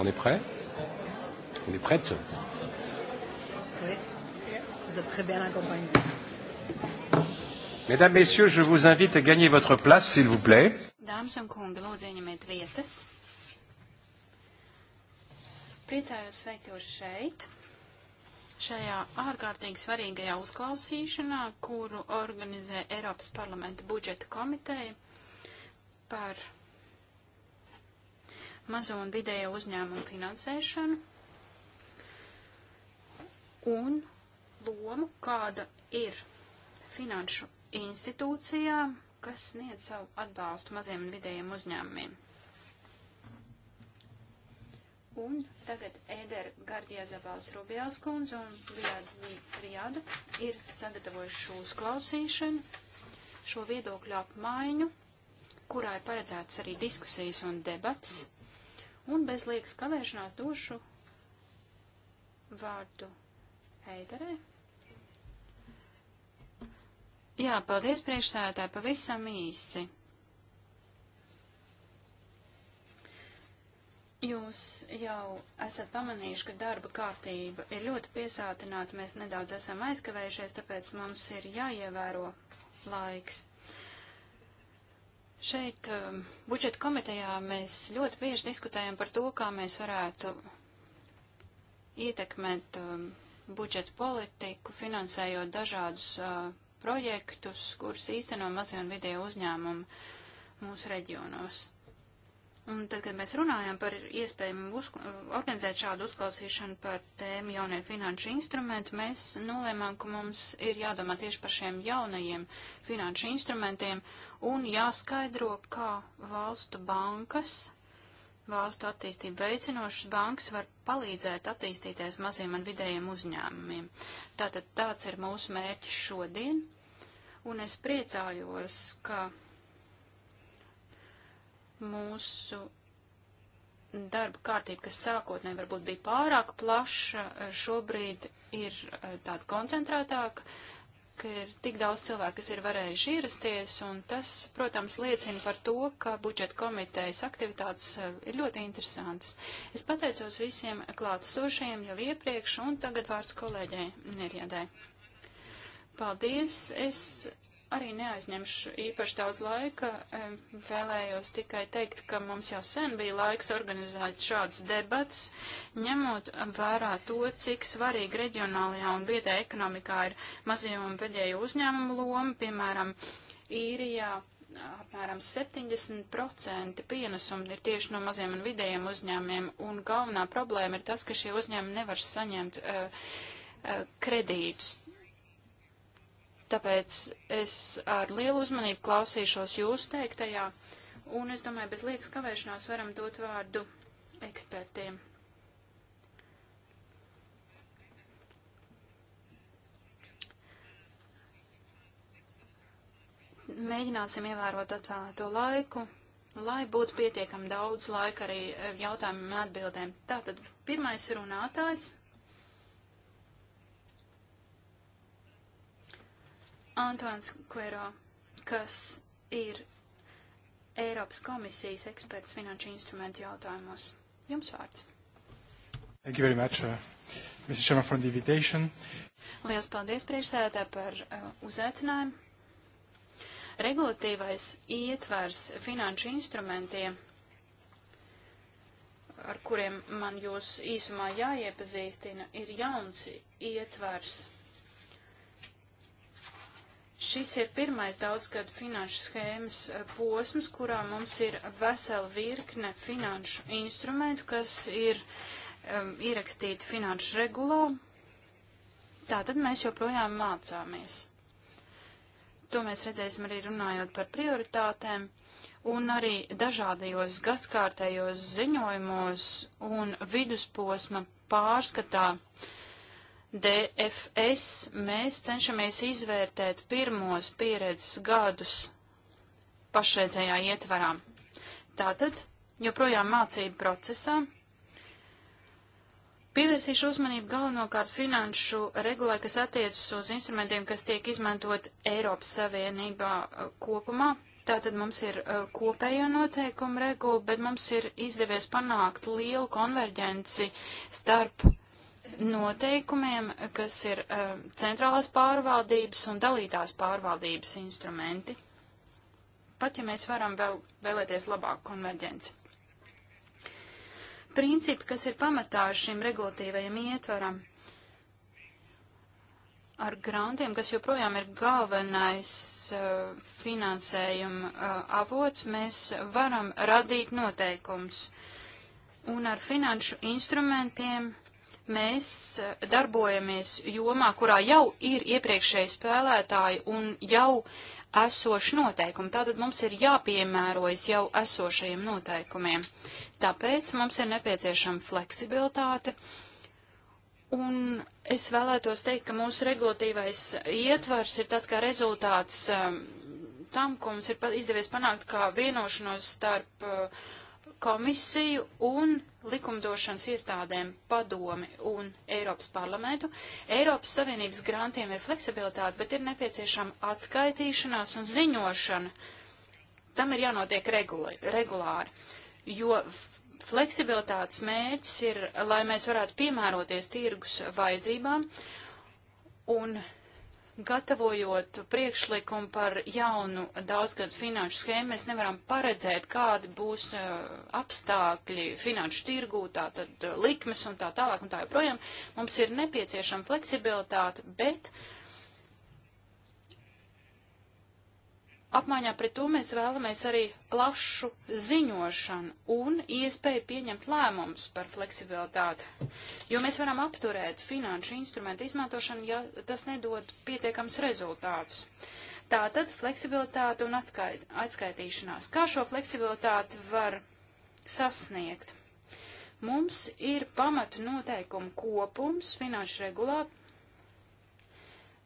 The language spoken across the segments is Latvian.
On est prêt On est prête Oui, vous êtes très bien accompagnés. Mesdames, Messieurs, je vous invite à gagner votre place, s'il vous plaît. Dāmas un kungi, lūdzu ieņemiet vietas. Priecājos sveikt jūs šeit, šajā ārkārtīgi svarīgajā uzklausīšanā, kuru organizē Eiropas parlamenta budžeta komiteja par mazo un vidējo uzņēmumu finansēšanu un lomu, kāda ir finanšu institūcijām, kas sniedz savu atbalstu maziem un vidējiem uzņēmumiem. Un tagad Ēder Gardijā Zabals Rubjās kundze un Riāda ir sagatavojuši šo uzklausīšanu, šo viedokļu apmaiņu, kurā ir paredzēts arī diskusijas un debats. Mm. Un bez liekas kavēšanās došu vārdu Heiderē. Jā, paldies priekšsēdētāji, pavisam īsi. Jūs jau esat pamanījuši, ka darba kārtība ir ļoti piesātināta, mēs nedaudz esam aizkavējušies, tāpēc mums ir jāievēro laiks. Šeit um, budžeta komitejā mēs ļoti bieži diskutējam par to, kā mēs varētu ietekmēt um, budžeta politiku, finansējot dažādus uh, projektus, kurus īsteno mazie un vidēji uzņēmumi mūsu reģionos. Un tad, kad mēs runājam par iespējumu organizēt šādu uzklausīšanu par tēmu jaunie finanšu instrumenti, mēs nolēmām, ka mums ir jādomā tieši par šiem jaunajiem finanšu instrumentiem un jāskaidro, kā valstu bankas, valstu attīstību veicinošas bankas var palīdzēt attīstīties maziem un vidējiem uzņēmumiem. Tātad tāds ir mūsu mērķis šodien, un es priecājos, ka mūsu darba kārtība, kas sākotnēji varbūt bija pārāk plaša, šobrīd ir eh, tāda koncentrētāka, ka ir tik daudz cilvēku, kas ir varējuši ierasties, un tas, protams, liecina par to, ka budžeta komitejas aktivitātes eh, ir ļoti interesantas. Es pateicos visiem klātesošajiem jau iepriekš, un tagad vārds kolēģei Nerjadai. Paldies! Es arī neaizņemšu īpaši daudz laika. Vēlējos tikai teikt, ka mums jau sen bija laiks organizēt šādas debats, ņemot vērā to, cik svarīgi reģionālajā un vietē ekonomikā ir mazie un vedēju uzņēmumu loma, piemēram, īrijā. Apmēram 70% pienesumi ir tieši no maziem un vidējiem uzņēmiem, un galvenā problēma ir tas, ka šie uzņēmumi nevar saņemt uh, kredītus. Tāpēc es ar lielu uzmanību klausīšos jūsu teiktajā, un es domāju, bez liekas kavēšanās varam dot vārdu ekspertiem. mēģināsim ievērot atvēlēto laiku, lai būtu pietiekami daudz laika arī jautājumiem un atbildēm. Tātad pirmais runātājs Antons Kvero, kas ir Eiropas komisijas eksperts finanšu instrumentu jautājumos. Jums vārds. Thank you very much, uh, Mr. Chairman, for the invitation. Lielas paldies priekšsēdētā par uh, uzaicinājumu. Regulatīvais ietvers finanšu instrumentiem, ar kuriem man jūs īsumā jāiepazīstina, ir jauns ietvers Šis ir pirmais daudzgadu finanšu schēmas eh, posms, kurā mums ir vesela virkne finanšu instrumentu, kas ir um, ierakstīti finanšu regulā. Tātad mēs joprojām mācāmies. To mēs redzēsim arī runājot par prioritātēm un arī dažādajos gadskārtējos ziņojumos un vidusposma pārskatā. Uh, DFS mēs cenšamies izvērtēt pirmos pieredzes gadus pašreizējā ietvarā. Tātad, joprojām mācību procesā, pievērsīšu uzmanību galvenokārt finanšu regulē, kas attiecas uz instrumentiem, kas tiek izmantot Eiropas Savienībā uh, kopumā. Tātad mums ir uh, kopējo noteikumu regula, bet mums ir izdevies panākt lielu konverģenci starp uh, noteikumiem, kas ir uh, centrālās pārvaldības un dalītās pārvaldības instrumenti, pat ja mēs varam vēl, vēlēties labāku konverģenci. Principi, kas ir pamatā šim regulatīvajam ietvaram, ar grantiem, kas joprojām ir galvenais uh, finansējuma uh, avots, mēs varam radīt noteikums. Un ar finanšu instrumentiem mēs eh, darbojamies jomā, kurā jau ir iepriekšēji spēlētāji un jau esoši noteikumi. Tātad mums ir jāpiemērojas jau esošajiem noteikumiem. Tāpēc mums ir nepieciešama fleksibilitāte. Un es vēlētos teikt, ka mūsu regulatīvais ietvars ir tas, kā rezultāts um, tam, ko mums ir izdevies panākt kā vienošanos starp uh, komisiju un likumdošanas iestādēm padomi un Eiropas parlamentu. Eiropas Savienības grantiem ir fleksibilitāte, bet ir nepieciešama atskaitīšanās un ziņošana. Tam ir jānotiek regula regulāri, jo fleksibilitātes mērķis ir, lai mēs varētu piemēroties tirgus vajadzībām un Gatavojot priekšlikumu par jaunu daudzgadu finanšu schēmu, mēs nevaram paredzēt, kādi būs uh, apstākļi finanšu tirgū, tātad uh, likmes un tā tālāk un tā joprojām. Mums ir nepieciešama fleksibilitāte, bet uh, Apmaiņā pret to mēs vēlamies arī plašu ziņošanu un iespēju pieņemt lēmumus par fleksibilitāti, jo mēs varam apturēt finanšu instrumentu izmantošanu, ja tas nedod pietiekams rezultātus. Tātad fleksibilitāte un atskait, atskaitīšanās. Kā šo fleksibilitāti var sasniegt? Mums ir pamatu noteikumu kopums finanšu regulā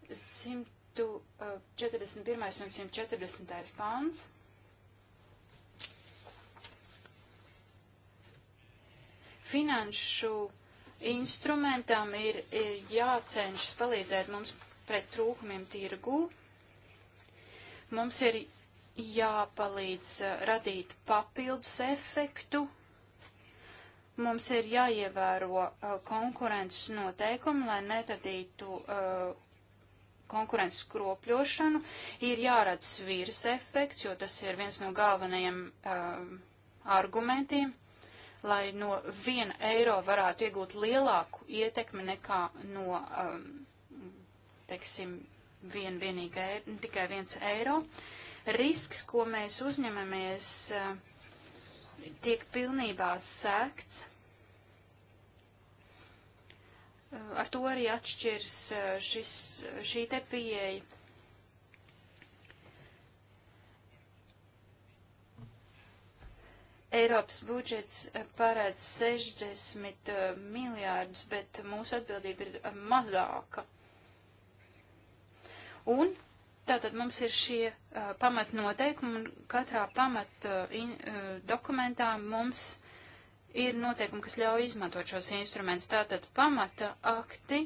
100. 141. Uh, un 140. pāns. Finanšu instrumentam ir, ir jācenšas palīdzēt mums pret trūkumiem tirgū. Mums ir jāpalīdz uh, radīt papildus efektu. Mums ir jāievēro uh, konkurences noteikumi, lai neradītu uh, konkurences skropļošanu, ir jārada svīras efekts, jo tas ir viens no galvenajiem um, argumentiem, lai no viena eiro varētu iegūt lielāku ietekmi nekā no, um, teiksim, vien, vienīga, e, tikai viens eiro. Risks, ko mēs uzņemamies, uh, tiek pilnībā sēgts ar to arī atšķirs eh, šis, šī te pieeja. Eiropas budžets eh, paredz 60 eh, miljārdus, bet mūsu atbildība ir mazāka. Un tātad mums ir šie uh, pamatnoteikumi, un katrā pamat uh, in, uh, dokumentā mums ir noteikumi, kas ļauj izmantot šos instrumentus. Tātad pamata akti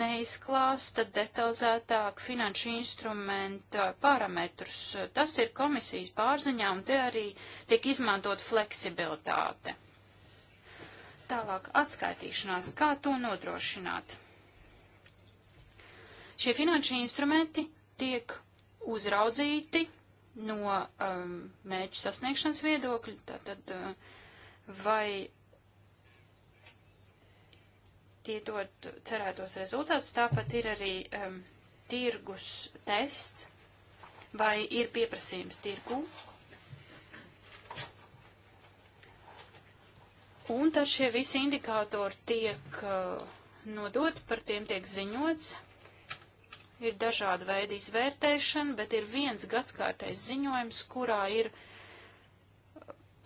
neizklāsta detalizētāk finanšu instrumenta parametrus. Tas ir komisijas pārziņā, un te arī tiek izmantot fleksibilitāte. Tālāk atskaitīšanās, kā to nodrošināt. Šie finanšu instrumenti tiek uzraudzīti no um, mērķu sasniegšanas viedokļa, tātad uh, vai tie dod cerētos rezultātus. Tāpat ir arī um, tirgus tests, vai ir pieprasījums tirgu. Un tad šie visi indikātori tiek uh, nodoti, par tiem tiek ziņots. Ir dažādi veidi izvērtēšana, bet ir viens gadskārtais ziņojums, kurā ir uh,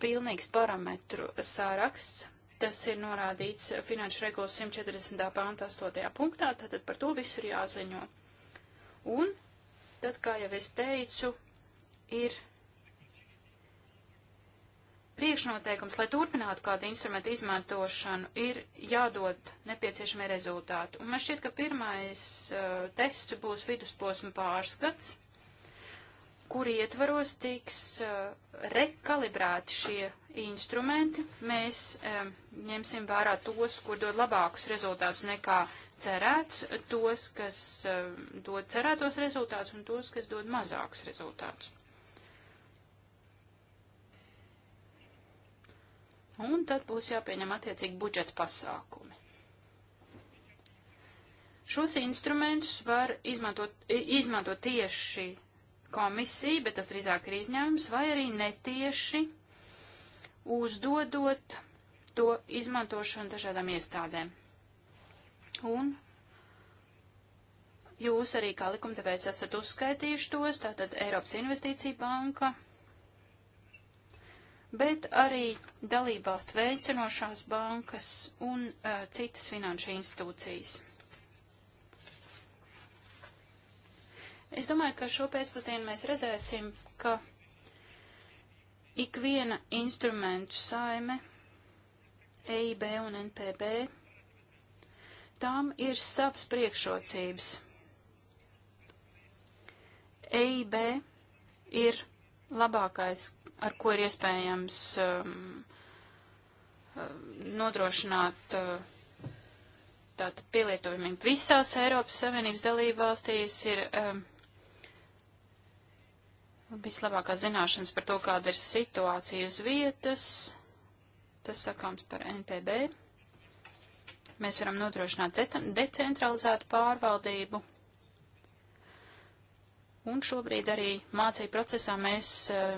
pilnīgs parametru sāraksts. Tas ir norādīts finanšu regulas 140. pānta 8. punktā, tātad par to visu ir jāziņo. Un tad, kā jau es teicu, ir priekšnoteikums, lai turpinātu kādu instrumentu izmantošanu, ir jādod nepieciešamie rezultāti. Un man šķiet, ka pirmais uh, tests būs vidusposma pārskats kur ietvaros tiks eh, rekalibrēti šie instrumenti. Mēs eh, ņemsim vērā tos, kur dod labākus rezultātus nekā cerēts, tos, kas eh, dod cerētos rezultātus un tos, kas dod mazākus rezultātus. Un tad būs jāpieņem attiecīgi budžeta pasākumi. Šos instrumentus var izmantot, izmantot tieši komisija, bet tas drīzāk ir izņēmums, vai arī netieši uzdodot to izmantošanu dažādām iestādēm. Un jūs arī kā likumdevējs esat uzskaitījuši tos, tātad Eiropas Investīcija banka, bet arī dalībvalstu veicinošās bankas un uh, citas finanšu institūcijas. Es domāju, ka šo pēcpusdienu mēs redzēsim, ka ikviena instrumentu saime, EIB un NPB, tām ir savas priekšrocības. EIB ir labākais, ar ko ir iespējams um, uh, nodrošināt uh, tātad pielietojumiem visās Eiropas Savienības dalībvalstīs ir um, vislabākās zināšanas par to, kāda ir situācija uz vietas. Tas sakāms par NPB. Mēs varam nodrošināt decentralizētu pārvaldību. Un šobrīd arī mācību procesā mēs uh,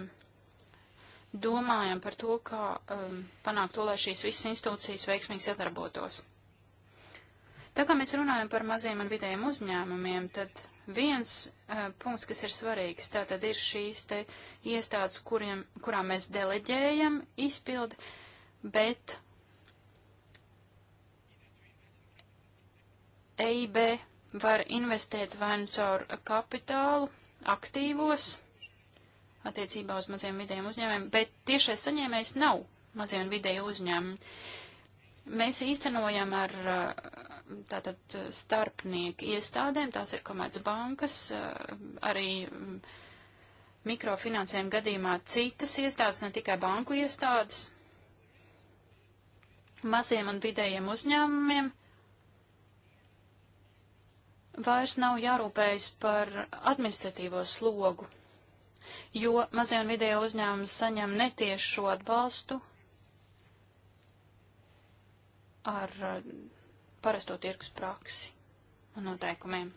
domājam par to, kā um, panākt to, lai šīs visas institūcijas veiksmīgi sadarbotos. Tā kā mēs runājam par maziem un vidējiem uzņēmumiem, tad Viens uh, punkts, kas ir svarīgs, tātad ir šīs te iestādes, kuriem, kurām mēs deleģējam izpildi, bet EIB var investēt vai nu caur kapitālu, aktīvos, attiecībā uz maziem vidējiem uzņēmumiem, bet tiešais saņēmējs nav mazie un vidēji uzņēmumi. Mēs īstenojam ar uh, tātad eh, starpnieki iestādēm, tās ir komercbankas, eh, arī mm, mikrofinansējuma gadījumā citas iestādes, ne tikai banku iestādes, maziem un vidējiem uzņēmumiem vairs nav jārūpējas par administratīvo slogu, jo mazie un vidējo uzņēmumi saņem netiešu atbalstu ar eh, parasto tirkus praksi un noteikumiem.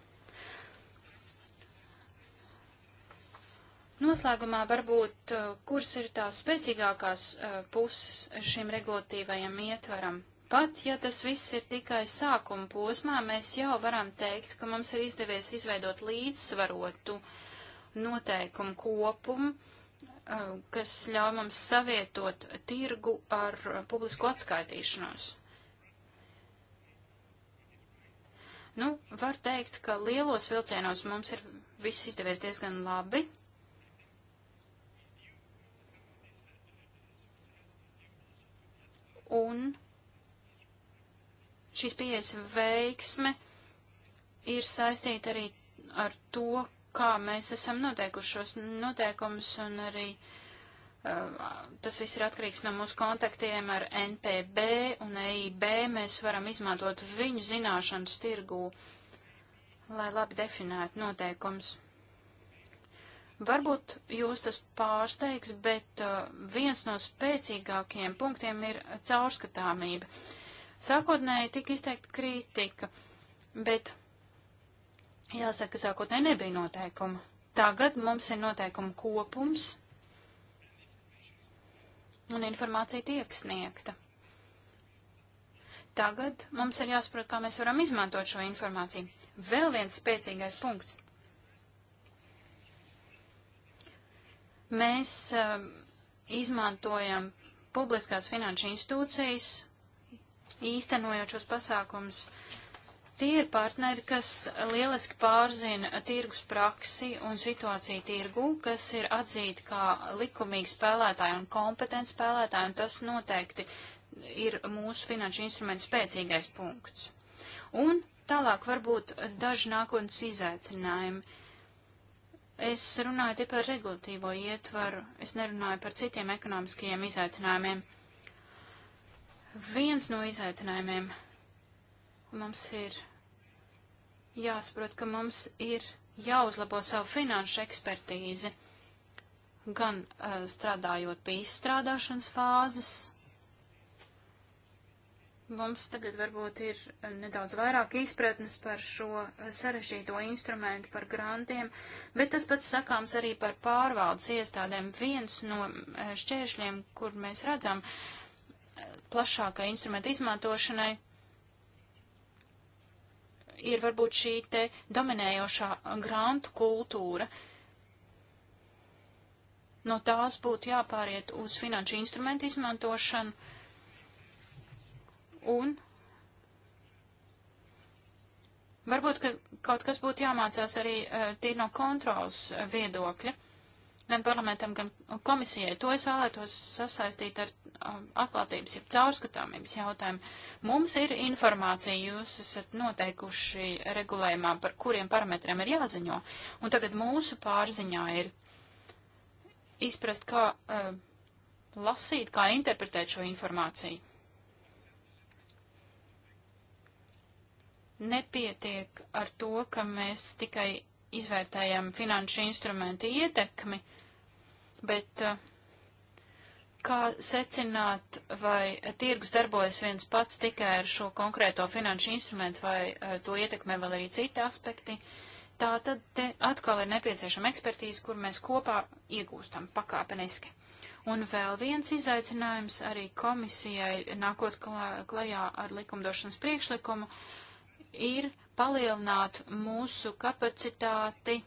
Noslēgumā varbūt, uh, kuras ir tās spēcīgākās uh, puses šim regulatīvajam ietvaram. Pat ja tas viss ir tikai sākuma posmā, mēs jau varam teikt, ka mums ir izdevies izveidot līdzsvarotu noteikumu kopumu, uh, kas ļauj mums savietot tirgu ar publisku atskaitīšanos. Nu, var teikt, ka lielos vilcienos mums ir viss izdevies diezgan labi. Un šīs pieejas veiksme ir saistīta arī ar to, kā mēs esam noteikušos noteikumus un arī uh, Ehm, tas viss ir atkarīgs no mūsu kontaktiem ar NPB un EIB. Mēs varam izmantot viņu zināšanas tirgū, lai labi definētu noteikums. Varbūt jūs tas pārsteigs, bet eh, viens no spēcīgākajiem punktiem ir caurskatāmība. Sākotnēji tika izteikta kritika, bet jāsaka, sākotnēji nebija noteikumu. Tagad mums ir noteikumu kopums, un informācija tiek sniegta. Tagad mums ir jāsaprot, kā mēs varam izmantot šo informāciju. Vēl viens spēcīgais punkts. Mēs uh, izmantojam publiskās finanšu institūcijas, īstenojot šos pasākumus. Uh, Tie ir partneri, kas lieliski pārzina tirgus praksi un situāciju tirgu, kas ir atzīti kā likumīgi spēlētāji un kompetenti spēlētāji, un tas noteikti ir mūsu finanšu instrumentu spēcīgais punkts. Un tālāk varbūt daži nākotnes izaicinājumi. Es runāju tikai par regulatīvo ietvaru, es nerunāju par citiem ekonomiskajiem izaicinājumiem. Viens no izaicinājumiem mums ir jāsaprot, ka mums ir jāuzlabo savu finanšu ekspertīzi, gan uh, strādājot pie izstrādāšanas fāzes. Mums tagad varbūt ir eh, nedaudz vairāk izpratnes par šo eh, sarežģīto instrumentu, par grantiem, bet tas pats sakāms arī par pārvaldes iestādēm. Viens no šķēršļiem, kur mēs redzam plašākai instrumenta izmantošanai, ir varbūt šī te dominējošā grantu kultūra. No tās būtu jāpāriet uz finanšu instrumentu izmantošanu un varbūt, ka kaut kas būtu jāmācās arī eh, tīri no kontrols viedokļa gan parlamentam, gan komisijai. To es vēlētos sasaistīt ar um, atklātības, ja caurskatāmības jautājumu. Mums ir informācija, jūs esat noteikuši regulējumā, par kuriem parametriem ir jāziņo. Un tagad mūsu pārziņā ir izprast, kā uh, lasīt, kā interpretēt šo informāciju. Nepietiek ar to, ka mēs tikai izvērtējam finanšu instrumentu ietekmi, bet eh, kā secināt, vai tirgus darbojas viens pats tikai ar šo konkrēto finanšu instrumentu, vai eh, to ietekmē vēl arī citi aspekti, tā tad te atkal ir nepieciešama ekspertīze, kur mēs kopā iegūstam pakāpeniski. Un vēl viens izaicinājums arī komisijai nākot klajā ar likumdošanas priekšlikumu ir palielināt mūsu kapacitāti.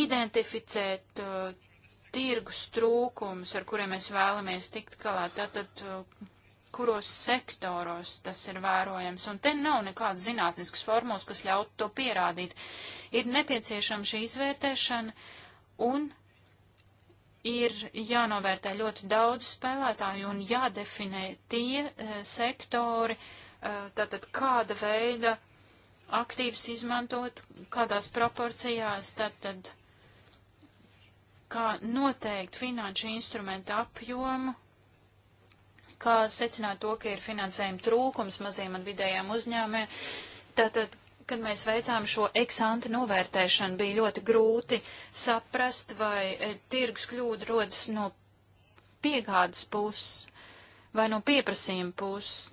identificēt uh, tirgus trūkums, ar kuriem mēs vēlamies tikt galā, tātad uh, kuros sektoros tas ir vērojams. Un te nav nekādas zinātniskas formulas, kas ļautu to pierādīt. Ir nepieciešama šī izvērtēšana un ir jānovērtē ļoti daudz spēlētāju un jādefinē tie e, sektori, e, tātad kāda veida aktīvs izmantot, kādās proporcijās, tātad kā noteikt finanšu instrumentu apjomu, kā secināt to, ka ir finansējuma trūkums maziem un vidējiem uzņēmējiem, tātad kad mēs veicām šo eksāntu novērtēšanu, bija ļoti grūti saprast, vai e, tirgus kļūda rodas no piegādes puses vai no pieprasījuma puses.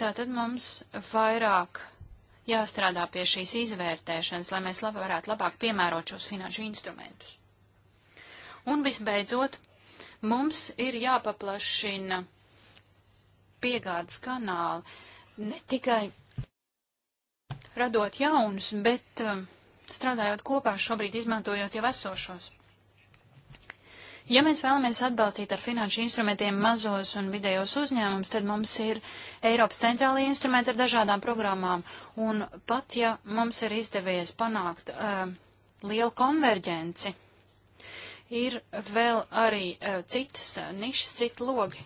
Tātad mums vairāk jāstrādā pie šīs izvērtēšanas, lai mēs lab varētu labāk piemērot šos finanšu instrumentus. Un visbeidzot, mums ir jāpaplašina piegādes kanāli, ne tikai radot jaunus, bet um, strādājot kopā šobrīd izmantojot jau esošos. Ja mēs vēlamies atbalstīt ar finanšu instrumentiem mazos un vidējos uzņēmumus, tad mums ir Eiropas centrālajie instrumenti ar dažādām programmām. Un pat ja mums ir izdevies panākt uh, lielu konverģenci, ir vēl arī uh, citas uh, nišas, citi logi,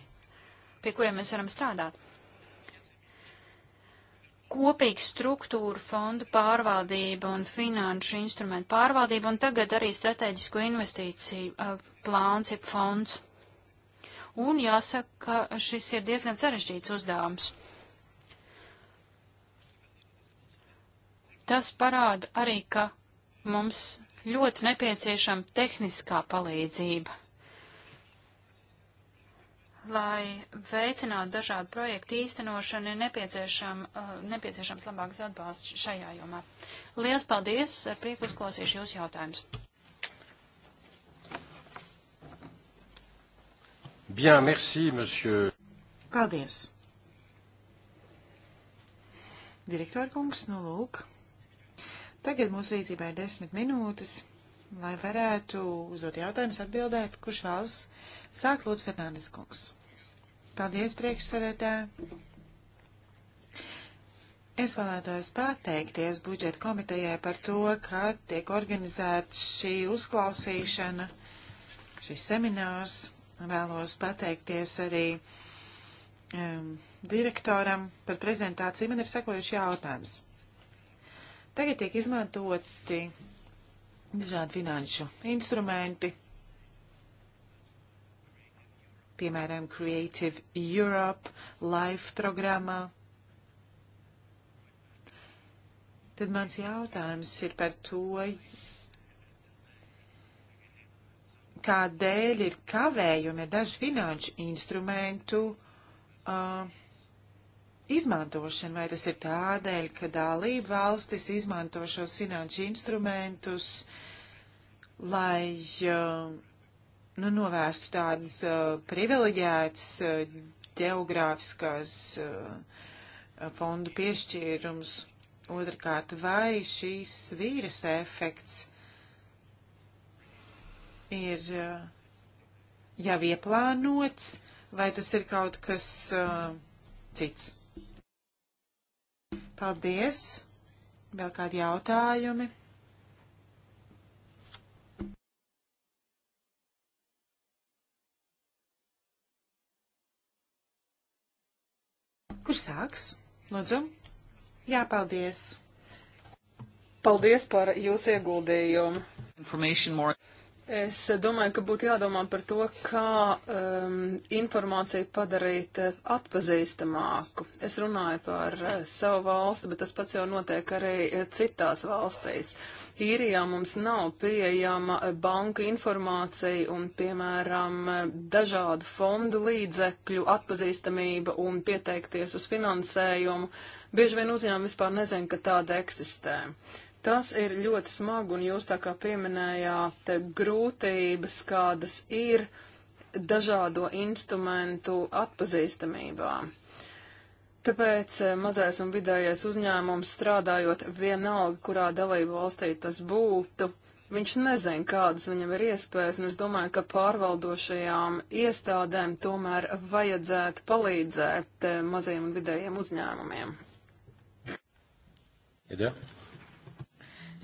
pie kuriem mēs varam strādāt. Kopīga struktūra, fondu pārvaldība un finanšu instrumentu pārvaldība un tagad arī strateģisko investīciju uh, plāns ir fonds. Un jāsaka, ka šis ir diezgan sarežģīts uzdevums. Tas parāda arī, ka mums ļoti nepieciešama tehniskā palīdzība lai veicinātu dažādu projektu īstenošanu, ir nepieciešam, uh, nepieciešams labāks atbalsts šajā jomā. Lielas paldies! Ar prieku uzklausīšu jūsu jautājumus. Bien, merci, monsieur. Paldies. Direktora kungs, nu lūk. Tagad mūsu rīcībā ir desmit minūtes, lai varētu uzdot jautājumus, atbildēt, kurš vēlas Sāk lūdzu Fernandes kungs. Paldies, priekšsarētāji. Es vēlētos pateikties budžeta komitejai par to, ka tiek organizēta šī uzklausīšana, šis seminārs. Vēlos pateikties arī um, direktoram par prezentāciju. Man ir sekojuši jautājums. Tagad tiek izmantoti dažādi finanšu instrumenti, piemēram, Creative Europe, Life programmā. Tad mans jautājums ir par to, kādēļ ir kavējumi ar dažu finanšu instrumentu uh, izmantošanu, vai tas ir tādēļ, ka dalība valstis izmanto šos finanšu instrumentus, lai uh, nu, novērstu tādas uh, privileģētas uh, geogrāfiskās uh, fondu piešķīrums. Otrakārt, vai šīs vīras efekts ir uh, jau ieplānots, vai tas ir kaut kas uh, cits? Paldies! Vēl kādi jautājumi? Kur sāks? Lūdzu. Jā, paldies. Paldies par jūsu ieguldījumu. Es domāju, ka būtu jādomā par to, kā um, informāciju padarīt eh, atpazīstamāku. Es runāju par uh, savu valsti, bet tas pats jau notiek arī eh, citās valstīs. Īrijā mums nav pieejama banku informācija un, piemēram, dažādu fondu līdzekļu atpazīstamība un pieteikties uz finansējumu. Bieži vien uzņēmumi vispār nezin, ka tāda eksistē. Tas ir ļoti smagi, un jūs tā kā pieminējāt grūtības, kādas ir dažādo instrumentu atpazīstamībā. Tāpēc eh, mazais un vidējais uzņēmums strādājot vienalga, kurā dalību valstī tas būtu, viņš nezina, kādas viņam ir iespējas, un es domāju, ka pārvaldošajām iestādēm tomēr vajadzētu palīdzēt eh, mazajiem un vidējiem uzņēmumiem. Ja,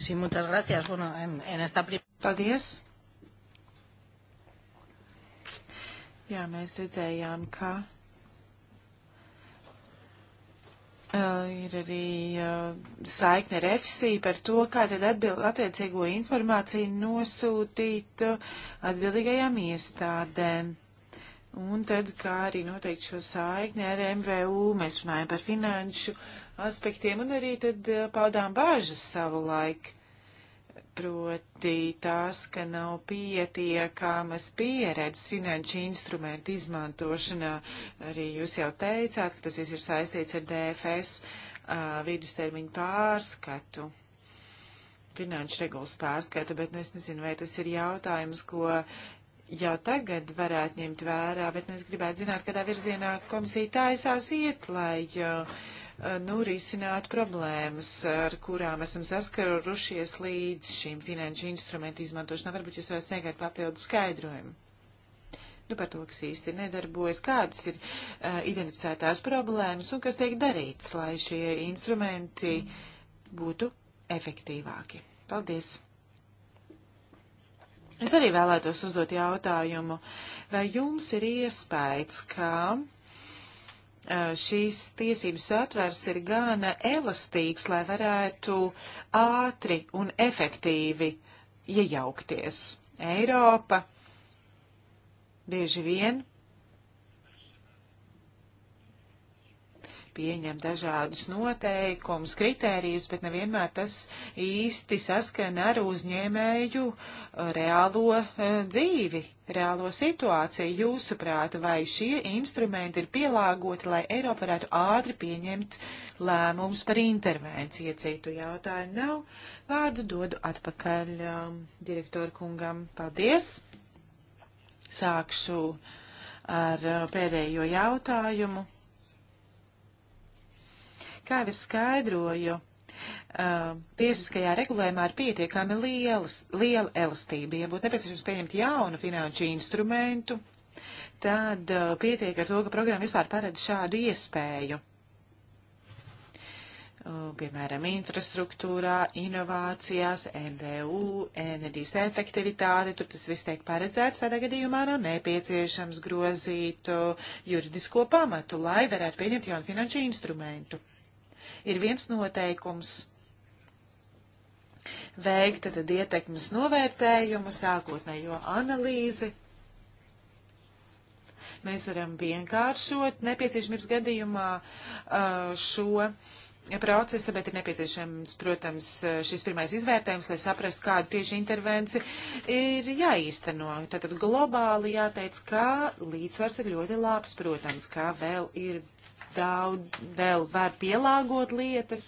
Sí, muchas gracias. Bueno, en, en esta Paldies. Jā, mēs redzējām, ka uh, ir arī uh, saikne ar EFSI par to, kā tad atbild, attiecīgo informāciju nosūtīt uh, atbildīgajām iestādēm. Un tad, kā arī noteikti šo saikni ar MVU, mēs runājam par finanšu uh, aspektiem un arī tad eh, paudām bāžas savu laiku. Proti tās, ka nav pietiekamas pieredzes finanšu instrumentu izmantošanā. Arī jūs jau teicāt, ka tas viss ir saistīts ar DFS uh, vidustermiņu pārskatu, finanšu regulas pārskatu, bet nu, es nezinu, vai tas ir jautājums, ko jau tagad varētu ņemt vērā, bet nu, es gribētu zināt, kādā virzienā komisija taisās iet, lai. Uh, Eh, nu, risināt problēmas, ar kurām esam saskarušies līdz šīm finanšu instrumentu izmantošanā. Varbūt jūs varat sniegt papildu skaidrojumu nu, par to, kas īsti nedarbojas, kādas ir uh, identificētās problēmas un kas tiek darīts, lai šie instrumenti būtu efektīvāki. Paldies! Es arī vēlētos uzdot jautājumu, vai jums ir iespējas, ka šīs tiesības atvers ir gana elastīgs, lai varētu ātri un efektīvi iejaukties. Eiropa bieži vien pieņem dažādus noteikumus, kritērijus, bet nevienmēr tas īsti saskana ar uzņēmēju uh, reālo uh, dzīvi, reālo situāciju. Jūsuprāt, vai šie instrumenti ir pielāgoti, lai Eiropa varētu ātri pieņemt lēmumus par intervenciju? Citu jautājumu nav. Vārdu dodu atpakaļ um, direktoru kungam. Paldies! Sākšu ar uh, pēdējo jautājumu. Kā jau es skaidroju, Uh, tiesiskajā regulējumā ir pietiekami lielas, liela elastība. Ja būtu nepieciešams pieņemt jaunu finanšu instrumentu, tad uh, pietiek ar to, ka programma vispār paredz šādu iespēju. Uh, piemēram, infrastruktūrā, inovācijās, MVU, enerģijas efektivitāte, tur tas viss tiek paredzēts, tādā gadījumā nav nepieciešams grozīt uh, juridisko pamatu, lai varētu pieņemt jaunu finanšu instrumentu ir viens noteikums - veikt tad ietekmes novērtējumu, sākotnējo analīzi. Mēs varam vienkāršot nepieciešamības gadījumā uh, šo procesa, bet ir nepieciešams, protams, uh, šis pirmais izvērtējums, lai saprastu, kāda tieši intervence ir jāīsteno. Tātad globāli jāteic, ka līdzsvars ir ļoti labs, protams, kā vēl ir daudz vēl var pielāgot lietas,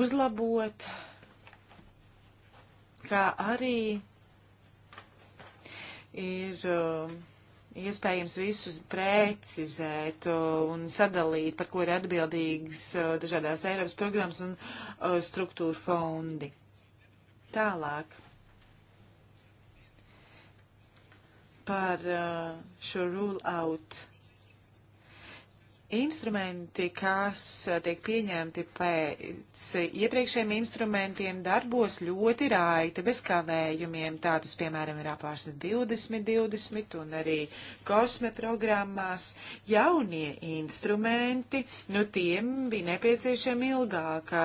uzlabot, kā arī ir uh, iespējams visus precizēt uh, un sadalīt, par ko ir atbildīgas uh, dažādās Eiropas programmas un uh, struktūra fondi. Tālāk. Par uh, šo rule out Instrumenti, kas eh, tiek pieņemti pēc iepriekšējiem instrumentiem, darbos ļoti raiti, bez kavējumiem. Tā tas, piemēram, ir apvārsnes 2020 un arī kosme programmās. Jaunie instrumenti, nu tiem bija nepieciešama ilgāka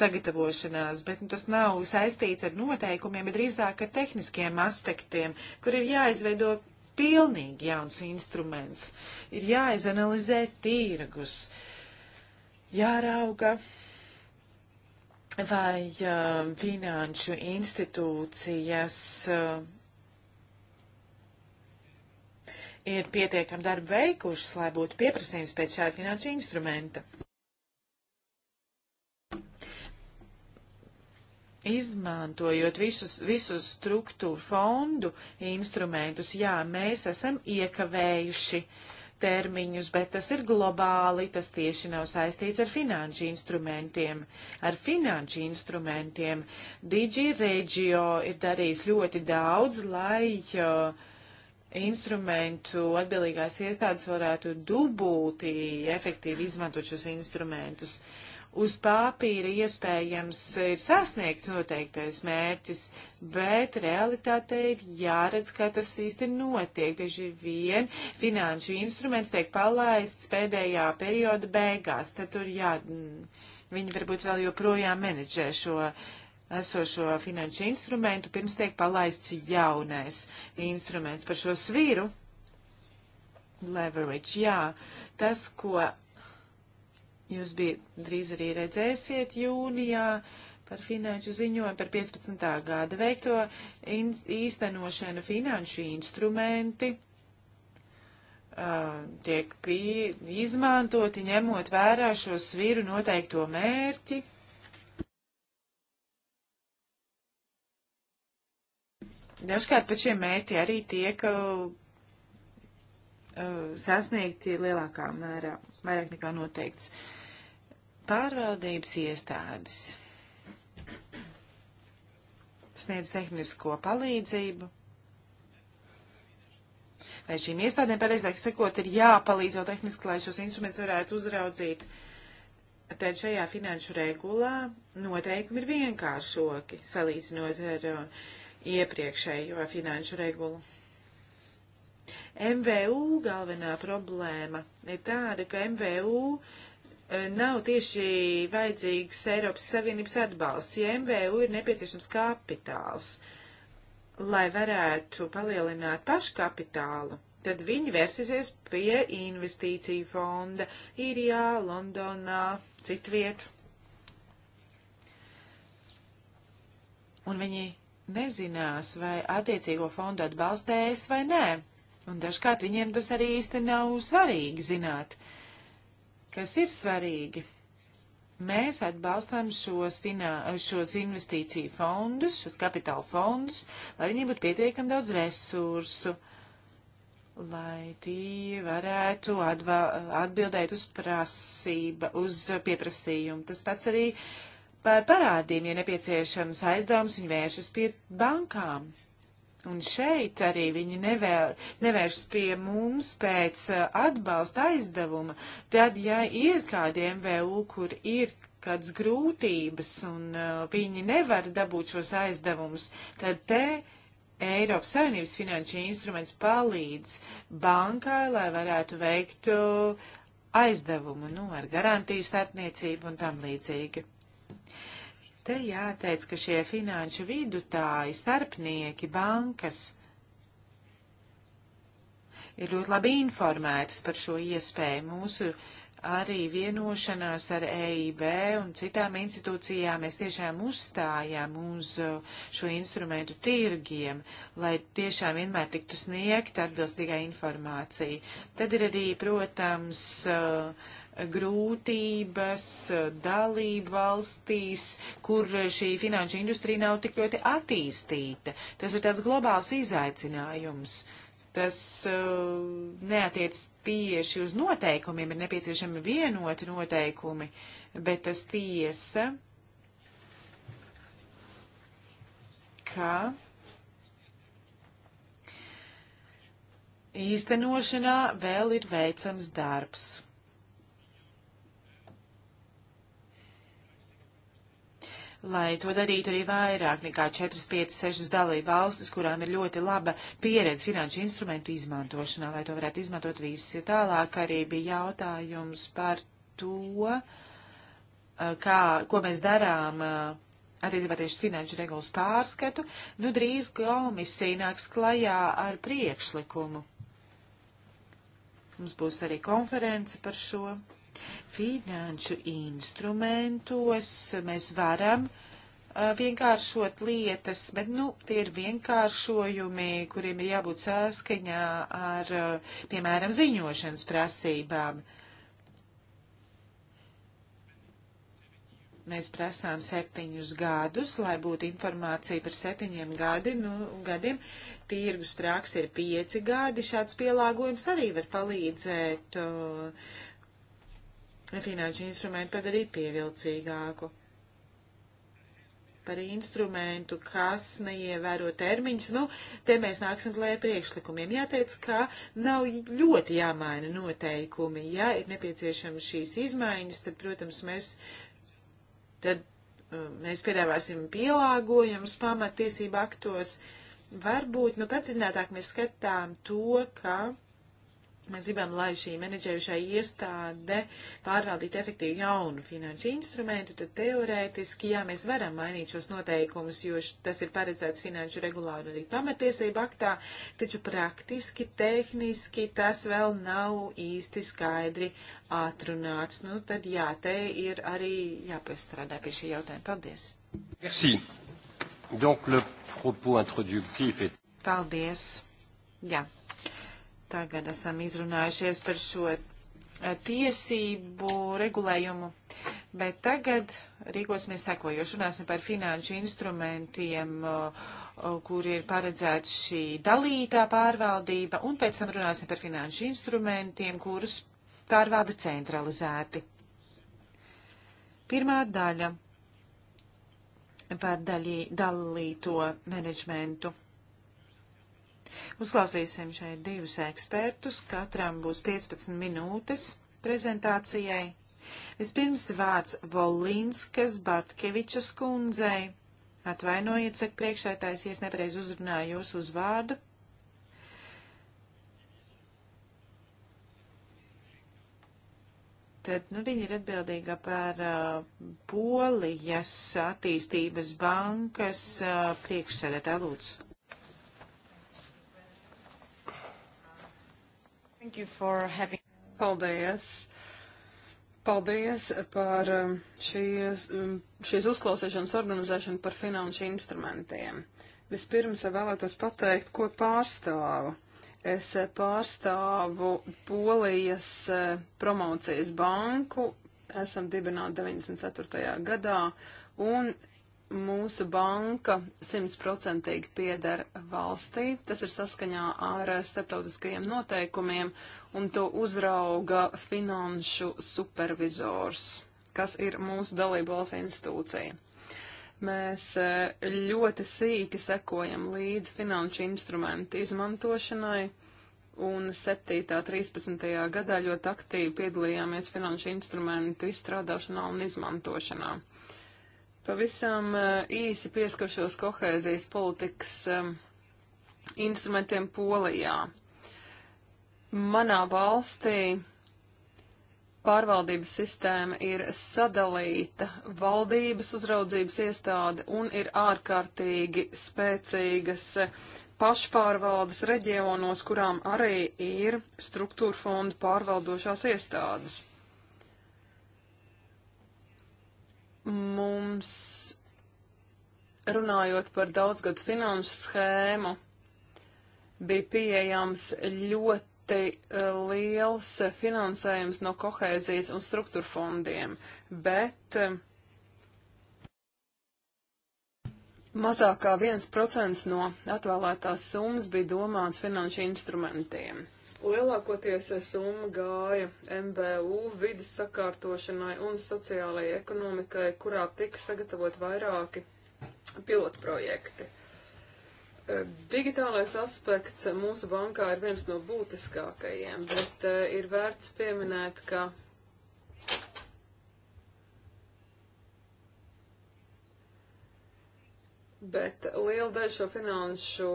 sagatavošanās, bet nu, tas nav saistīts ar noteikumiem, bet drīzāk ar tehniskiem aspektiem, kur ir jāizveido pilnīgi jauns instruments. Ir jāizanalizē tīrgus, jārauga, vai uh, finanšu institūcijas uh, ir pietiekami darbu veikušas, lai būtu pieprasījums pēc šāda finanšu instrumenta. Izmantojot visus, visus struktūru fondu instrumentus, jā, mēs esam iekavējuši termiņus, bet tas ir globāli, tas tieši nav saistīts ar finanšu instrumentiem. Ar finanšu instrumentiem Digi Regio ir darījis ļoti daudz, lai uh, instrumentu atbildīgās iestādes varētu dubultī efektīvi izmantot šos instrumentus. Uh, uz papīra iespējams ir sasniegts noteiktais mērķis, bet realitāte ir jāredz, kā tas īsti notiek. Bieži vien finanšu instruments tiek palaists pēdējā perioda beigās, tad tur jā, viņi varbūt vēl joprojām menedžē šo uh, esošo finanšu instrumentu, pirms tiek palaists jaunais instruments par šo svīru. Leverage, jā, tas, ko Jūs bija drīz arī redzēsiet jūnijā par finanšu ziņojumu par 15. gada veikto īstenošanu finanšu instrumenti uh, tiek pie, izmantoti, ņemot vērā šo sviru noteikto mērķi. Dažkārt pat šie mērķi arī tiek uh, sasniegti lielākā mērā, vairāk nekā noteikts. Uh, Pārvaldības iestādes sniedz tehnisko palīdzību. Vai šīm iestādēm, pareizāk sakot, ir jāpalīdz jau tehniski, lai šos instrumentus varētu uzraudzīt? Tad šajā finanšu regulā noteikumi ir vienkāršoki, salīdzinot ar uh, iepriekšējo finanšu regulu. MVU galvenā problēma ir tāda, ka MVU uh, nav tieši vajadzīgs Eiropas Savienības atbalsts. Ja MVU ir nepieciešams kapitāls, lai varētu palielināt paškapitālu, tad viņi versisies pie investīciju fonda Īrijā, Londonā, citviet. Un viņi nezinās, vai attiecīgo fondu atbalstēs vai nē. Un dažkārt viņiem tas arī īsti nav svarīgi zināt. Uh, kas ir svarīgi. Mēs atbalstām šos, finā, šos investīciju fondus, šos kapitāla fondus, lai viņiem būtu pietiekami daudz resursu, lai tie varētu atbildēt uz prasība, uz pieprasījumu. Tas pats arī par parādiem, ja nepieciešams aizdevums, viņi vēršas pie bankām. Un šeit arī viņi nevēl, nevēršas pie mums pēc uh, atbalsta aizdevuma. Tad, ja ir kādi MVU, kur ir kādas grūtības un uh, viņi nevar dabūt šos aizdevumus, tad te Eiropas Savienības finanšu instruments palīdz bankai, lai varētu veikt uh, aizdevumu, nu, ar garantiju starpniecību un tam līdzīgi. Te jāteic, ka šie finanšu vidutāji, starpnieki, bankas ir ļoti labi informētas par šo iespēju. Mūsu arī vienošanās ar EIB un citām institūcijām mēs tiešām uzstājām uz šo instrumentu tirgiem, lai tiešām vienmēr tiktu sniegta atbilstīgā informācija. Tad ir arī, protams, uh, grūtības dalību valstīs, kur šī finanšu industrija nav tik ļoti attīstīta. Tas ir tāds globāls izaicinājums. Tas uh, neatiec tieši uz noteikumiem, ir nepieciešami vienoti noteikumi, bet tas tiesa, ka īstenošanā vēl ir veicams darbs. lai to darītu arī vairāk nekā 4, 5, 6 dalība valstis, kurām ir ļoti laba pieredze finanšu instrumentu izmantošanā, lai to varētu izmantot visi. Tālāk arī bija jautājums par to, kā, ko mēs darām attiecībā tieši uz finanšu regulas pārskatu. Nu, drīz komisija nāks klajā ar priekšlikumu. Mums būs arī konference par šo. Finanšu instrumentos mēs varam vienkāršot lietas, bet, nu, tie ir vienkāršojumi, kuriem ir jābūt saskaņā ar, piemēram, ziņošanas prasībām. Mēs prasām septiņus gadus, lai būtu informācija par septiņiem gadi, nu, gadiem. Tirgus prāks ir pieci gadi. Šāds pielāgojums arī var palīdzēt uh, finanšu instrumentu padarīt pievilcīgāku. Par instrumentu, kas neievēro termiņus, nu, te mēs nāksim klēja priekšlikumiem. Jāteic, ka nav ļoti jāmaina noteikumi. Ja ir nepieciešams šīs izmaiņas, tad, protams, mēs, tad, uh, mēs piedāvāsim pielāgojumus pamatiesību aktos. Varbūt, nu, padziļinātāk mēs skatām to, ka Mēs gribam, lai šī menedžējušā iestāde pārvaldītu efektīvu jaunu finanšu instrumentu, tad teorētiski, jā, mēs varam mainīt šos noteikumus, jo tas ir paredzēts finanšu regulāru arī pamatiesību aktā, taču praktiski, tehniski tas vēl nav īsti skaidri atrunāts. Nu, tad jā, te ir arī jāpiestrādā pie šī jautājuma. Paldies! Merci. Donc, le propos introductif est... Paldies! Jā. Yeah Tagad esam izrunājušies par šo eh, tiesību regulējumu, bet tagad rīkosimies sekojoši. Runāsim par finanšu instrumentiem, eh, eh, kur ir paredzēta šī dalītā pārvaldība, un pēc tam runāsim par finanšu instrumentiem, kurus pārvalda centralizēti. Pirmā daļa par daļī, dalīto menedžmentu. Uzklausīsim šeit divus ekspertus, katram būs 15 minūtes prezentācijai. Vispirms vārds Volinskas Bartkevičas kundzei. Atvainojiet, saka priekšētājs, ja es nepareiz uzrunāju jūsu uzvārdu. Tad nu, viņa ir atbildīga par uh, Polijas attīstības bankas uh, priekšsēdētāju lūdzu. Having... Paldies! Paldies par um, šīs, um, šīs uzklausīšanas organizēšanu par finanšu instrumentiem. Vispirms vēlētos pateikt, ko pārstāvu. Es eh, pārstāvu Polijas eh, promocijas banku, esam dibināti 94. gadā, un mūsu banka simtprocentīgi piedara valstī. Tas ir saskaņā ar starptautiskajiem noteikumiem, un to uzrauga finanšu supervizors, kas ir mūsu dalību valsts institūcija. Mēs e, ļoti sīki sekojam līdzi finanšu instrumentu izmantošanai, un 7.13. gadā ļoti aktīvi piedalījāmies finanšu instrumentu izstrādāšanā un izmantošanā. Pavisam eh, īsi pieskaršos kohēzijas politikas instrumentiem Polijā. Manā valstī pārvaldības sistēma ir sadalīta, valdības uzraudzības iestāde un ir ārkārtīgi spēcīgas pašpārvaldes reģionos, kurām arī ir struktūra fondu pārvaldošās iestādes. mums runājot par daudzgadu finanšu schēmu, bija pieejams ļoti eh, liels finansējums no kohēzijas un struktūra fondiem, bet eh, mazākā 1% no atvēlētās summas bija domāts finanšu instrumentiem. Lielākoties summa gāja MBU vidas sakārtošanai un sociālajai ekonomikai, kurā tika sagatavot vairāki pilotprojekti. E, digitālais aspekts mūsu bankā ir viens no būtiskākajiem, bet e, ir vērts pieminēt, ka bet liela daļa šo finanšu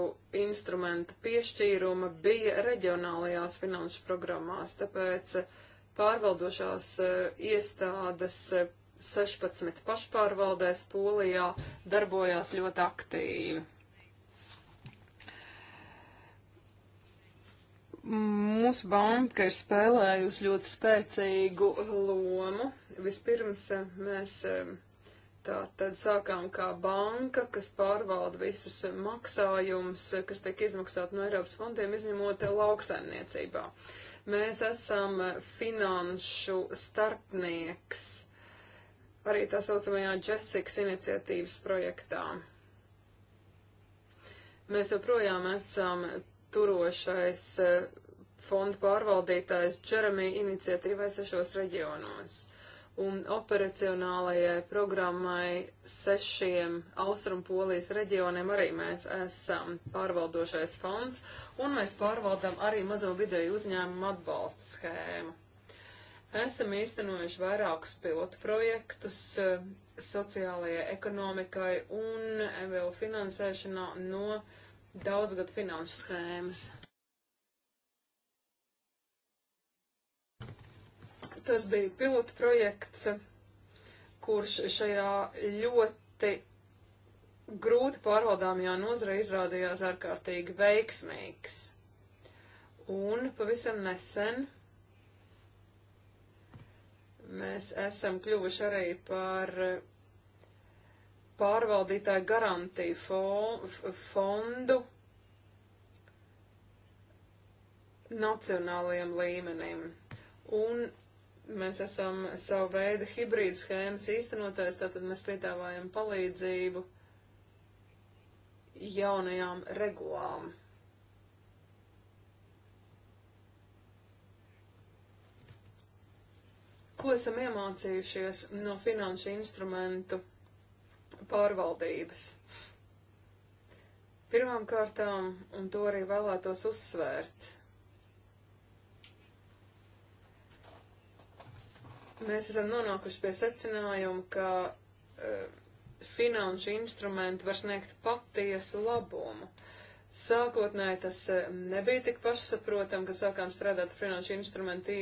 instrumentu piešķīruma bija reģionālajās finanšu programmās, tāpēc pārvaldošās e, iestādes 16 e, pašpārvaldēs Polijā darbojās ļoti aktīvi. Mūsu banka ir spēlējusi ļoti spēcīgu lomu. Vispirms e, mēs Tā tad sākām kā banka, kas pārvalda visus maksājumus, kas tiek izmaksāti no Eiropas fondiem, izņemot lauksaimniecībā. Mēs esam finanšu starpnieks arī tā saucamajā Jessikas iniciatīvas projektā. Mēs joprojām esam turošais eh, fondu pārvaldītājs Džeremija iniciatīvai sešos reģionos un operacionālajai programmai sešiem Austrumpolijas reģioniem arī mēs esam pārvaldošais fonds, un mēs pārvaldam arī mazo vidēju uzņēmumu atbalsta schēmu. Esam īstenojuši vairākus pilotu projektus eh, sociālajai ekonomikai un MVU finansēšanā no daudzgad finanšu schēmas. Tas bija pilota projekts, kurš šajā ļoti grūti pārvaldāmajā nozarē izrādījās ārkārtīgi veiksmīgs. Un pavisam nesen mēs esam kļuvuši arī par pārvaldītāju garantiju fondu nacionālajiem līmenim. Un Mēs esam savu veidu hibrīdu schēmas īstenotājs, tātad mēs piedāvājam palīdzību jaunajām regulām. Ko esam iemācījušies no finanšu instrumentu pārvaldības? Pirmām kārtām, un to arī vēlētos uzsvērt, Mēs esam nonākuši pie secinājuma, ka uh, finanšu instrumenti var sniegt patiesu labumu. Sākotnēji tas uh, nebija tik pašsaprotam, kad sākām strādāt finanšu instrumentu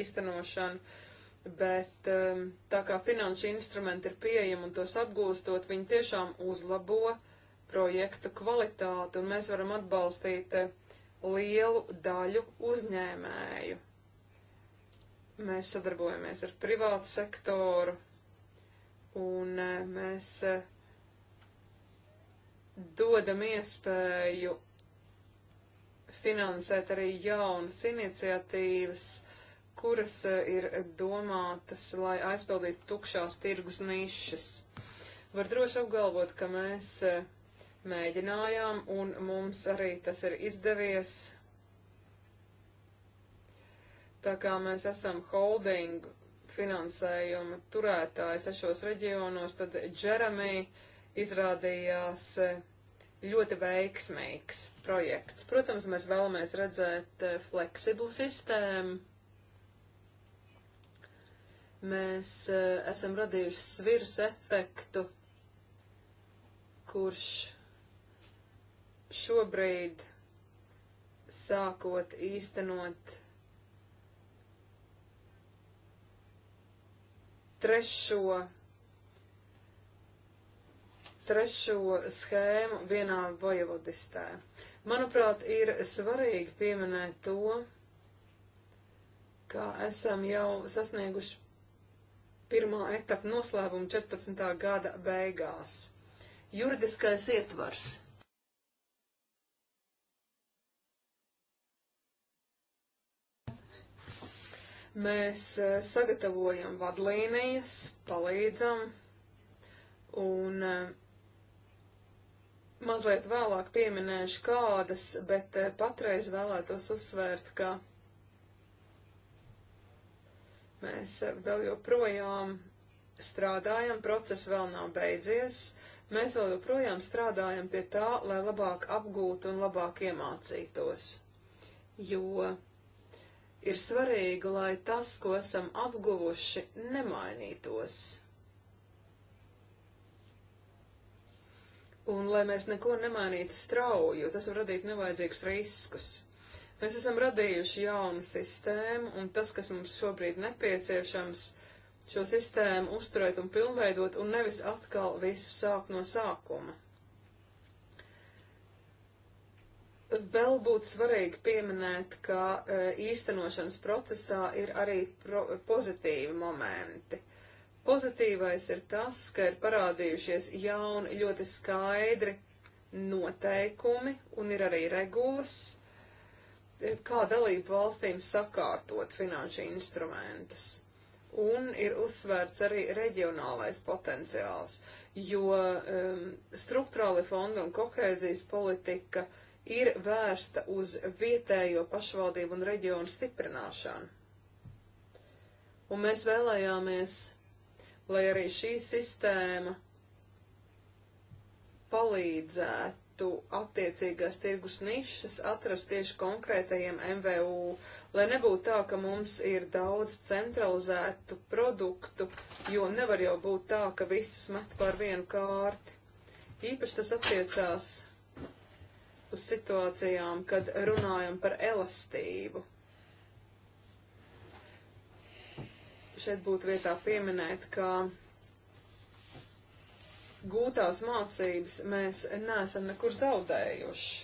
īstenošanu, bet um, tā kā finanšu instrumenti ir pieejami un tos apgūstot, viņi tiešām uzlabo projektu kvalitāti un mēs varam atbalstīt uh, lielu daļu uzņēmēju Mēs sadarbojamies ar privātu sektoru un e, mēs e, dodam iespēju finansēt arī jaunas iniciatīvas, kuras e, ir domātas, lai aizpildītu tukšās tirgus nišas. Var droši apgalvot, ka mēs mēģinājām, un mums arī tas ir izdevies, Tā kā mēs esam holding finansējuma turētāji sešos reģionos, tad Džeremī izrādījās eh, ļoti veiksmīgs projekts. Protams, mēs vēlamies redzēt eh, fleksiblu sistēmu. Mēs eh, esam radījuši svirs efektu, kurš šobrīd sākot īstenot trešo, trešo schēmu vienā vojvodistē. Manuprāt, ir svarīgi pieminēt to, ka esam jau sasnieguši pirmā etapa noslēpumu 14. gada beigās. Juridiskais ietvars. Mēs e, sagatavojam vadlīnijas, palīdzam un e, mazliet vēlāk pieminēšu kādas, bet e, patreiz vēlētos uzsvērt, ka mēs vēl joprojām strādājam, process vēl nav beidzies. Mēs vēl joprojām strādājam pie tā, lai labāk apgūtu un labāk iemācītos. Jo ir svarīgi, lai tas, ko esam apguvuši, nemainītos. Un lai mēs neko nemainītu strauji, jo tas var radīt nevajadzīgus riskus. Mēs esam radījuši jaunu sistēmu, un tas, kas mums šobrīd nepieciešams, šo sistēmu uzturēt un pilnveidot, un nevis atkal visu sākt no sākuma. Vēl būtu svarīgi pieminēt, ka e, īstenošanas procesā ir arī pro pozitīvi momenti. Pozitīvais ir tas, ka ir parādījušies jauni, ļoti skaidri noteikumi un ir arī regulas, e, kā dalību valstīm sakārtot finanšu instrumentus. Un ir uzsvērts arī reģionālais potenciāls, jo um, struktūrāli fonda un kohēzijas politika uh, ir vērsta uz vietējo pašvaldību un reģionu stiprināšanu. Un mēs vēlējāmies, lai arī šī sistēma palīdzētu attiecīgās tirgus nišas atrast tieši konkrētajiem MVU, lai nebūtu tā, ka mums ir daudz centralizētu produktu, jo nevar jau būt tā, ka visus met par vienu kārti. Īpaši tas attiecās situācijām, kad runājam par elastību. Šeit būtu vietā pieminēt, ka gūtās mācības mēs neesam nekur zaudējuši.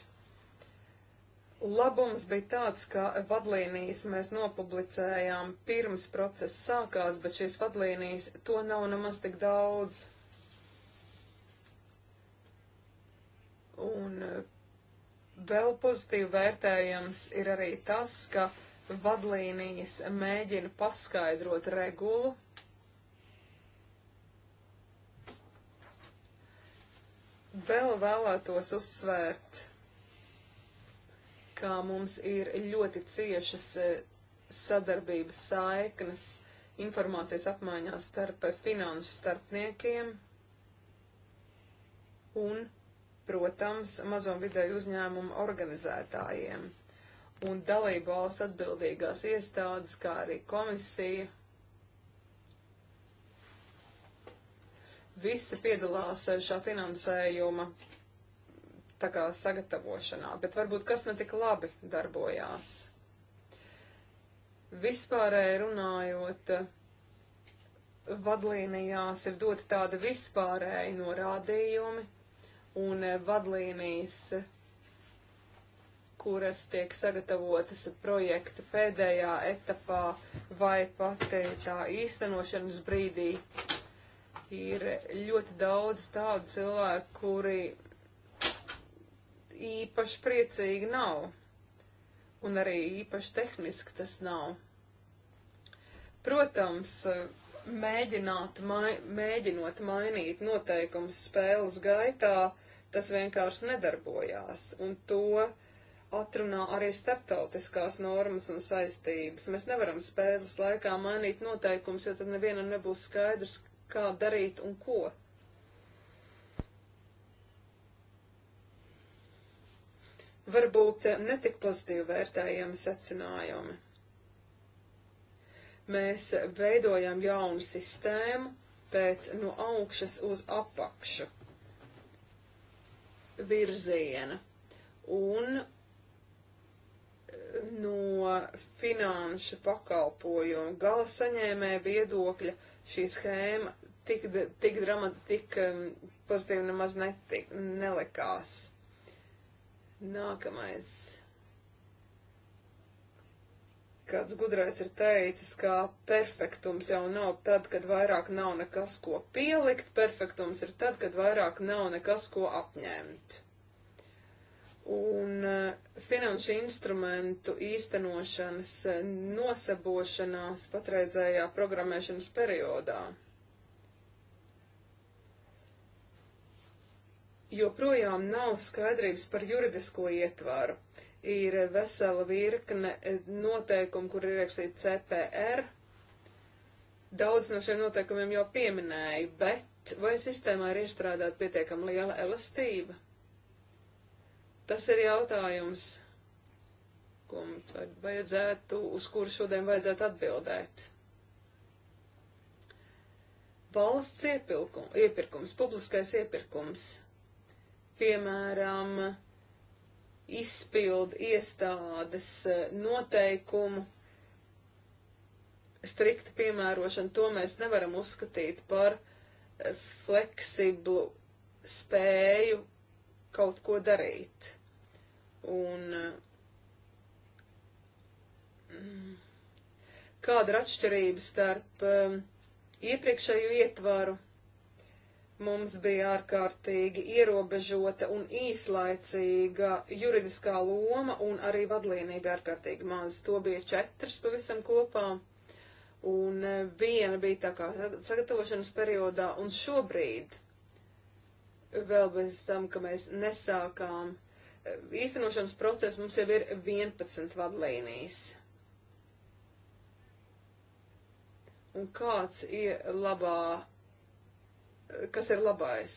Labums bija tāds, ka vadlīnijas mēs nopublicējām pirms process sākās, bet šīs vadlīnijas to nav nemaz tik daudz. Un Vēl pozitīvi vērtējams ir arī tas, ka vadlīnijas mēģina paskaidrot regulu. Vēl vēlētos uzsvērt, kā mums ir ļoti ciešas e, sadarbības saiknes informācijas apmaiņā starp finansu starpniekiem un protams, mazo un vidēju uzņēmumu organizētājiem. Un dalību valsts atbildīgās iestādes, kā arī komisija, visi piedalās šā finansējuma tā kā sagatavošanā, bet varbūt kas netika labi darbojās. Vispārēji runājot, vadlīnijās ir doti tādi vispārēji norādījumi, un vadlīnijas, kuras tiek sagatavotas projekta pēdējā etapā vai pat tā īstenošanas brīdī. Ir ļoti daudz tādu cilvēku, kuri īpaši priecīgi nav, un arī īpaši tehniski tas nav. Protams, mēģināt, mai, mēģinot mainīt noteikumus spēles gaitā, uh, Tas vienkārši nedarbojās, un to atrunā arī starptautiskās normas un saistības. Mēs nevaram spēles laikā mainīt noteikums, jo tad nevienam nebūs skaidrs, kā darīt un ko. Varbūt netik pozitīvi vērtējami secinājumi. Mēs veidojam jaunu sistēmu pēc no augšas uz apakšu virziena. Un eh, no finanšu pakalpojumu gala saņēmēja viedokļa šī schēma tik, tik dramata, tik um, pozitīvi nemaz netik, nelikās. Nākamais kāds gudrais ir teicis, ka perfektums jau nav tad, kad vairāk nav nekas, ko pielikt, perfektums ir tad, kad vairāk nav nekas, ko atņemt. Un eh, finanšu instrumentu īstenošanas eh, nosabošanās patreizējā programmēšanas periodā. Joprojām nav skaidrības par juridisko ietvaru ir vesela virkne noteikumu, kur ir ierakstīta CPR. Daudz no šiem noteikumiem jau pieminēju, bet vai sistēmā ir iestrādāta pietiekama liela elastība? Tas ir jautājums, ko mums vajadzētu, uz kuru šodien vajadzētu atbildēt. Valsts iepirkums, publiskais iepirkums. Piemēram, izpildu iestādes eh, noteikumu strikta piemērošana, to mēs nevaram uzskatīt par eh, fleksiblu spēju kaut ko darīt. Un eh, mm, kāda ir atšķirība starp um, iepriekšēju ietvaru Mums bija ārkārtīgi ierobežota un īslaicīga juridiskā loma un arī vadlīnija bija ārkārtīgi maz. To bija četras pavisam kopā. Un e, viena bija tā kā sagatavošanas periodā un šobrīd vēl bez tam, ka mēs nesākām e, īstenošanas procesu, mums jau ir 11 vadlīnijas. Un kāds ir labā kas ir labais.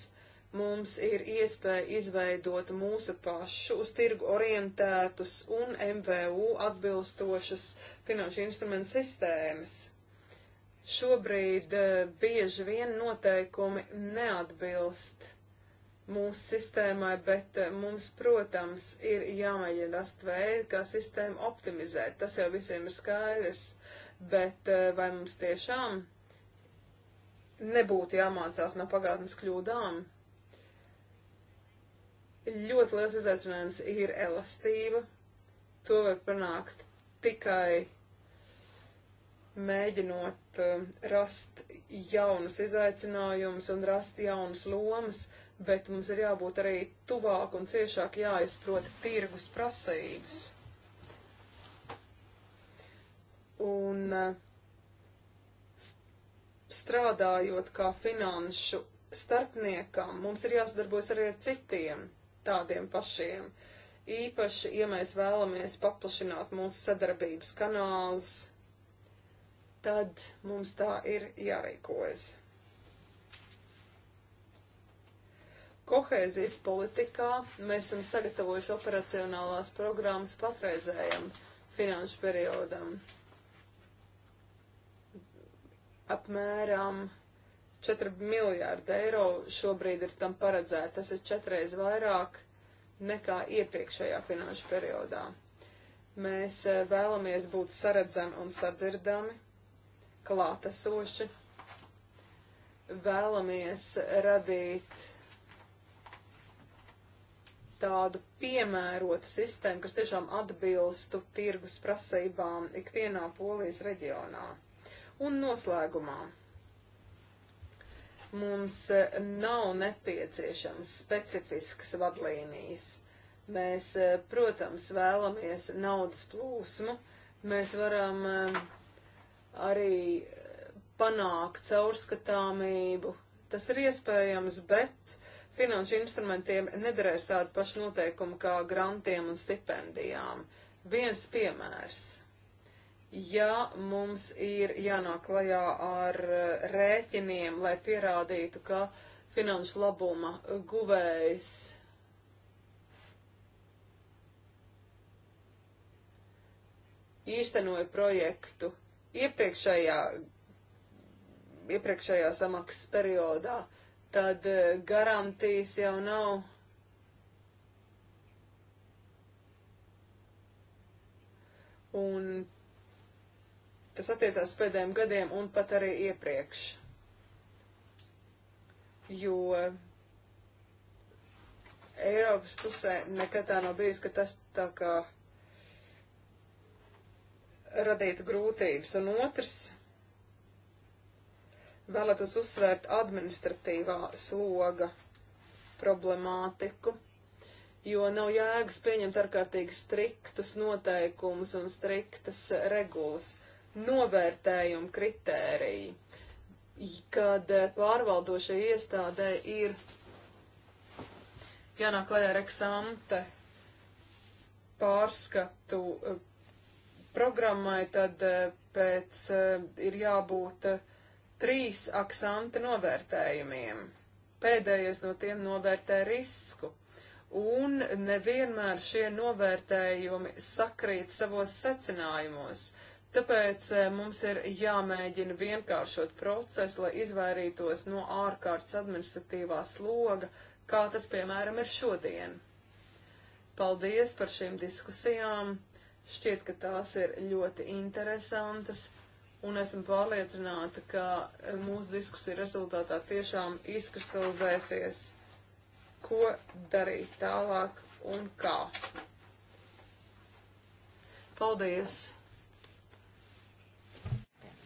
Mums ir iespēja izveidot mūsu pašu uz tirgu orientētus un MVU atbilstošas finanšu instrumentu sistēmas. Šobrīd eh, bieži vien noteikumi neatbilst mūsu sistēmai, bet eh, mums, protams, ir jāmēģina rast veidu, kā sistēmu optimizēt. Tas jau visiem ir skaidrs, bet eh, vai mums tiešām nebūtu jāmācās no pagātnes kļūdām. Ļoti liels izaicinājums ir elastība. To var panākt tikai mēģinot um, rast jaunus izaicinājumus un rast jaunas lomas, bet mums ir jābūt arī tuvāk un ciešāk jāizprot tirgus prasības. Un uh, strādājot kā finanšu starpniekam, mums ir jāsadarbojas arī ar citiem tādiem pašiem. Īpaši, ja mēs vēlamies paplašināt mūsu sadarbības kanālus, tad mums tā ir jārīkojas. Kohēzijas politikā mēs esam sagatavojuši operacionālās programmas patreizējam finanšu periodam apmēram 4 miljārdi eiro šobrīd ir tam paredzēta. Tas ir četreiz vairāk nekā iepriekšējā finanšu periodā. Mēs e, vēlamies būt saredzami un sadzirdami, klātesoši. Vēlamies radīt tādu piemērotu sistēmu, kas tiešām atbilstu tirgus prasībām ikvienā polijas reģionā. Un noslēgumā mums eh, nav nepieciešams specifiskas vadlīnijas. Mēs, eh, protams, vēlamies naudas plūsmu, mēs varam eh, arī panākt caurskatāmību. Tas ir iespējams, bet finanšu instrumentiem nederēs tādu pašu noteikumu kā grantiem un stipendijām. Viens piemērs ja mums ir jānāk klajā ar eh, rēķiniem, lai pierādītu, ka finanšu labuma guvējs īstenoja projektu iepriekšējā, iepriekšējā samaksas periodā, tad eh, garantijas jau nav. Un kas attiecās pēdējiem gadiem un pat arī iepriekš. Jo Eiropas pusē nekad tā nav bijis, ka tas tā kā radītu grūtības. Un otrs, vēlētos uzsvērt administratīvā sloga problemātiku, jo nav jēgas pieņemt ārkārtīgi striktus noteikumus un striktas regulas novērtējumu kritēriju, kad pārvaldošai iestādē ir jānāk klajā ar eksante pārskatu eh, programmai, tad eh, pēc eh, ir jābūt trīs aksanta novērtējumiem. Pēdējais no tiem novērtē risku. Un nevienmēr šie novērtējumi sakrīt savos secinājumos. Tāpēc eh, mums ir jāmēģina vienkāršot procesu, lai izvairītos no ārkārtas administratīvā sloga, kā tas, piemēram, ir šodien. Paldies par šīm diskusijām. Šķiet, ka tās ir ļoti interesantas, un esmu pārliecināta, ka eh, mūsu diskusija rezultātā tiešām izkristalizēsies, ko darīt tālāk un kā. Paldies!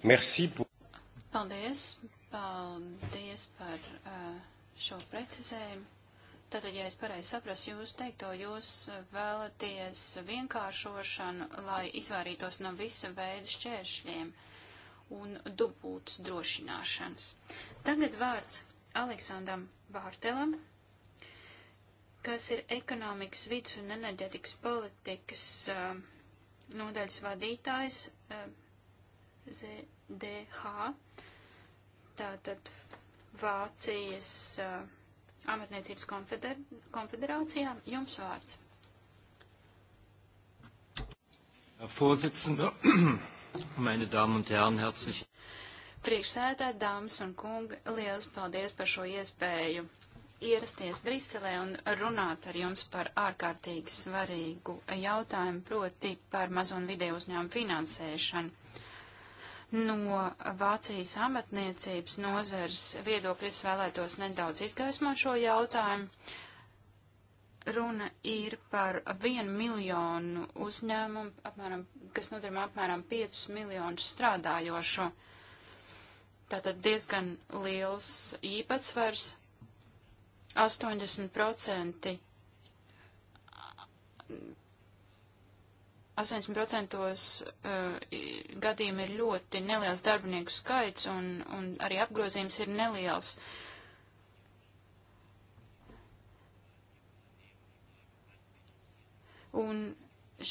Merci pour. Paldies. Paldies par uh, šo precizējumu. Tātad, ja es pareizi saprastu jūs teikto, jūs vēlaties vienkāršošanu, lai izvairītos no visa veida šķēršļiem un dubūtas drošināšanas. Tagad vārds Aleksandram Vārtelam, kas ir ekonomikas vidus un enerģetikas politikas uh, nodaļas vadītājs uh, DH, tātad Vācijas uh, amatniecības konfeder konfederācijā. Jums vārds. Vorsitzender, meine Damen und Herren, herzlich. Priekšsēdētāji, dāmas un kungi, liels paldies par šo iespēju ierasties Briselē un runāt ar jums par ārkārtīgi svarīgu jautājumu, proti par mazo un video uzņēmumu finansēšanu. No Vācijas amatniecības nozares viedokļa es vēlētos nedaudz izgaismot šo jautājumu. Runa ir par vienu miljonu uzņēmumu, apmēram, kas nodarmē apmēram 5 miljonus strādājošo. Tātad diezgan liels īpatsvars. 80% 80% eh, gadījumi ir ļoti neliels darbinieku skaits un, un arī apgrozījums ir neliels. Un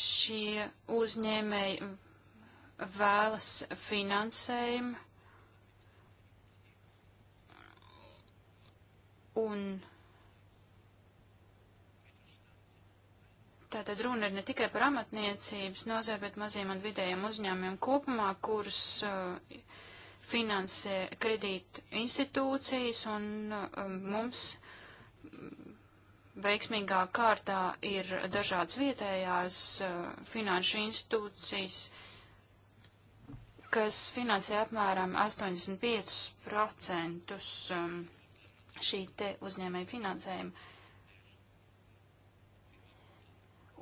šie uzņēmēji vēlas finansējumu un Tātad runa ir ne tikai par amatniecības nozē, bet maziem un vidējiem uzņēmumiem kopumā, kurus uh, finansē kredīt institūcijas, un uh, mums veiksmīgā kārtā ir dažādas vietējās uh, finanšu institūcijas, kas finansē apmēram 85% um, šī te uzņēmēja finansējuma.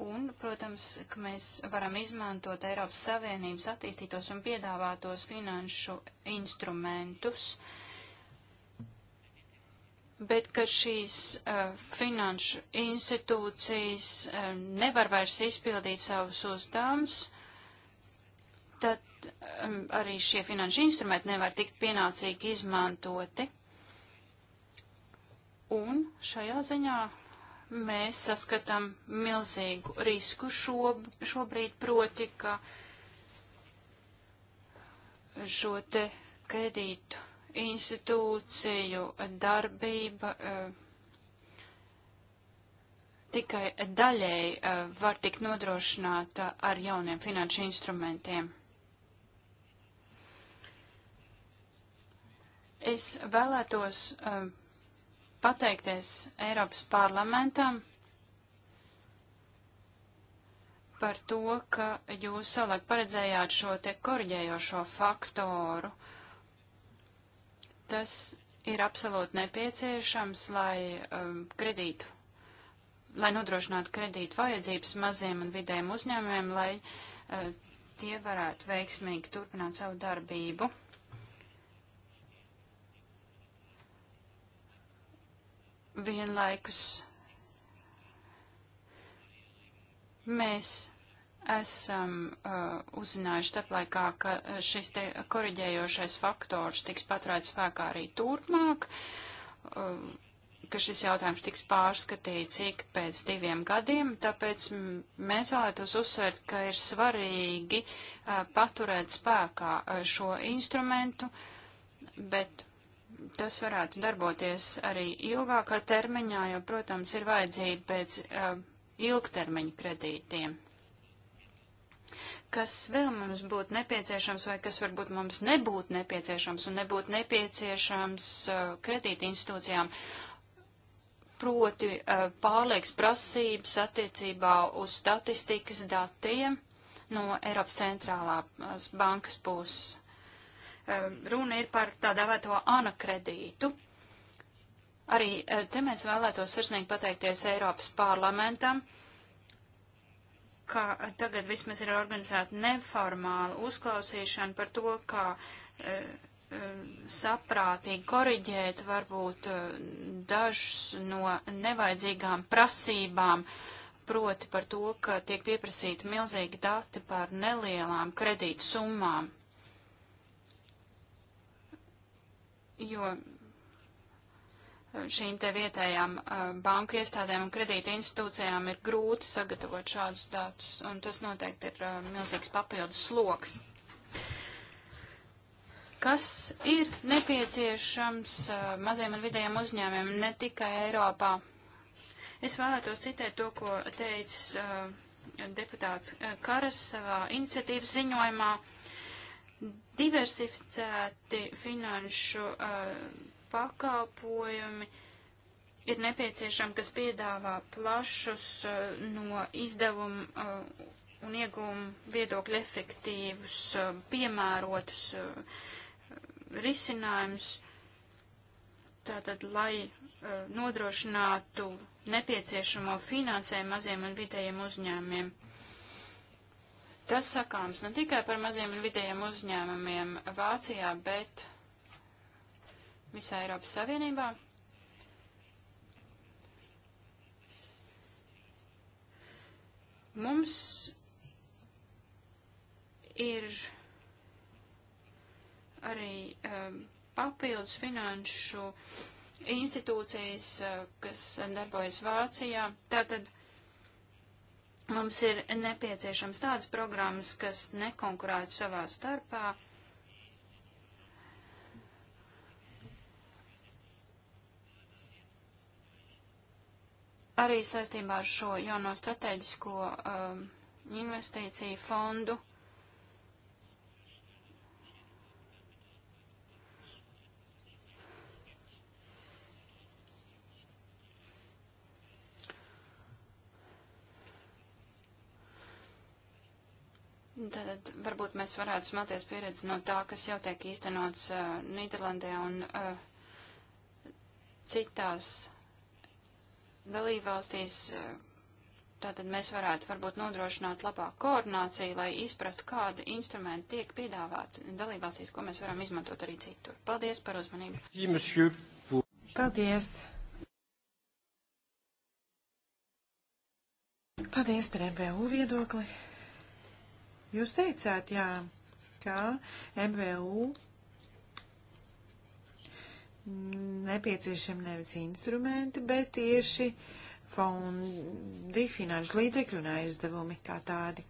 Un, protams, ka mēs varam izmantot Eiropas Savienības attīstītos un piedāvātos finanšu instrumentus, bet ka šīs uh, finanšu institūcijas uh, nevar vairs izpildīt savus uzdevumus, tad um, arī šie finanšu instrumenti nevar tikt pienācīgi izmantoti. Un šajā ziņā mēs saskatām milzīgu risku šob, šobrīd, proti, ka šo te kredītu institūciju darbība uh, tikai daļēji uh, var tikt nodrošināta ar jauniem finanšu instrumentiem. Es vēlētos uh, pateikties Eiropas parlamentam par to, ka jūs savulaik paredzējāt šo te korģējošo faktoru. Tas ir absolūti nepieciešams, lai um, kredītu, lai nodrošinātu kredītu vajadzības maziem un vidējiem uzņēmumiem, lai uh, tie varētu veiksmīgi turpināt savu darbību. vienlaikus mēs esam uh, uzzinājuši teplaikā, ka uh, šis te koriģējošais faktors tiks paturēts spēkā arī turpmāk, uh, ka šis jautājums tiks pārskatīts ik pēc diviem gadiem, tāpēc mēs vēlētos uzsvērt, ka ir svarīgi uh, paturēt spēkā uh, šo instrumentu, bet tas varētu darboties arī ilgākā termiņā, jo, protams, ir vajadzība pēc uh, ilgtermiņa kredītiem. Kas vēl mums būtu nepieciešams vai kas varbūt mums nebūtu nepieciešams un nebūtu nepieciešams uh, kredīti institūcijām, proti uh, pārlieks prasības attiecībā uz statistikas datiem no Eiropas centrālās bankas puses runa ir par tā dēvēto ANA kredītu. Arī e, te mēs vēlētos sirsnīgi pateikties Eiropas parlamentam ka tagad vismaz ir organizēta neformāla uzklausīšana par to, kā e, e, saprātīgi koriģēt varbūt e, dažus no nevajadzīgām prasībām, proti par to, ka tiek pieprasīti milzīgi dati par nelielām kredītu summām. jo šīm te vietējām banku iestādēm un kredīta institūcijām ir grūti sagatavot šādus datus, un tas noteikti ir milzīgs papildus sloks. Kas ir nepieciešams maziem un vidējiem uzņēmiem ne tikai Eiropā? Es vēlētos citēt to, ko teica deputāts Karas savā iniciatīvas ziņojumā. Diversificēti finanšu uh, pakalpojumi ir nepieciešami, kas piedāvā plašus uh, no izdevumu uh, un iegūmu viedokļu efektīvus, uh, piemērotus uh, risinājumus, tātad, lai uh, nodrošinātu nepieciešamo finansējumu maziem un vidējiem uzņēmiem. Tas sakāms ne tikai par maziem un vidējiem uzņēmumiem Vācijā, bet visā Eiropas Savienībā. Mums ir arī um, papildus finanšu institūcijas, uh, kas darbojas Vācijā. Tātad Mums ir nepieciešams tādas programmas, kas nekonkurētu savā starpā. Arī saistībā ar šo jauno strateģisko um, investīciju fondu Tātad varbūt mēs varētu smelties pieredzi no tā, kas jau tiek īstenots uh, Nīderlandē un uh, citās dalībvalstīs. Uh, tātad mēs varētu varbūt nodrošināt labāku koordināciju, lai izprastu, kādi instrumenti tiek piedāvāti dalībvalstīs, ko mēs varam izmantot arī citur. Paldies par uzmanību. Paldies. Paldies par MVU viedokli. Jūs teicāt, jā, ka MVU nepieciešami nevis instrumenti, bet tieši fondi, finanšu līdzekļu un aizdevumi kā tādi.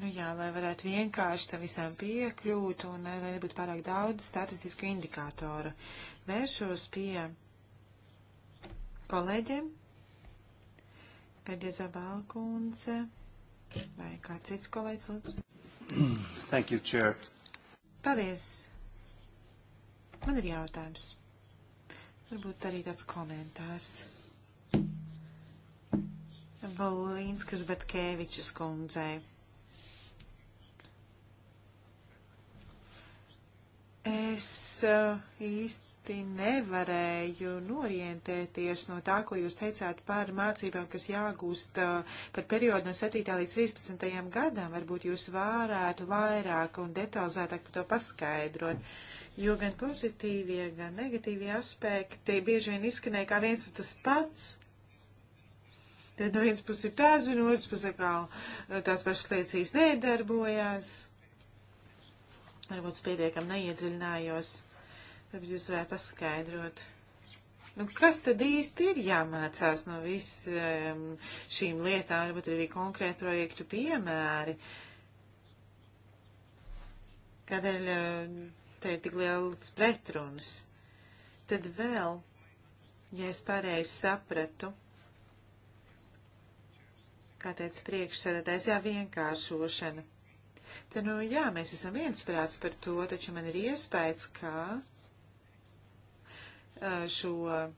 Nu jā, lai varētu vienkārši tam visam piekļūt un lai nebūtu pārāk daudz statistiska indikātora. Vēršos pie kolēģiem. Gadeza Valkundze vai kāds cits kolēģis, lūdzu. Thank you, Chair. Paldies. Man ir jautājums. Varbūt arī tāds komentārs. Valīnskas Batkēvičas kundzei. Es uh, īsti īsti nevarēju norientēties no tā, ko jūs teicāt par mācībām, kas jāgūst uh, par periodu no 7. līdz 13. gadam. Varbūt jūs varētu vairāk un detalizētāk par to paskaidrot, jo gan pozitīvie, gan negatīvie aspekti bieži vien izskanēja kā viens un tas pats. Tad no vienas puses ir tās, no otras puses atkal uh, tās pašas lietas īsti nedarbojās. Varbūt pietiekam neiedziļinājos Tad jūs varētu paskaidrot. Nu, kas tad īsti ir jāmācās no visām šīm lietām, varbūt arī konkrēti projektu piemēri? Kādēļ eh, te ir tik liels pretruns? Tad vēl, ja es pareizi sapratu, kā teica priekšsēdētājs, jā, vienkāršošana. Te nu jā, mēs esam viensprāts par to, taču man ir iespējas, ka. Kā Eh, šo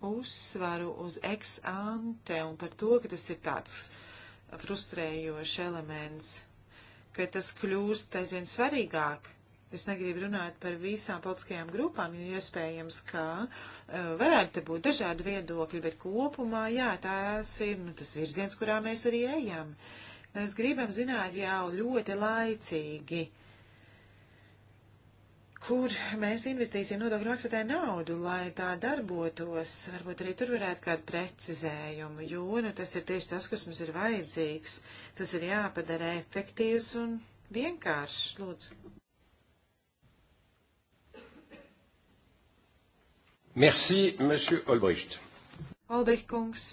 uzsvaru uz ex ante un par to, ka tas ir tāds frustrējošs elements, ka tas kļūst aizvien svarīgāk. Es negribu runāt par visām politiskajām grupām, jo iespējams, ka uh, varētu te būt dažādi viedokļi, bet kopumā, jā, tās ir, nu, tas virziens, kurā mēs arī ejam. Mēs gribam zināt jau ļoti laicīgi, uh, kur mēs investīsim nodokļu maksātāju naudu, lai tā darbotos. Varbūt arī tur varētu kādu precizējumu, jo nu, tas ir tieši tas, kas mums ir vajadzīgs. Tas ir jāpadara efektīvs un vienkāršs. Lūdzu. Merci, monsieur Olbricht. Olbricht kungs.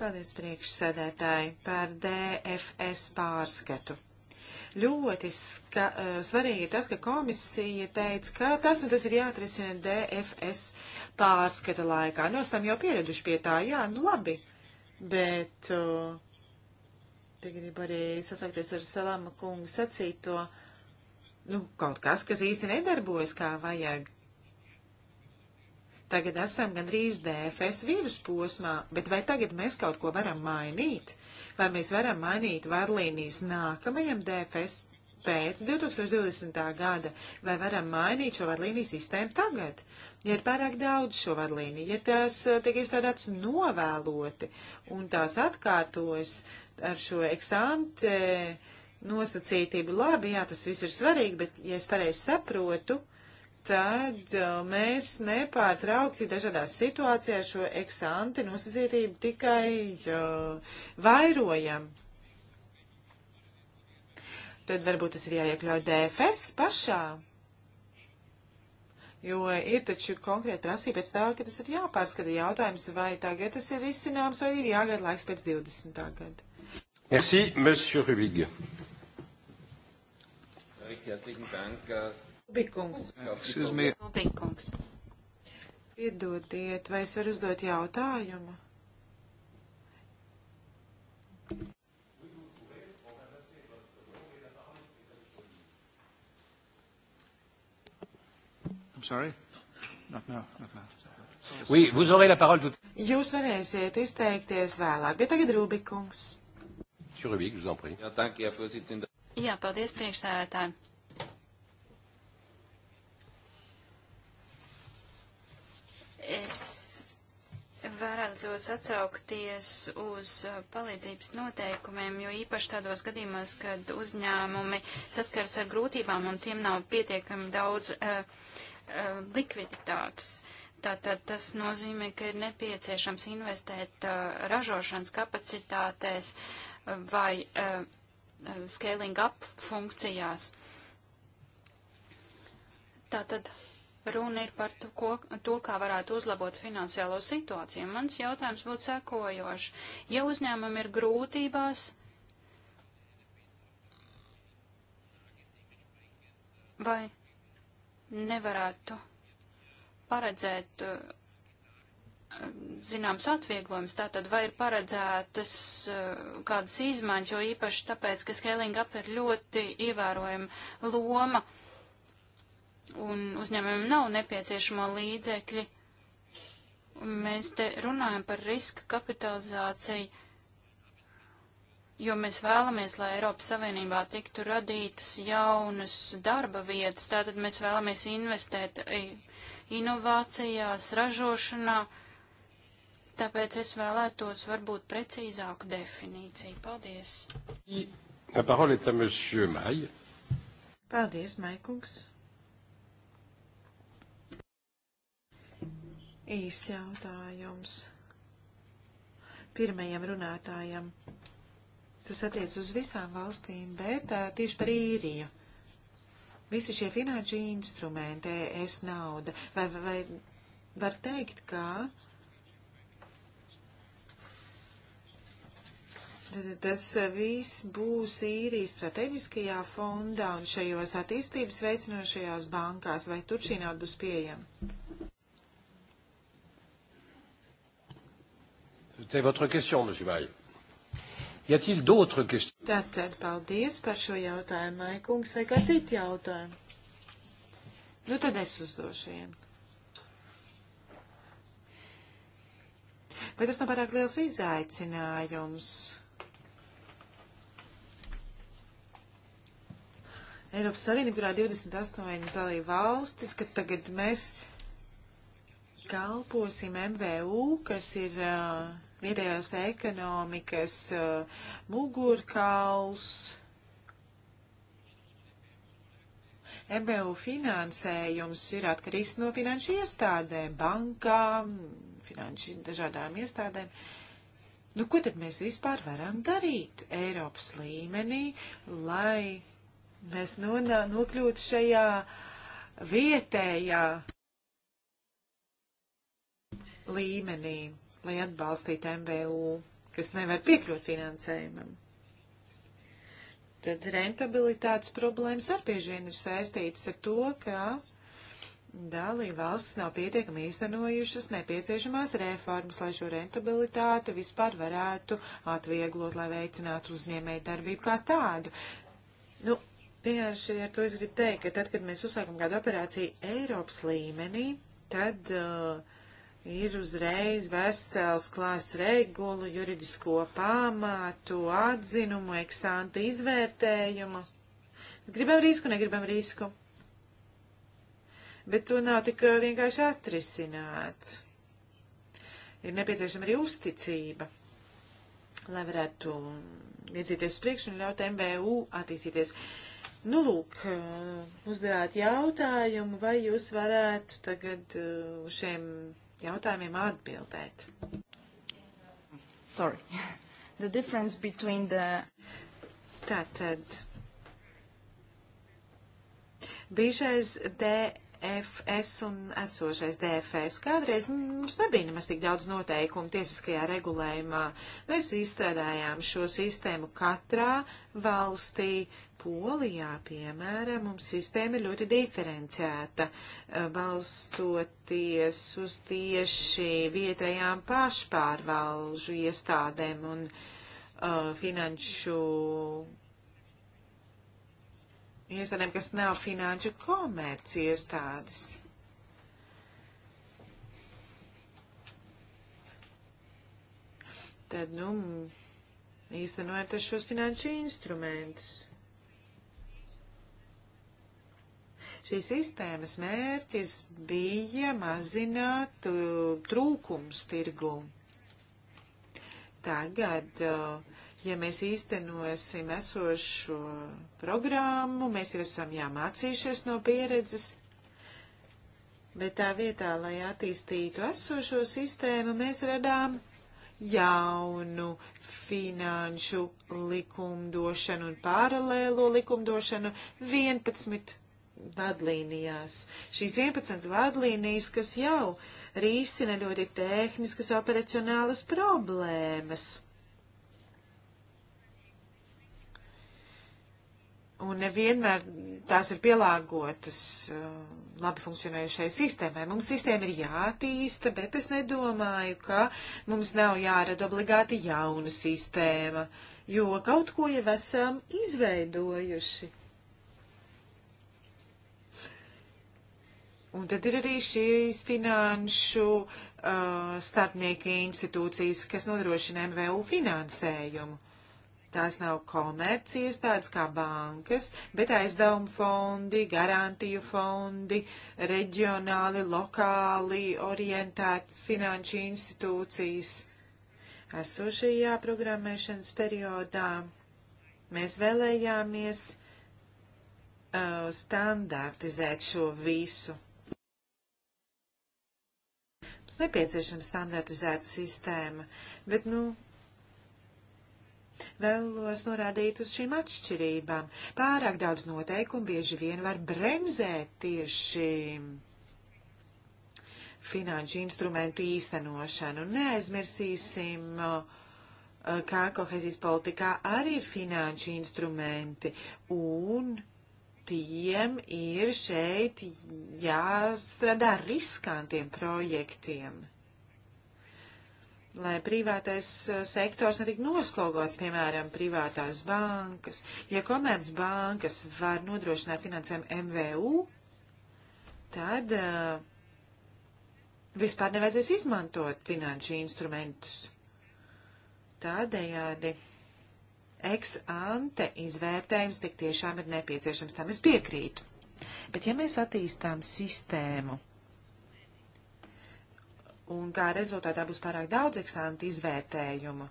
Paldies priekšsēdētāji par DFS pārskatu. Ļoti ska, eh, svarīgi ir tas, ka komisija teica, ka tas un tas ir jāatrisina DFS pārskata laikā. Nu, esam jau pieraduši pie tā, jā, nu labi, bet uh, te gribu arī sasākties ar Salama kungu sacīto, nu, kaut kas, kas īsti nedarbojas kā vajag. Tagad esam gandrīz DFS vidusposmā, bet vai tagad mēs kaut ko varam mainīt? Vai mēs varam mainīt vadlīnijas nākamajam DFS pēc 2020. gada, vai varam mainīt šo vadlīniju sistēmu tagad? Ja ir pārāk daudz šo vadlīniju, ja tās eh, tiek izstrādātas novēloti un tās atkārtojas ar šo eksante eh, nosacītību, labi, jā, tas viss ir svarīgi, bet, ja es pareizi saprotu, uh, tad mēs nepārtraukti dažādās situācijās šo eksanti nosacītību tikai uh, vairojam. Tad varbūt tas ir jāiekļauj DFS pašā. Jo ir taču konkrēti prasība pēc tā, ka tas ir jāpārskata jautājums, vai tagad tas ir izcināms, vai ir jāgaida laiks pēc 20. gada. Merci, Monsieur Rubig. Recht herzlichen Dank. Bikungs. Bikungs. Piedodiet, vai es varu uzdot jautājumu? I'm sorry? Not now, not now. Oui, vous aurez la parole tout. Jūs varēsiet izteikties vēlāk, bet tagad Rubikungs. Monsieur Rubik, je vous en prie. Jā, tanki, Jā, paldies priekšsēdētāji. Es vēlētos atsaukties uz uh, palīdzības noteikumiem, jo īpaši tādos gadījumos, kad uzņēmumi saskaras ar grūtībām un tiem nav pietiekami daudz uh, uh, likviditātes. Tātad tas nozīmē, ka ir nepieciešams investēt uh, ražošanas kapacitātēs uh, vai uh, uh scaling up funkcijās. Tātad Runa ir par to, ko, to, kā varētu uzlabot finansiālo situāciju. Mans jautājums būtu sekojošs. Ja uzņēmumi ir grūtībās, vai nevarētu paredzēt zināms atvieglojums, tātad vai ir paredzētas kādas izmaiņas, jo īpaši tāpēc, ka scaling up ir ļoti ievērojama loma uh, un uzņēmumiem nav nepieciešamo līdzekļi. Mēs te runājam par riska kapitalizāciju, jo mēs vēlamies, lai Eiropas Savienībā tiktu radītas jaunas darba vietas. Tātad mēs vēlamies investēt e, inovācijās, ražošanā. Tāpēc es vēlētos varbūt precīzāku definīciju. Paldies! La parole est à monsieur Maille. Paldies, Maikungs. Īs jautājums pirmajam runātājam. Tas attiec uz visām valstīm, bet uh, tieši par īriju. Visi šie finanšu instrumenti, es nauda, vai, vai var teikt, ka tas viss būs īrijas strateģiskajā fondā un šajos attīstības veicinošajās bankās, vai tur šī nauda būs pieejama? C'est votre question, monsieur Maille. Ja cīl d'autres questions? Tātad paldies par šo jautājumu, Maikungs, vai kā citi jautājumi? Nu, tad es uzdošu vienu. Vai tas nav pārāk liels izaicinājums? Eiropas Savienība, kurā 28 dalība valstis, ka tagad mēs kalposim MVU, kas ir uh, vietējās ekonomikas uh, mugurkauls. MBU finansējums ir atkarīgs no finanšu iestādēm, bankām, finanšu dažādām iestādēm. Nu, ko tad mēs vispār varam darīt Eiropas līmenī, lai mēs nonā, nokļūtu šajā vietējā līmenī? lai atbalstītu MVU, kas nevar piekļūt finansējumam. Tad rentabilitātes problēmas arī bieži vien ir saistītas ar to, ka dalība valsts nav pietiekami īstenojušas nepieciešamās reformas, lai šo rentabilitāti vispār varētu atvieglot, lai veicinātu uzņēmēju darbību kā tādu. Nu, vienkārši ar to es gribu teikt, ka tad, kad mēs uzsākam kādu operāciju Eiropas līmenī, tad uh, ir uzreiz vesels klāsts regulu, juridisko pamātu, atzinumu, eksāntu izvērtējumu. Gribam risku, negribam risku. Bet to nav tik vienkārši atrisināt. Ir nepieciešama arī uzticība, lai varētu virzīties uz priekšu un ļaut MVU attīstīties. Nu, lūk, uzdevāt jautājumu, vai jūs varētu tagad uh, šiem jautājumiem atbildēt. Sorry. The difference between the... Tātad. Bijušais DFS un esošais DFS. Kādreiz mums nebija nemaz tik daudz noteikumu tiesiskajā regulējumā. Mēs izstrādājām šo sistēmu katrā valstī, Polijā, piemēram, mums sistēma ir ļoti diferencēta, eh, balstoties uz tieši vietējām pašpārvalžu iestādēm un uh, finanšu iestādēm, kas nav finanšu komerci iestādes. Tad, nu, īstenojot šos finanšu instrumentus. Šīs sistēmas mērķis bija mazināt uh, trūkums tirgu. Tagad, uh, ja mēs īstenosim esošu programmu, mēs jau esam jāmācījušies no pieredzes, bet tā vietā, lai attīstītu esošo sistēmu, mēs radām jaunu finanšu likumdošanu un paralēlo likumdošanu 11 vadlīnijās. Šīs 11 vadlīnijas, kas jau risina ļoti tehniskas operacionālas problēmas. Un nevienmēr tās ir pielāgotas uh, labi funkcionējušai sistēmai. Mums sistēma ir jātīsta, bet es nedomāju, ka mums nav jārada obligāti jauna sistēma, jo kaut ko jau esam izveidojuši. Un tad ir arī šīs finanšu uh, starpnieki institūcijas, kas nodrošina MVU finansējumu. Tās nav komerci iestādes kā bankas, bet aizdevumu fondi, garantiju fondi, reģionāli, lokāli orientētas finanšu institūcijas. Esošajā programmēšanas periodā mēs vēlējāmies uh, standartizēt šo visu Mums nepieciešama standartizēta sistēma, bet, nu, vēlos norādīt uz šīm atšķirībām. Pārāk daudz noteikumu bieži vien var bremzēt tieši finanšu instrumentu īstenošanu. Neaizmirsīsim, kā kohezijas politikā arī ir finanšu instrumenti un tiem ir šeit jāstrādā ar riskantiem projektiem. Lai privātais uh, sektors netiktu noslogots, piemēram, privātās bankas. Ja komercbankas var nodrošināt finansējumu MVU, tad uh, vispār nevajadzēs izmantot finanšu instrumentus. Tādējādi ex ante izvērtējums tik tiešām ir nepieciešams, tam es piekrītu. Bet ja mēs attīstām sistēmu, un kā rezultātā būs pārāk daudz ex ante izvērtējumu,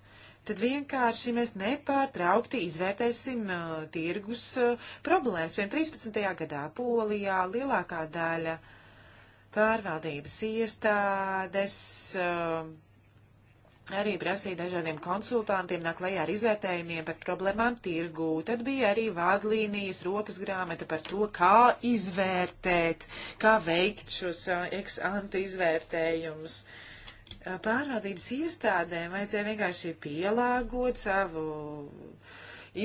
tad vienkārši mēs nepārtraukti izvērtēsim uh, tirgus uh, problēmas. Piemēram, 13. gadā Polijā lielākā daļa pārvaldības iestādes uh, arī prasīja dažādiem konsultantiem nāk lejā ar izvērtējumiem par problēmām tirgū. Tad bija arī vādlīnijas rokas grāmata par to, kā izvērtēt, kā veikt šos ex-ante izvērtējumus. Pārvaldības iestādēm vajadzēja vienkārši pielāgot savu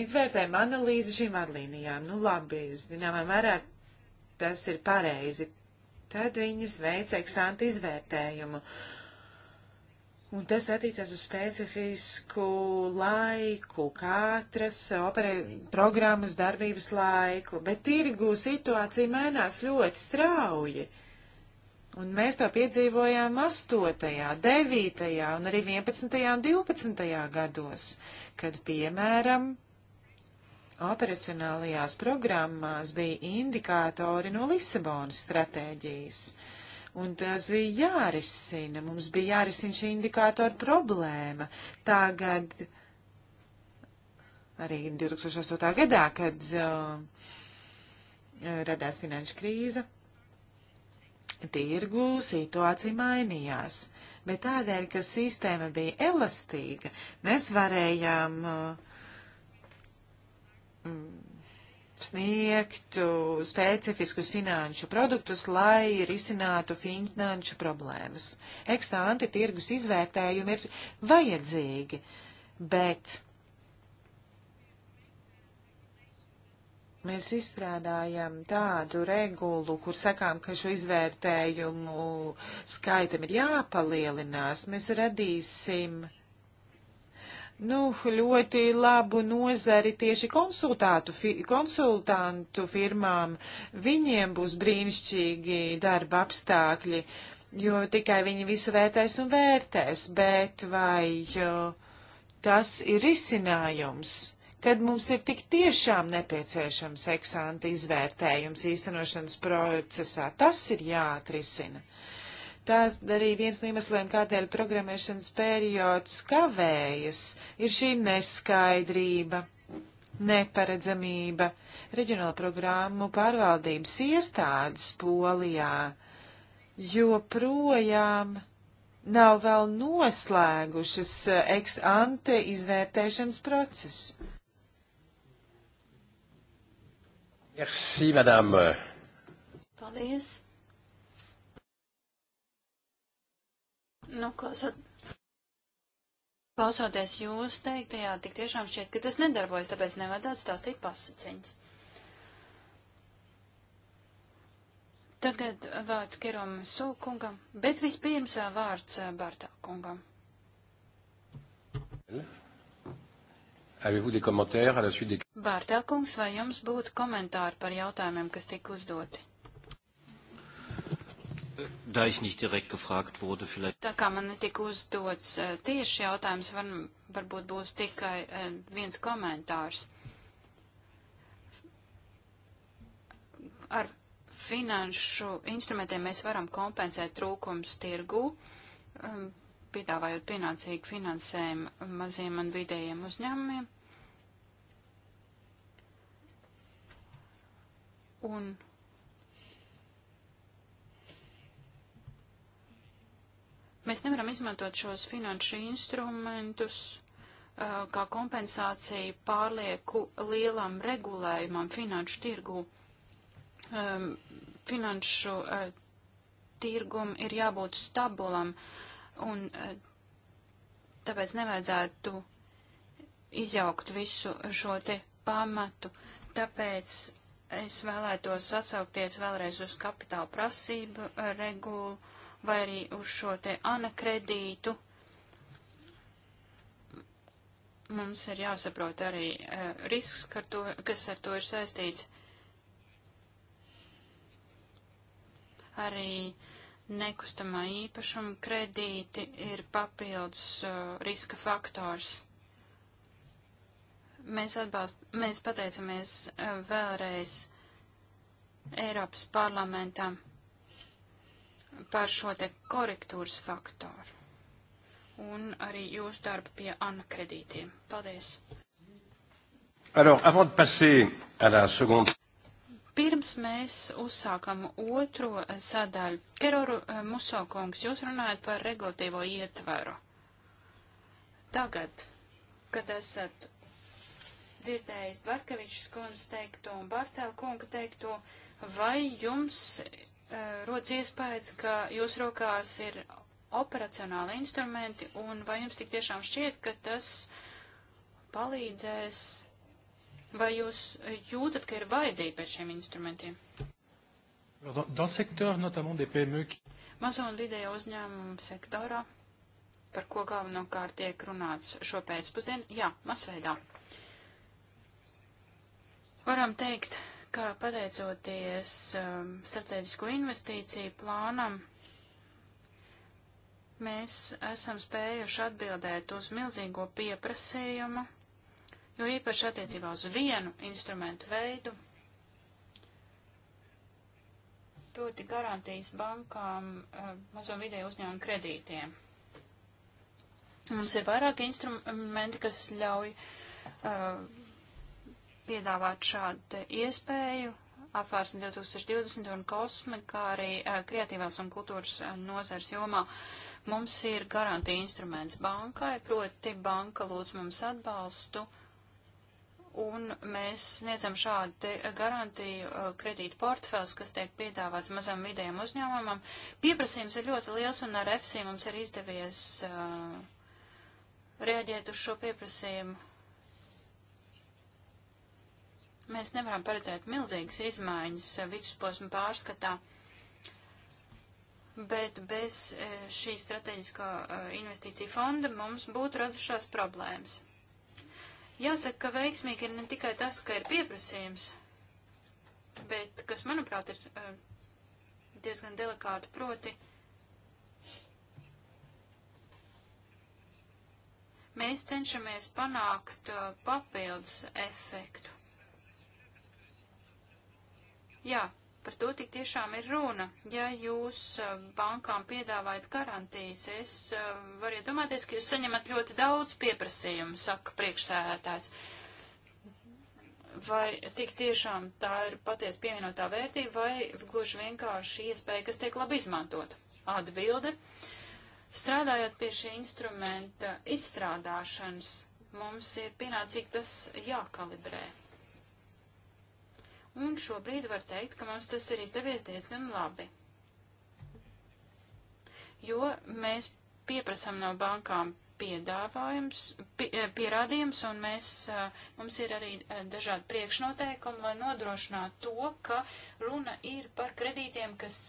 izvērtējumu analīzi šīm vādlīnijām. Nu labi, zināmā mērā tas ir pareizi. Tad viņas veica ex-ante izvērtējumu. Uh, Un tas attiecās uz specifisku laiku, katras operē, programmas darbības laiku, bet tirgu situācija mainās ļoti strauji. Un mēs to piedzīvojām 8., 9. un arī 11. un 12. gados, kad, piemēram, operacionālajās programmās bija indikātori no Lisabonas stratēģijas un tas bija jārisina. Mums bija jārisina šī indikātora problēma. Tagad, arī 2008. gadā, kad uh, radās finanšu krīze, tirgu situācija mainījās. Bet tādēļ, ka sistēma bija elastīga, mēs varējām uh, mm, sniegtu specifiskus finanšu produktus, lai risinātu finanšu problēmas. Eksānti tirgus izvērtējumi ir vajadzīgi, bet mēs izstrādājam tādu regulu, kur sakām, ka šo izvērtējumu skaitam ir jāpalielinās. Mēs radīsim uh, nu, ļoti labu nozari tieši fi, konsultantu firmām. Viņiem būs brīnišķīgi darba apstākļi, jo tikai viņi visu vērtēs un vērtēs, bet vai tas ir risinājums? kad mums ir tik tiešām nepieciešams eksāmena izvērtējums īstenošanas procesā. Tas ir jāatrisina. Uh, Tas arī viens no iemesliem, kādēļ programmēšanas periods kavējas, ir šī neskaidrība, neparedzamība. Reģionāla programmu pārvaldības iestādes Polijā joprojām nav vēl noslēgušas eh, ex ante izvērtēšanas procesu. Merci, madame. Paldies. Nu, klausot, klausoties jūs teiktajā, tik tiešām šķiet, ka tas nedarbojas, tāpēc nevajadzētu stāstīt pasaciņas. Tagad vārds Kirom Sūkungam, bet vispirms vēl vārds eh, Bārtā kungam. Bārtā kungs, vai jums būtu komentāri par jautājumiem, kas tika uzdoti? Da ich nicht direkt gefragt wurde, vielleicht. Tā kā man netika uzdots eh, tieši jautājums, var, varbūt būs tikai eh, viens komentārs. Ar finanšu instrumentiem mēs varam kompensēt trūkums tirgu, eh, piedāvājot pienācīgu finansējumu maziem un vidējiem uzņēmumiem. Un Mēs nevaram izmantot šos finanšu instrumentus uh, kā kompensāciju pārlieku lielam regulējumam finanšu tirgu. Um, finanšu uh, tirgum ir jābūt stabilam un uh, tāpēc nevajadzētu izjaukt visu šo te pamatu. Tāpēc es vēlētos atsaukties vēlreiz uz kapitāla prasību uh, regulu vai arī uz šo te anakredītu. Mums ir jāsaprot arī uh, risks, ka to, kas ar to ir saistīts. Arī nekustamā īpašuma kredīti ir papildus uh, riska faktors mēs atbalst, mēs pateicamies eh, vēlreiz Eiropas parlamentam par šo te korektūras faktoru un arī jūsu darbu pie ANA kredītiem. Paldies! Alors, avant de passer à la seconde... Pirms mēs uzsākam otro sadaļu. Keroru eh, Musokungs, jūs runājat par regulatīvo ietvaru. Tagad, kad esat dzirdējis Bartkevičs kundz teikto un Bartēl kunga teikto, vai jums Eh, rodas iespējas, ka jūsu rokās ir operacionāli instrumenti, un vai jums tik tiešām šķiet, ka tas palīdzēs, vai jūs jūtat, ka ir vajadzība pēc šiem instrumentiem? E Mazo un vidējo uzņēmumu sektorā, par ko galvenokārt tiek runāts šo pēcpusdienu, jā, masveidā. Varam teikt, kā pateicoties um, strateģisko investīciju plānam, mēs esam spējuši atbildēt uz milzīgo pieprasījumu, jo īpaši attiecībā uz vienu instrumentu veidu, proti garantijas bankām, um, uh, mazo vidēju uzņēmumu kredītiem. Mums ir vairāki instrumenti, kas ļauj uh, piedāvāt šādu iespēju apvārsni 2020 un kosme, kā arī kreatīvās un kultūras nozars jomā. Mums ir garantija instruments bankai, proti banka lūdz mums atbalstu, un mēs sniedzam šādu garantiju kredītu portfels, kas tiek piedāvāts mazam vidējam uzņēmumam. Pieprasījums ir ļoti liels, un ar FC mums ir izdevies uh, reaģēt uz šo pieprasījumu Mēs nevaram paredzēt milzīgas izmaiņas eh, vidusposma pārskatā, bet bez eh, šī strateģisko eh, investīciju fonda mums būtu radušās problēmas. Jāsaka, ka veiksmīgi ir ne tikai tas, ka ir pieprasījums, bet kas, manuprāt, ir diezgan delikāti, proti. mēs cenšamies panākt uh, papildus efektu. Jā, par to tik tiešām ir runa. Ja jūs eh, bankām piedāvājat garantijas, es eh, varu iedomāties, ka jūs saņemat ļoti daudz pieprasījumu, saka priekšsēdētājs. Vai tik tiešām tā ir patiesa pievienotā vērtība, vai gluži vienkārši iespēja, kas tiek labi izmantot? Atbilde. Strādājot pie šī instrumenta izstrādāšanas, mums ir pienācīgi tas jākalibrē. Un šobrīd var teikt, ka mums tas ir izdevies diezgan labi. Jo mēs pieprasām no bankām piedāvājums, pi, eh, pierādījums, un mēs, eh, mums ir arī eh, dažādi priekšnoteikumi, lai nodrošinātu to, ka runa ir par kredītiem, kas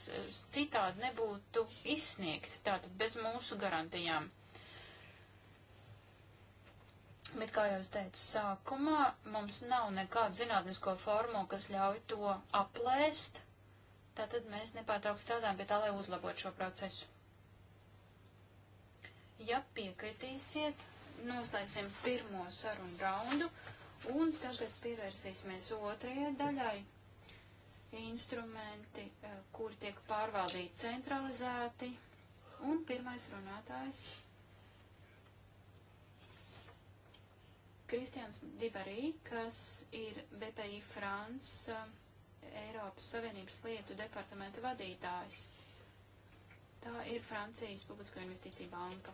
citādi nebūtu izsniegti, tātad bez mūsu garantijām. Bet, kā jau es teicu, sākumā mums nav nekādu zinātnisko formulu, kas ļauj to aplēst, tātad mēs nepārtraukt strādājam pie tā, lai uzlabotu šo procesu. Ja piekritīsiet, noslēgsim pirmo sarunu raundu, un tagad pievērsīsimies otrajai daļai - instrumenti, eh, kuri tiek pārvaldīti centralizēti, un pirmais runātājs Kristians Dibarī, kas ir BPI Frans, eh, Eiropas Savienības lietu departamenta vadītājs. Tā ir Francijas Publisko investīciju banka.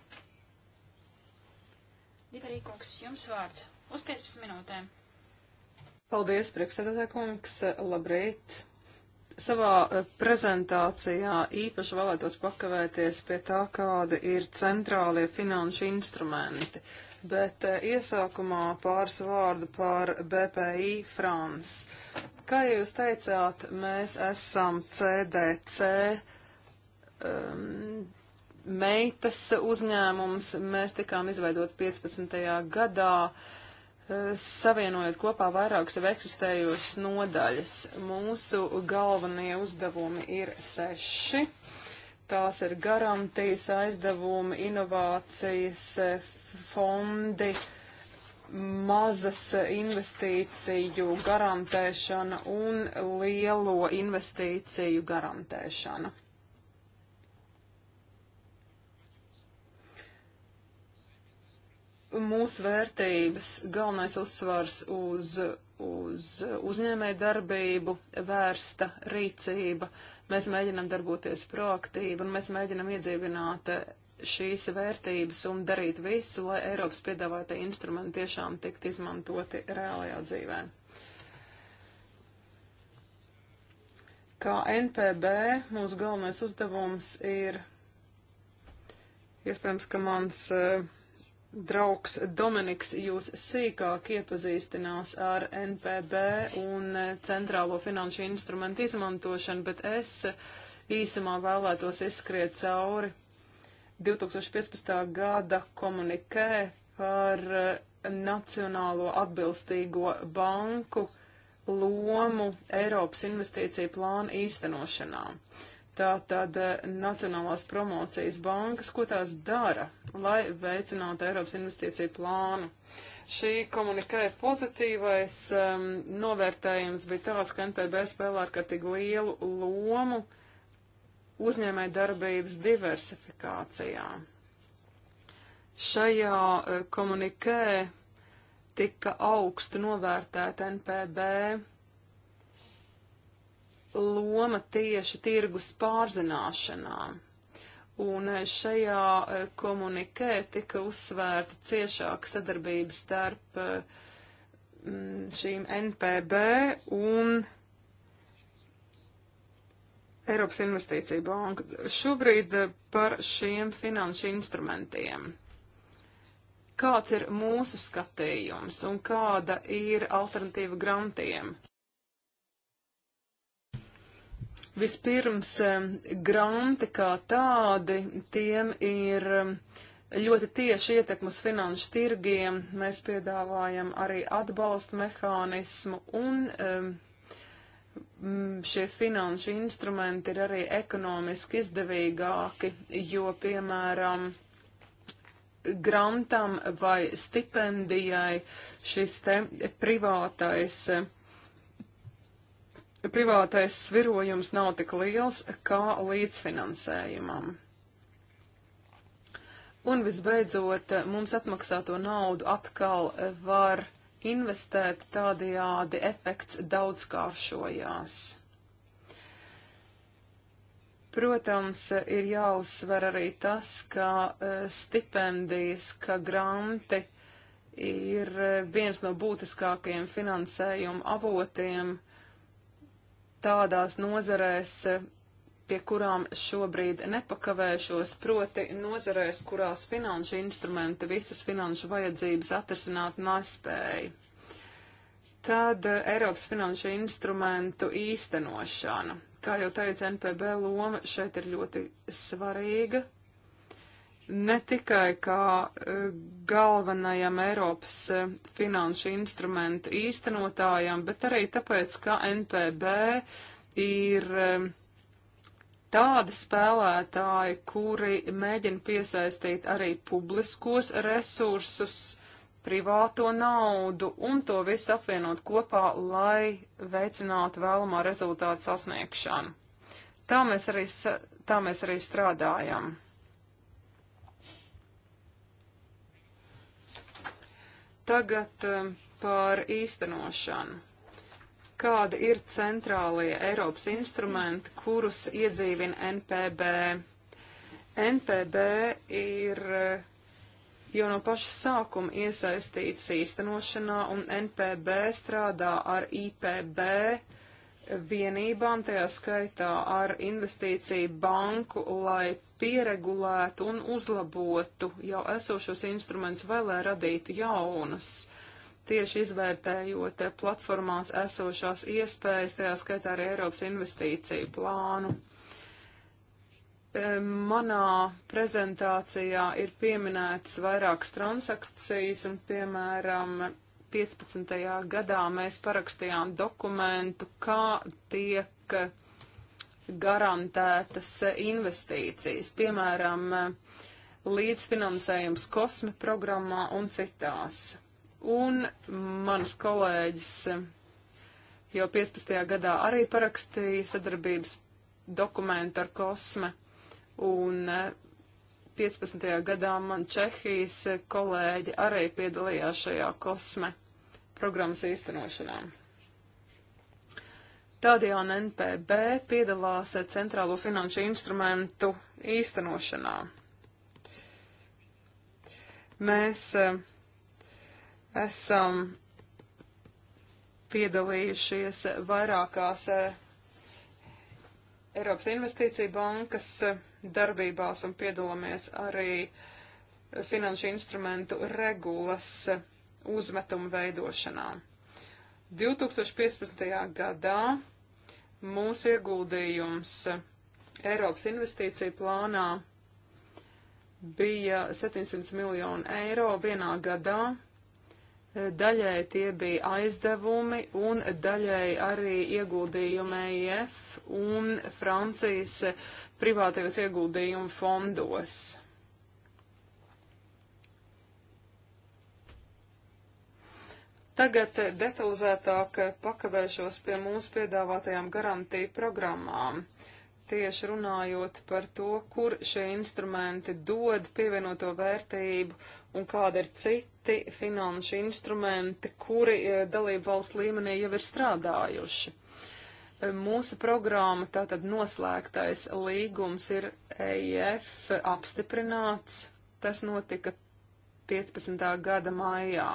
Dibarī kungs, jums vārds uz 15 minūtēm. Paldies, priekšsēdētāj kungs, labrīt! Savā eh, prezentācijā īpaši vēlētos pakavēties pie tā, kāda ir centrālie finanšu instrumenti. Uh, bet eh, iesākumā pāris vārdu par BPI France. Kā jūs teicāt, mēs esam CDC um, ehm, meitas uzņēmums, mēs tikām izveidot 15. gadā eh, savienojot kopā vairākas jau eksistējošas nodaļas. Mūsu galvenie uzdevumi ir seši. Tās ir garantijas, aizdevumi, inovācijas, eh, fondi, mazas investīciju garantēšana un lielo investīciju garantēšana. Mūsu vērtības galvenais uzsvars uz uz uzņēmēju darbību vērsta rīcība. Mēs mēģinam darboties proaktīvi un mēs mēģinam iedzīvināt šīs vērtības un darīt visu, lai Eiropas piedāvātie instrumenti tiešām tikt izmantoti reālajā dzīvē. Kā NPB mūsu galvenais uzdevums ir, iespējams, ka mans uh, draugs Dominiks jūs sīkāk iepazīstinās ar NPB un eh, centrālo finanšu instrumentu izmantošanu, bet es eh, īsumā vēlētos izskriet cauri 2015. gada komunikē par eh, Nacionālo atbilstīgo banku lomu Eiropas investīciju plāna īstenošanā. Tātad eh, Nacionālās promocijas bankas, ko tās dara, lai veicinātu Eiropas investīciju plānu. Šī komunikē pozitīvais um, novērtējums bija tāds, ka NPB spēlē ārkārtīgi lielu lomu uh, uzņēmē darbības diversifikācijā. Šajā e, komunikē tika augstu novērtēta NPB loma tieši tirgus pārzināšanā. Un e, šajā e, komunikē tika uzsvērta ciešāka sadarbība starp šīm NPB un NPB Eiropas Investīcija Banka. Šobrīd eh, par šiem finanšu instrumentiem. Kāds ir mūsu skatījums un kāda ir alternatīva grantiem? Vispirms, eh, granti kā tādi, tiem ir eh, ļoti tieši ietekmas finanšu tirgiem. Mēs piedāvājam arī atbalsta mehānismu un um, Mm, šie finanšu instrumenti ir arī ekonomiski izdevīgāki, jo, piemēram, grantam vai stipendijai šis te privātais, privātais svirojums nav tik liels kā līdzfinansējumam. Un visbeidzot, mums atmaksāto naudu atkal var investēt, tādējādi efekts daudzkāršojās. Protams, ir jāuzsver arī tas, ka eh, stipendijas, ka granti ir eh, viens no būtiskākajiem finansējuma avotiem tādās nozarēs, pie kurām šobrīd nepakavēšos, proti nozarēs, kurās finanšu instrumenti visas finanšu vajadzības atrisināt nespēja. Tad eh, Eiropas finanšu instrumentu īstenošana. Kā jau teicu, NPB loma šeit ir ļoti svarīga. Ne tikai kā eh, galvenajam Eiropas eh, finanšu instrumentu īstenotājam, bet arī tāpēc, ka NPB ir tādi spēlētāji, kuri mēģina piesaistīt arī publiskos resursus, privāto naudu un to visu apvienot kopā, lai veicinātu vēlamā rezultātu sasniegšanu. Tā mēs arī, tā mēs arī strādājam. Tagad eh, par īstenošanu kādi ir centrālie Eiropas instrumenti, kurus iedzīvina NPB. NPB ir eh, jau no paša sākuma iesaistīts īstenošanā, un NPB strādā ar IPB vienībām, tajā skaitā ar investīciju banku, lai pieregulētu un uzlabotu jau esošos instrumentus vai lai radītu jaunus tieši izvērtējot platformās esošās iespējas, tajā skaitā arī Eiropas investīciju plānu. Manā prezentācijā ir pieminētas vairākas transakcijas, un, piemēram, 15. gadā mēs parakstījām dokumentu, kā tiek garantētas investīcijas, piemēram, līdzfinansējums kosme programmā un citās. Un mans kolēģis eh, jau 15. gadā arī parakstīja sadarbības dokumentu ar kosme. Un 15. Eh, gadā man Čehijas eh, kolēģi arī piedalījās šajā kosme programmas īstenošanā. Tādējādi NPB piedalās centrālo finanšu instrumentu īstenošanā. Mēs uh, esam piedalījušies vairākās eh, Eiropas Investīcija bankas eh, darbībās un piedalāmies arī finanšu instrumentu regulas eh, uzmetumu veidošanā. 2015. gadā mūsu ieguldījums Eiropas investīcija plānā bija 700 miljonu eiro vienā gadā, Daļai tie bija aizdevumi un daļai arī ieguldījumi EIF un Francijas privātajos ieguldījumu fondos. Tagad detalizētāk pakavēšos pie mūsu piedāvātajām garantiju programmām tieši runājot par to, kur šie instrumenti dod pievienoto vērtību un kāda ir citi finanšu instrumenti, kuri e, dalību valsts līmenī jau ir strādājuši. E, mūsu programma, tātad noslēgtais līgums ir EIF apstiprināts. Tas notika 15. gada maijā.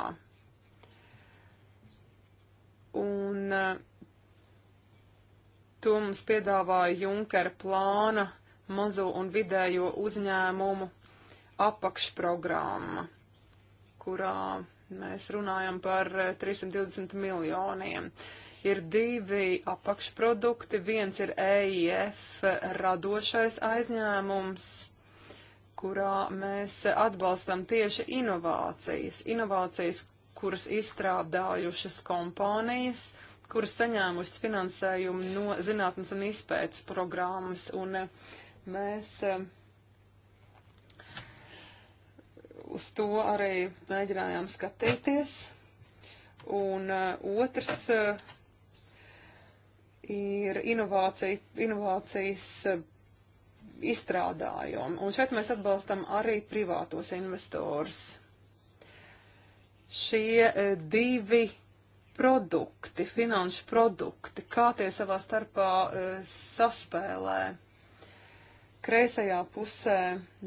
Un uh, To mums piedāvāja Junkera plāna mazo un vidējo uzņēmumu apakšprogramma, kurā mēs runājam par 320 eh, miljoniem. Ir divi apakšprodukti. Viens ir EIF radošais aizņēmums, kurā mēs atbalstam tieši inovācijas. Inovācijas, kuras izstrādājušas kompānijas, kuras saņēmušas finansējumu no zinātnes un izpētes programmas. Un eh, mēs eh, uz to arī mēģinājām skatīties. Un eh, otrs ir inovācija, inovācijas izstrādājumi. Un šeit mēs atbalstam arī privātos investorus. Šie divi produkti, finanšu produkti, kā tie savā starpā e, saspēlē. Kreisajā pusē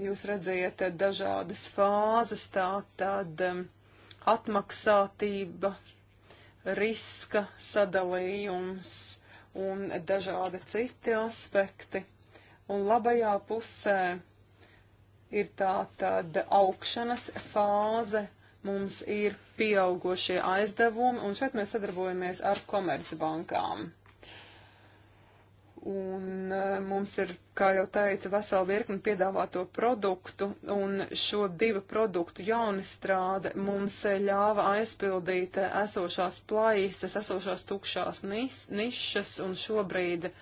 jūs redzējat dažādas fāzes, tā tad e, atmaksātība, riska sadalījums un dažādi citi aspekti. Un labajā pusē ir tā tad augšanas fāze, Mums ir pieaugošie aizdevumi, un šeit mēs sadarbojamies ar komercbankām. Un eh, mums ir, kā jau teicu, vesela virkni piedāvāto produktu, un šo divu produktu jaunistrāde mums ļāva aizpildīt eh, esošās plaisas, esošās tukšās nis, nišas, un šobrīd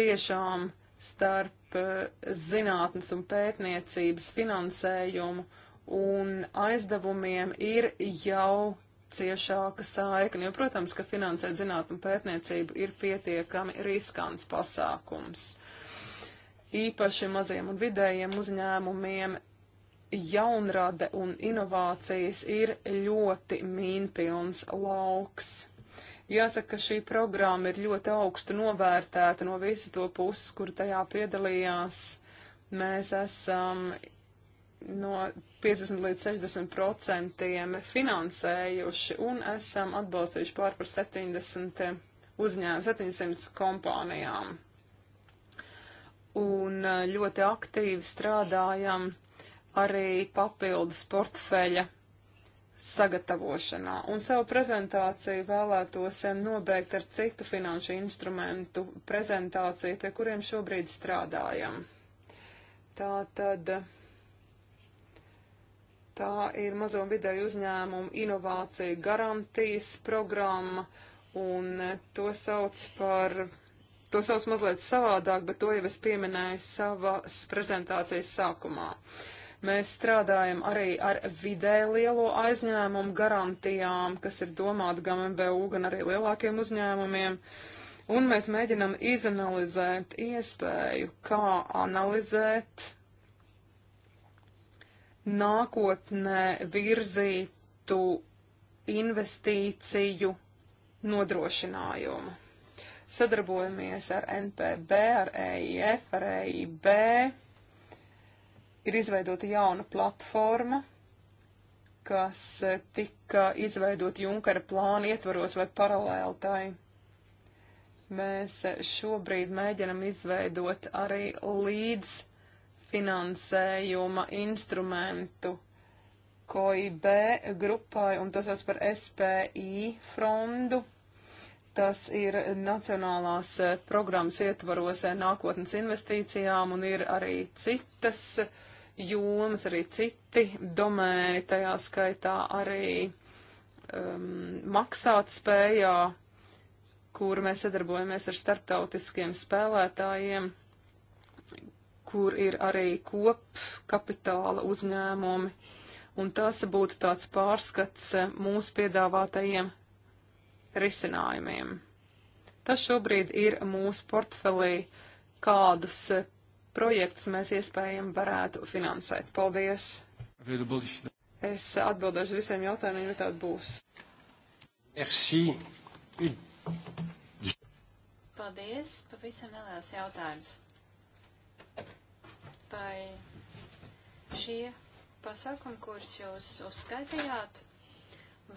tiešām starp eh, zinātnes un pētniecības finansējumu un aizdevumiem ir jau ciešāka saikne, jo, protams, ka finansēt zinātnu pētniecību ir pietiekami riskants pasākums. Īpaši maziem un vidējiem uzņēmumiem jaunrade un inovācijas ir ļoti mīnpilns lauks. Jāsaka, ka šī programma ir ļoti augstu novērtēta no visu to puses, kur tajā piedalījās. Mēs esam no 50 līdz 60 procentiem finansējuši un esam atbalstījuši pār par 70 uzņēmumu, 700 kompānijām. Un eh, ļoti aktīvi strādājam arī papildus portfeļa sagatavošanā. Un savu prezentāciju vēlētos eh, nobeigt ar citu finanšu instrumentu prezentāciju, pie kuriem šobrīd strādājam. Tā tad. Tā ir mazo un vidēju uzņēmumu inovāciju garantijas programma, un to sauc par, to sauc mazliet savādāk, bet to jau es pieminēju savas prezentācijas sākumā. Mēs strādājam arī ar vidē lielo aizņēmumu garantijām, kas ir domāti gan MBU, gan arī lielākiem uzņēmumiem un mēs mēģinam izanalizēt iespēju, kā analizēt nākotnē virzītu investīciju nodrošinājumu. Sadarbojamies ar NPB, ar EIF, ar EIB. Ir izveidota jauna platforma, kas tika izveidota Junkara plāna ietvaros vai paralēli tai. Mēs šobrīd mēģinam izveidot arī līdz finansējuma instrumentu KIB grupai, un tas sauc par SPI frondu. Tas ir nacionālās eh, programmas ietvaros eh, nākotnes investīcijām, un ir arī citas eh, jomas, arī citi domēni, tajā skaitā arī um, maksāt spējā, kur mēs sadarbojamies ar starptautiskiem spēlētājiem kur ir arī kopkapitāla uzņēmumi, un tas būtu tāds pārskats mūsu piedāvātajiem risinājumiem. Tas šobrīd ir mūsu portfelī, kādus projektus mēs iespējami varētu finansēt. Paldies! Es atbildēšu visiem jautājumiem, ja tāda būs. Merci. Paldies, pavisam neliels jautājums grupai šie pasākumi, kurus jūs uzskaitījāt,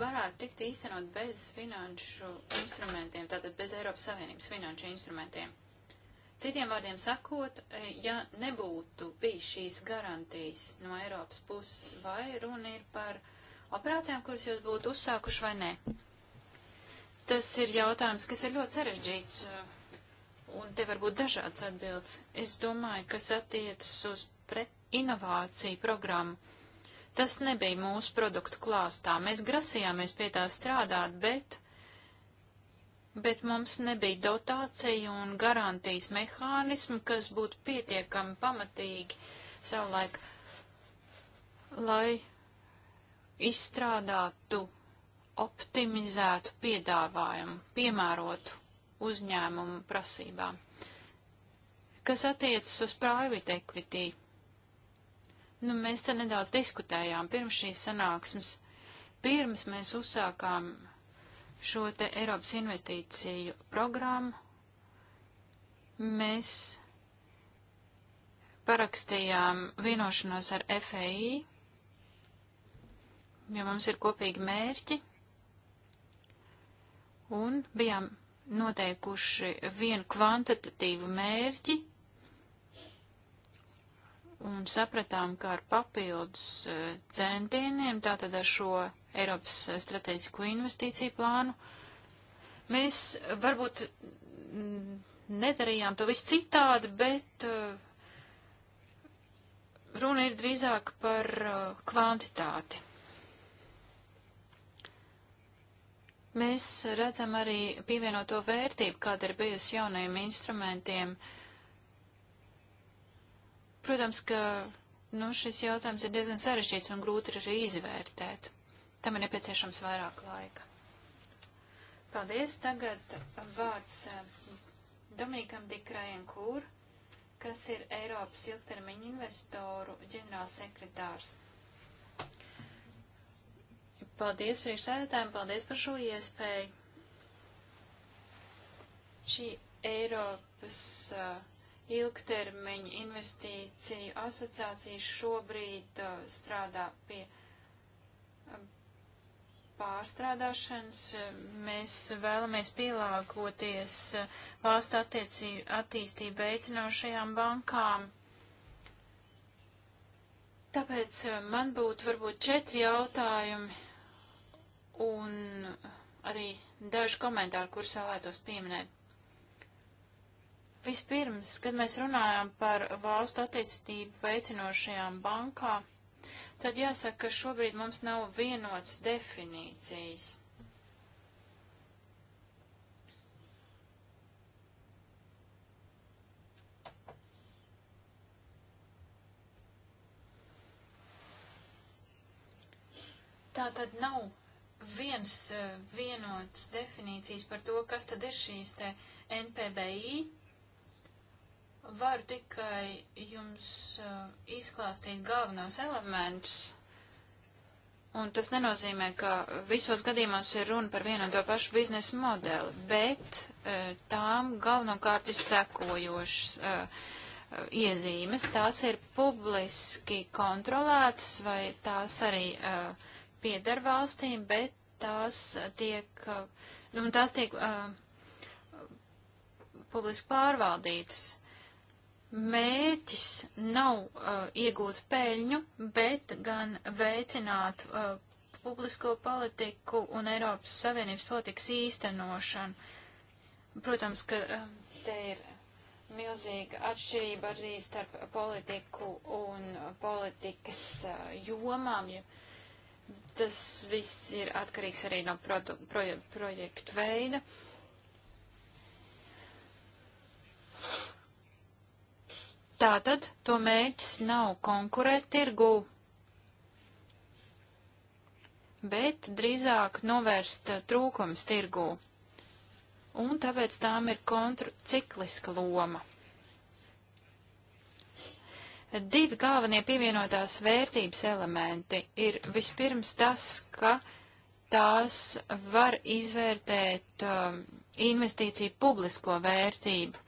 varētu tikt īstenot bez finanšu instrumentiem, tātad bez Eiropas Savienības finanšu instrumentiem. Citiem vārdiem sakot, ja nebūtu bijis šīs garantijas no Eiropas puses, vai runa ir par operācijām, kuras jūs būtu uzsākuši vai nē? Tas ir jautājums, kas ir ļoti sarežģīts un te var būt dažādas atbildes. Es domāju, kas attiecas uz inovāciju programmu. Tas nebija mūsu produktu klāstā. Mēs grasījāmies pie tā strādāt, bet, bet mums nebija dotācija un garantijas mehānismi, kas būtu pietiekami pamatīgi savulaik, lai izstrādātu optimizētu piedāvājumu, piemērotu uzņēmumu prasībām. Kas attiecas uz private equity? Nu, mēs te nedaudz diskutējām pirms šīs sanāksmes. Pirms mēs uzsākām šo te Eiropas investīciju programmu, mēs parakstījām vienošanos ar FAI, e jo mums ir kopīgi mērķi, un bijām noteikuši vienu kvantitatīvu mērķi un sapratām, ka ar papildus eh, centieniem, tātad ar šo Eiropas eh, strateģisko investīciju plānu, mēs varbūt mm, nedarījām to visu citādi, bet eh, runa ir drīzāk par kvantitāti. Mēs redzam arī pievienoto vērtību, kāda ir bijusi jaunajiem instrumentiem. Protams, ka nu, šis jautājums ir diezgan sarežģīts un grūti arī izvērtēt. Tam ir nepieciešams vairāk laika. Paldies. Tagad vārds eh, Dominikam Dikrajenkūr, kas ir Eiropas ilgtermiņa investoru ģenerālsekretārs. Paldies priekšsēdētājiem, paldies par šo iespēju. Šī Eiropas uh, ilgtermiņa investīciju asociācija šobrīd uh, strādā pie uh, pārstrādāšanas. Mēs vēlamies pielāgoties uh, valstu attīstību veicinošajām bankām. Tāpēc uh, man būtu varbūt četri jautājumi un arī daži komentāri, kurus vēlētos pieminēt. Vispirms, kad mēs runājam par valstu attiecību veicinošajām bankām, tad jāsaka, ka šobrīd mums nav vienotas definīcijas. Tā tad nav viens eh, vienots definīcijas par to, kas tad ir šīs te NPBI. Varu tikai jums eh, izklāstīt galvenos elementus. Un tas nenozīmē, ka visos gadījumos ir runa par vienu un to pašu biznesa modeli, bet e, tām galvenokārt ir sekojošas e, iezīmes. Tās ir publiski kontrolētas vai tās arī e, pieder valstīm, bet tās tiek, nu, tās tiek uh, publiski pārvaldītas. Mērķis nav uh, iegūt peļņu, bet gan veicināt uh, publisko politiku un Eiropas Savienības politikas īstenošanu. Protams, ka uh, te ir milzīga atšķirība arī starp politiku un politikas jomām. Ja tas viss ir atkarīgs arī no produ, proje, projektu veida. Tātad to mērķis nav konkurēt tirgū, bet drīzāk novērst trūkums tirgū. Un tāpēc tām ir kontru cikliska loma. Divi galvenie pievienotās vērtības elementi ir vispirms tas, ka tās var izvērtēt um, investīciju publisko vērtību.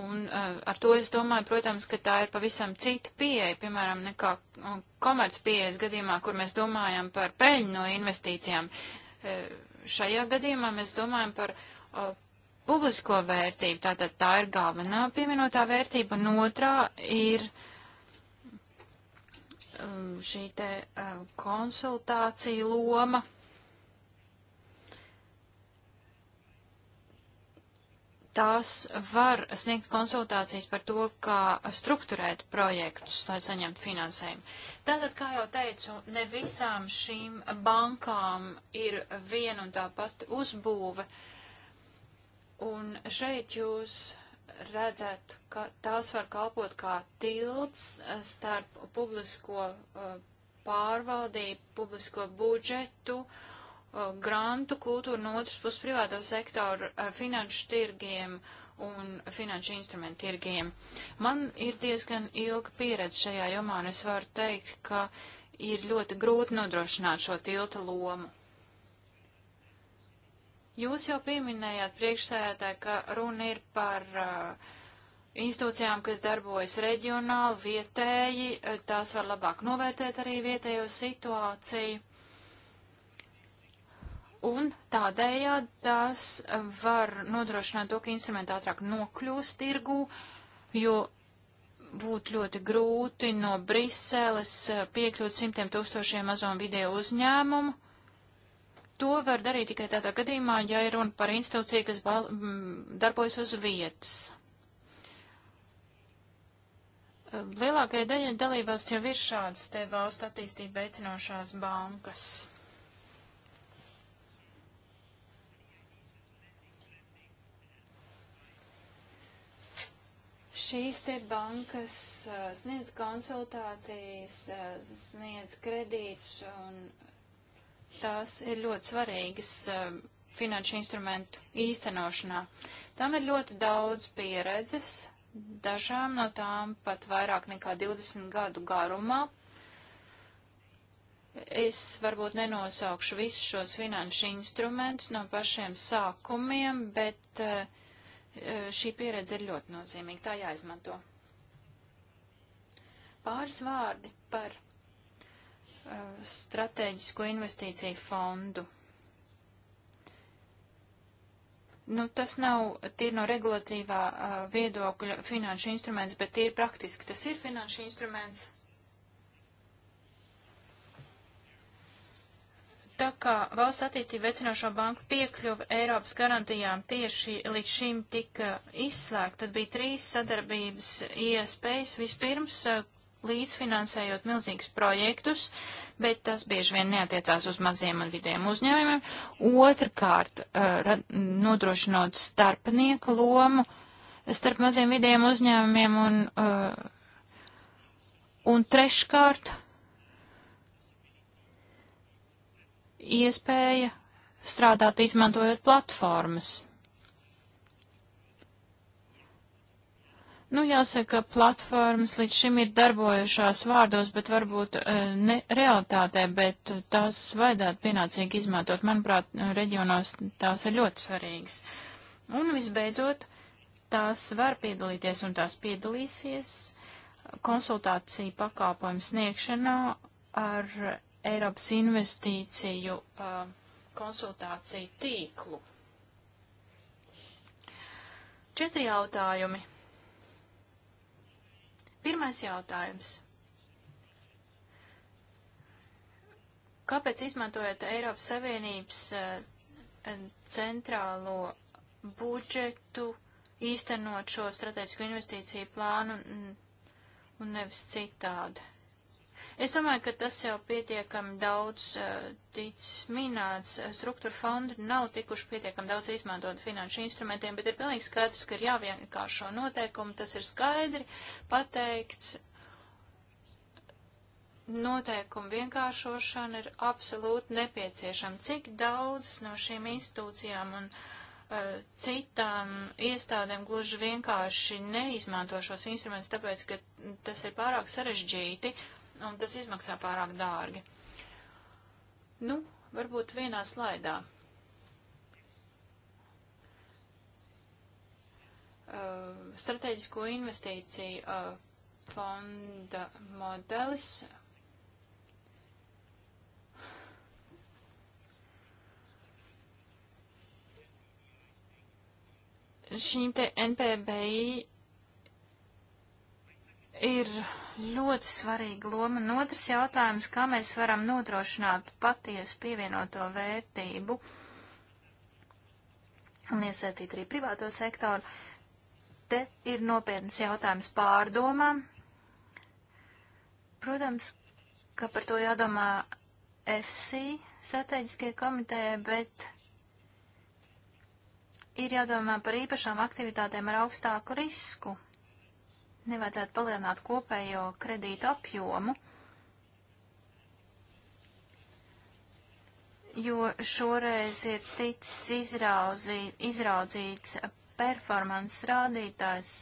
Un uh, ar to es domāju, protams, ka tā ir pavisam cita pieeja, piemēram, nekā um, komerc pieejas gadījumā, kur mēs domājam par peļņu no investīcijām. Uh, šajā gadījumā mēs domājam par uh, publisko vērtību, tātad tā ir galvenā pievienotā vērtība, un otrā ir um, šī te uh, konsultācija loma. Tās var sniegt konsultācijas par to, kā struktūrēt projektus, lai saņemtu finansējumu. Tātad, kā jau teicu, ne visām šīm bankām ir viena un tā pati uzbūve. Uh, Un šeit jūs redzat, ka tās var kalpot kā tilts eh, starp publisko uh, pārvaldību, publisko budžetu, uh, grantu kultūru un otrs puses privāto sektoru uh, finanšu tirgiem un finanšu instrumentu tirgiem. Man ir diezgan ilga pieredze šajā jomā, un es varu teikt, ka ir ļoti grūti nodrošināt šo tilta lomu. Jūs jau pieminējāt priekšsēdētāji, ka runa ir par uh, institūcijām, kas darbojas reģionāli, vietēji, uh, tās var labāk novērtēt arī vietējo situāciju. Un tādējādi tās var nodrošināt to, ka instrumenti ātrāk nokļūst tirgū, jo būtu ļoti grūti no Briseles uh, piekļūt simtiem tūkstošiem mazo un vidēju uzņēmumu To var darīt tikai tādā gadījumā, ja ir runa par institūciju, kas bal, m, darbojas uz vietas. Lielākajai daļai dalībvalsts jau ir šādas te valstu attīstību veicinošās bankas. šīs te bankas uh, sniedz konsultācijas, uh, sniedz kredītus un tās ir ļoti svarīgas uh, finanšu instrumentu īstenošanā. Tam ir ļoti daudz pieredzes, dažām no tām pat vairāk nekā 20 gadu garumā. Es varbūt nenosaukšu visus šos finanšu instrumentus no pašiem sākumiem, bet uh, uh šī pieredze ir ļoti nozīmīga, tā jāizmanto. Pāris vārdi par Uh, strateģisko investīciju fondu. Nu, tas nav tīri no regulatīvā uh, viedokļa finanšu instruments, bet tīri praktiski tas ir finanšu instruments. Tā kā valsts attīstība veicinošo banku piekļuva Eiropas garantijām tieši līdz šim tika izslēgta, tad bija trīs sadarbības iespējas. Vispirms uh, līdzfinansējot milzīgus projektus, bet tas bieži vien neatiecās uz maziem un vidējiem uzņēmumiem. Otrakārt, eh, nodrošinot starpnieku lomu starp maziem vidējiem uzņēmumiem un, eh, un treškārt, iespēja strādāt izmantojot platformas. Nu, jāsaka, platformas līdz šim ir darbojušās vārdos, bet varbūt e, ne realitātē, bet tās vajadzētu pienācīgi izmantot. Manuprāt, reģionos tās ir ļoti svarīgas. Un visbeidzot, tās var piedalīties un tās piedalīsies konsultāciju pakalpojumu sniegšanā ar Eiropas investīciju uh, konsultāciju tīklu. Četri jautājumi Pirmais jautājums. Kāpēc izmantojat Eiropas Savienības eh, centrālo budžetu īstenot šo strateģisko investīciju plānu un nevis citādi? Es domāju, ka tas jau pietiekami daudz eh, ticis minēts. Struktūra fondi nav tikuši pietiekami daudz izmantot finanšu instrumentiem, bet ir pilnīgi skaidrs, ka ir jāvienkāršo noteikumu. Tas ir skaidri pateikts. Noteikumu vienkāršošana ir absolūti nepieciešama. Cik daudz no šīm institūcijām un eh, citām iestādēm gluži vienkārši neizmanto šos instrumentus, tāpēc, ka tas ir pārāk sarežģīti un tas izmaksā pārāk dārgi. Nu, varbūt vienā slaidā. Uh, strateģisko investīciju uh, fonda modelis. Šīm te NPBI ir ļoti svarīga loma. Un otrs jautājums, kā mēs varam nodrošināt patiesu pievienoto vērtību un iesaistīt arī privāto sektoru. Te ir nopietnas jautājums pārdomām. Protams, ka par to jādomā FC strateģiskajai komitejai, bet ir jādomā par īpašām aktivitātēm ar augstāku risku nevajadzētu palielināt kopējo kredītu apjomu, jo šoreiz ir ticis izraudzī, izraudzīts performance rādītājs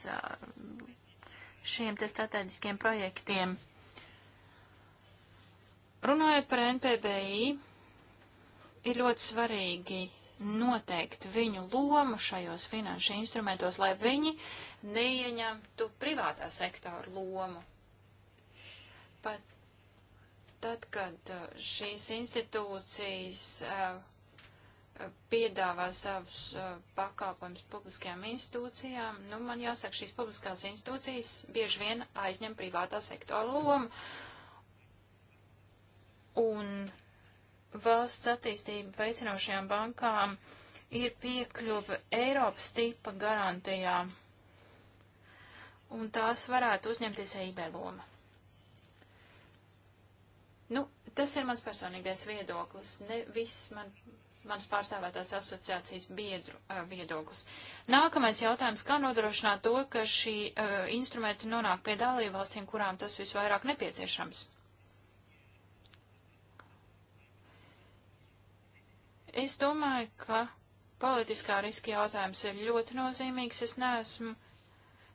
šiem te strateģiskiem projektiem. Runājot par NPBI, ir ļoti svarīgi noteikt viņu lomu šajos finanšu instrumentos, lai viņi neieņemtu privātā sektora lomu. Pat tad, kad uh, šīs institūcijas uh, uh, piedāvā savus pakalpojumus publiskajām institūcijām, nu, man jāsaka, šīs publiskās institūcijas bieži vien aizņem privātā sektora lomu. Un valsts attīstību veicinošajām bankām ir piekļuva Eiropas tipa garantijām, un tās varētu uzņemties EIB loma. Nu, tas ir mans personīgais viedoklis, ne viss man, mans pārstāvētās asociācijas biedru uh, viedoklis. Nākamais jautājums, kā nodrošināt to, ka šī uh, eh, instrumenta nonāk pie dalībvalstīm, kurām tas visvairāk nepieciešams? Es domāju, ka politiskā riska jautājums ir ļoti nozīmīgs. Es neesmu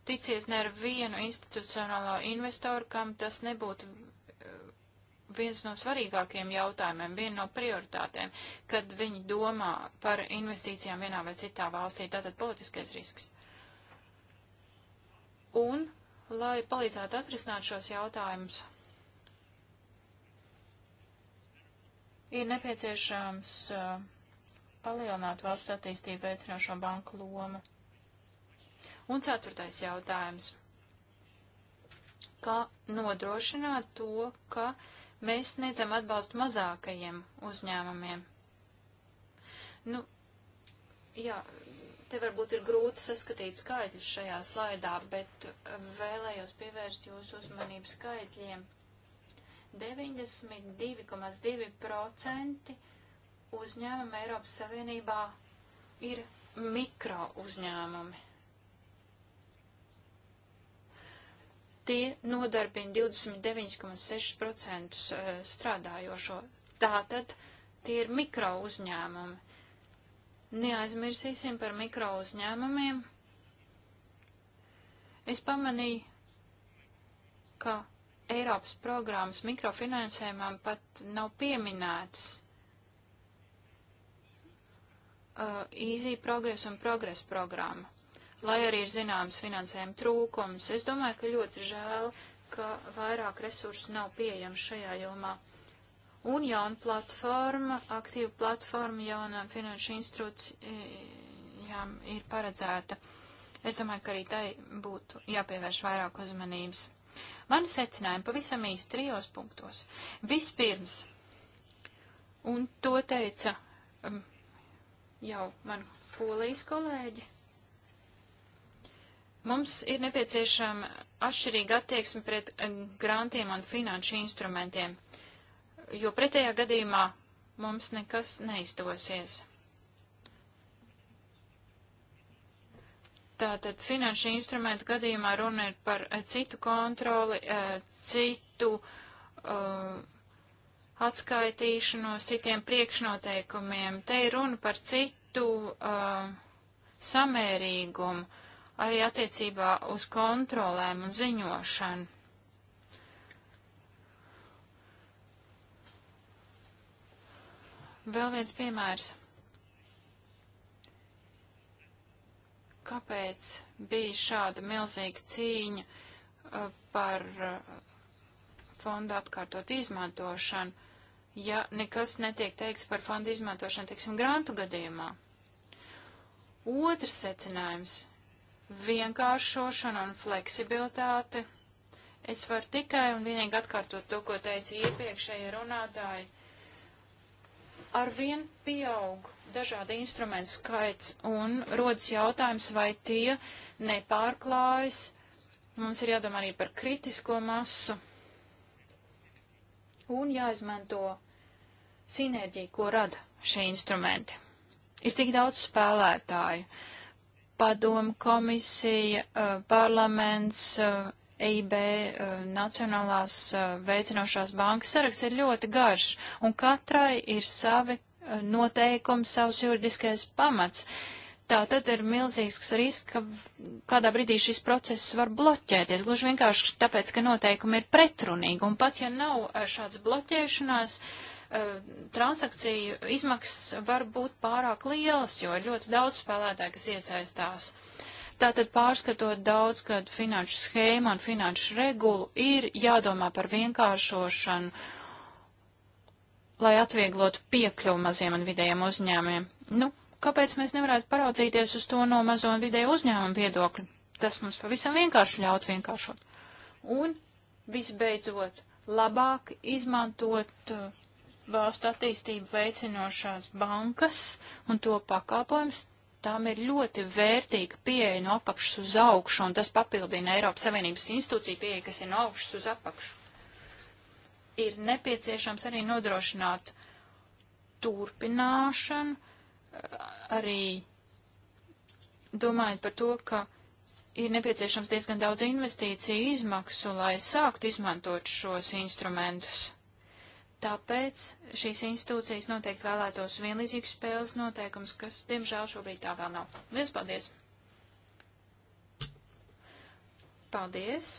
ticies ne ar vienu institucionālo investoru, kam tas nebūtu eh, viens no svarīgākajiem jautājumiem, viena no prioritātēm, kad viņi domā par investīcijām vienā vai citā valstī, tātad politiskais risks. Un, lai palīdzētu atrisināt šos jautājumus, Ir nepieciešams uh, palielināt valsts attīstību veicinošo banku lomu. Un ceturtais jautājums. Kā nodrošināt to, ka mēs sniedzam atbalstu mazākajiem uzņēmumiem? Nu, jā, te varbūt ir grūti saskatīt skaitļus šajā slaidā, bet uh, vēlējos pievērst jūsu uzmanību skaitļiem. 92,2% uzņēmumu Eiropas Savienībā ir mikro uzņēmumi. Tie nodarbina 29,6% eh, strādājošo. Tātad tie ir mikro uzņēmumi. Neaizmirsīsim par mikro uzņēmumiem. Es pamanīju, ka Eiropas programmas mikrofinansējumam pat nav pieminētas. Uh, easy Progress un Progress programma. Lai arī ir zināms finansējuma trūkums, es domāju, ka ļoti žēl, ka vairāk resursu nav pieejams šajā jomā. Un jauna platforma, aktīva platforma jaunām finanšu institūcijām ir paredzēta. Es domāju, ka arī tai būtu jāpievērš vairāk uzmanības. Mani secinājumi pavisam īsti trijos punktos. Vispirms, un to teica um, jau man polijas kolēģi, mums ir nepieciešama atšķirīga attieksme pret um, grantiem un finanšu instrumentiem, jo pretējā gadījumā mums nekas neizdosies. Tātad finanšu instrumentu gadījumā runa ir par eh, citu kontroli, eh, citu uh, atskaitīšanos, citiem priekšnoteikumiem. Te ir runa par citu uh, samērīgumu arī attiecībā uz kontrolēm un ziņošanu. Vēl viens piemērs. kāpēc bija šāda milzīga cīņa uh, par uh, fonda atkārtot izmantošanu, ja nekas netiek teiks par fonda izmantošanu, teiksim, grantu gadījumā. Otrs secinājums - vienkāršošana un fleksibilitāte. Es varu tikai un vienīgi atkārtot to, ko teica iepriekšēja runātāji. Arvien pieaug dažādi instrumentu skaits un rodas jautājums, vai tie nepārklājas. Mums ir jādomā arī par kritisko masu un jāizmanto sinerģija, ko rada šie instrumenti. Ir tik daudz spēlētāju. Padomu komisija, eh, parlaments, EIB, eh, e eh, Nacionālās veicinošās bankas saraksts ir ļoti garš, un katrai ir savi noteikums, savs juridiskais pamats. Tā tad ir milzīgs risks, ka kādā brīdī šis process var bloķēties, gluži vienkārši tāpēc, ka noteikumi ir pretrunīgi, un pat ja nav eh, šāds bloķēšanās, eh, transakciju izmaksas var būt pārāk lielas, jo ir ļoti daudz spēlētāju, kas iesaistās. Tātad pārskatot daudz, kad finanšu schēma un finanšu regulu ir jādomā par vienkāršošanu lai atvieglotu piekļuvu maziem un vidējiem uzņēmiem. Nu, kāpēc mēs nevarētu paraudzīties uz to no mazo un vidēju uzņēmumu viedokļa? Tas mums pavisam vienkārši ļaut vienkāršot. Un, visbeidzot, labāk izmantot uh, valstu attīstību veicinošās bankas un to pakalpojums, tām ir ļoti vērtīga pieeja no apakšas uz augšu, un tas papildina Eiropas Savienības institūciju pieeja, kas ir no augšas uz apakšu ir nepieciešams arī nodrošināt turpināšanu, arī domājot par to, ka ir nepieciešams diezgan daudz investīciju izmaksu, lai sāktu izmantot šos instrumentus. Tāpēc šīs institūcijas noteikti vēlētos vienlīdzīgas spēles noteikums, kas, diemžēl, šobrīd tā vēl nav. Liels paldies! Paldies!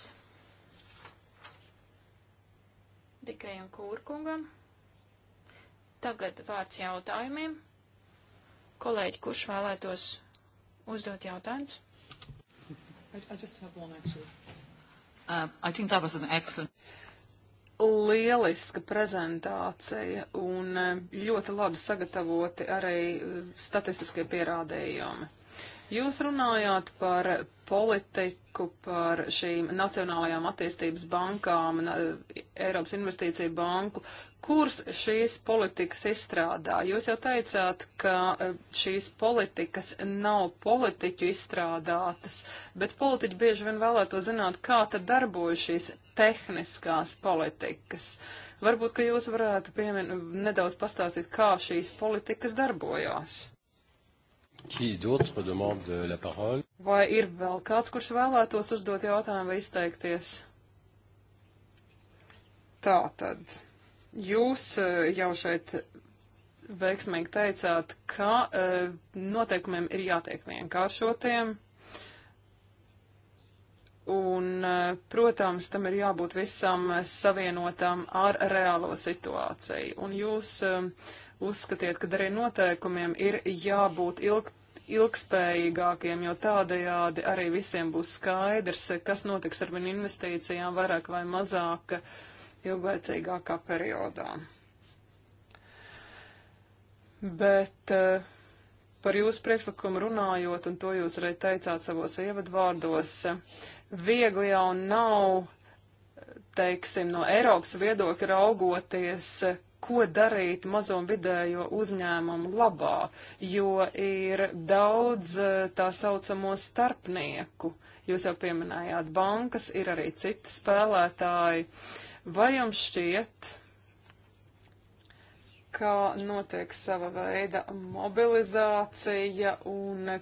Dikai un Kūrkungam. Tagad vārds jautājumiem. Kolēģi, kurš vēlētos uzdot jautājumus? I, I just have one actually. Uh, I think that was an excellent lieliska prezentācija un uh, ļoti labi sagatavoti arī uh, statistiskie pierādījumi. Jūs runājāt par politiku, par šīm Nacionālajām attīstības bankām, Eiropas investīciju banku. Kurs šīs politikas izstrādā? Jūs jau teicāt, ka e, šīs politikas nav politiķu izstrādātas, bet politiķi bieži vien vēlētos zināt, kā tad darbojas šīs tehniskās politikas. Varbūt, ka jūs varētu piemin nedaudz pastāstīt, kā šīs politikas darbojās. Vai ir vēl kāds, kurš vēlētos uzdot jautājumu vai izteikties? Tā tad. Jūs eh, jau šeit veiksmīgi teicāt, ka e, noteikumiem ir jātiek vienkāršotiem. Un, eh, protams, tam ir jābūt visam savienotam ar reālo situāciju. Un jūs e, uzskatiet, ka arī noteikumiem ir jābūt ilg, ilgspējīgākiem, jo tādējādi arī visiem būs skaidrs, kas notiks ar viņu investīcijām vairāk vai mazāk ilglaicīgākā periodā. Bet uh, par jūsu priekšlikumu runājot, un to jūs arī teicāt savos ievadvārdos, viegli jau nav, teiksim, no Eiropas viedokļa raugoties, ko darīt mazo un vidējo uzņēmumu labā, jo ir daudz eh, tā saucamo starpnieku. Jūs jau pieminējāt bankas, ir arī citi spēlētāji. Vai jums šķiet, ka notiek sava veida mobilizācija un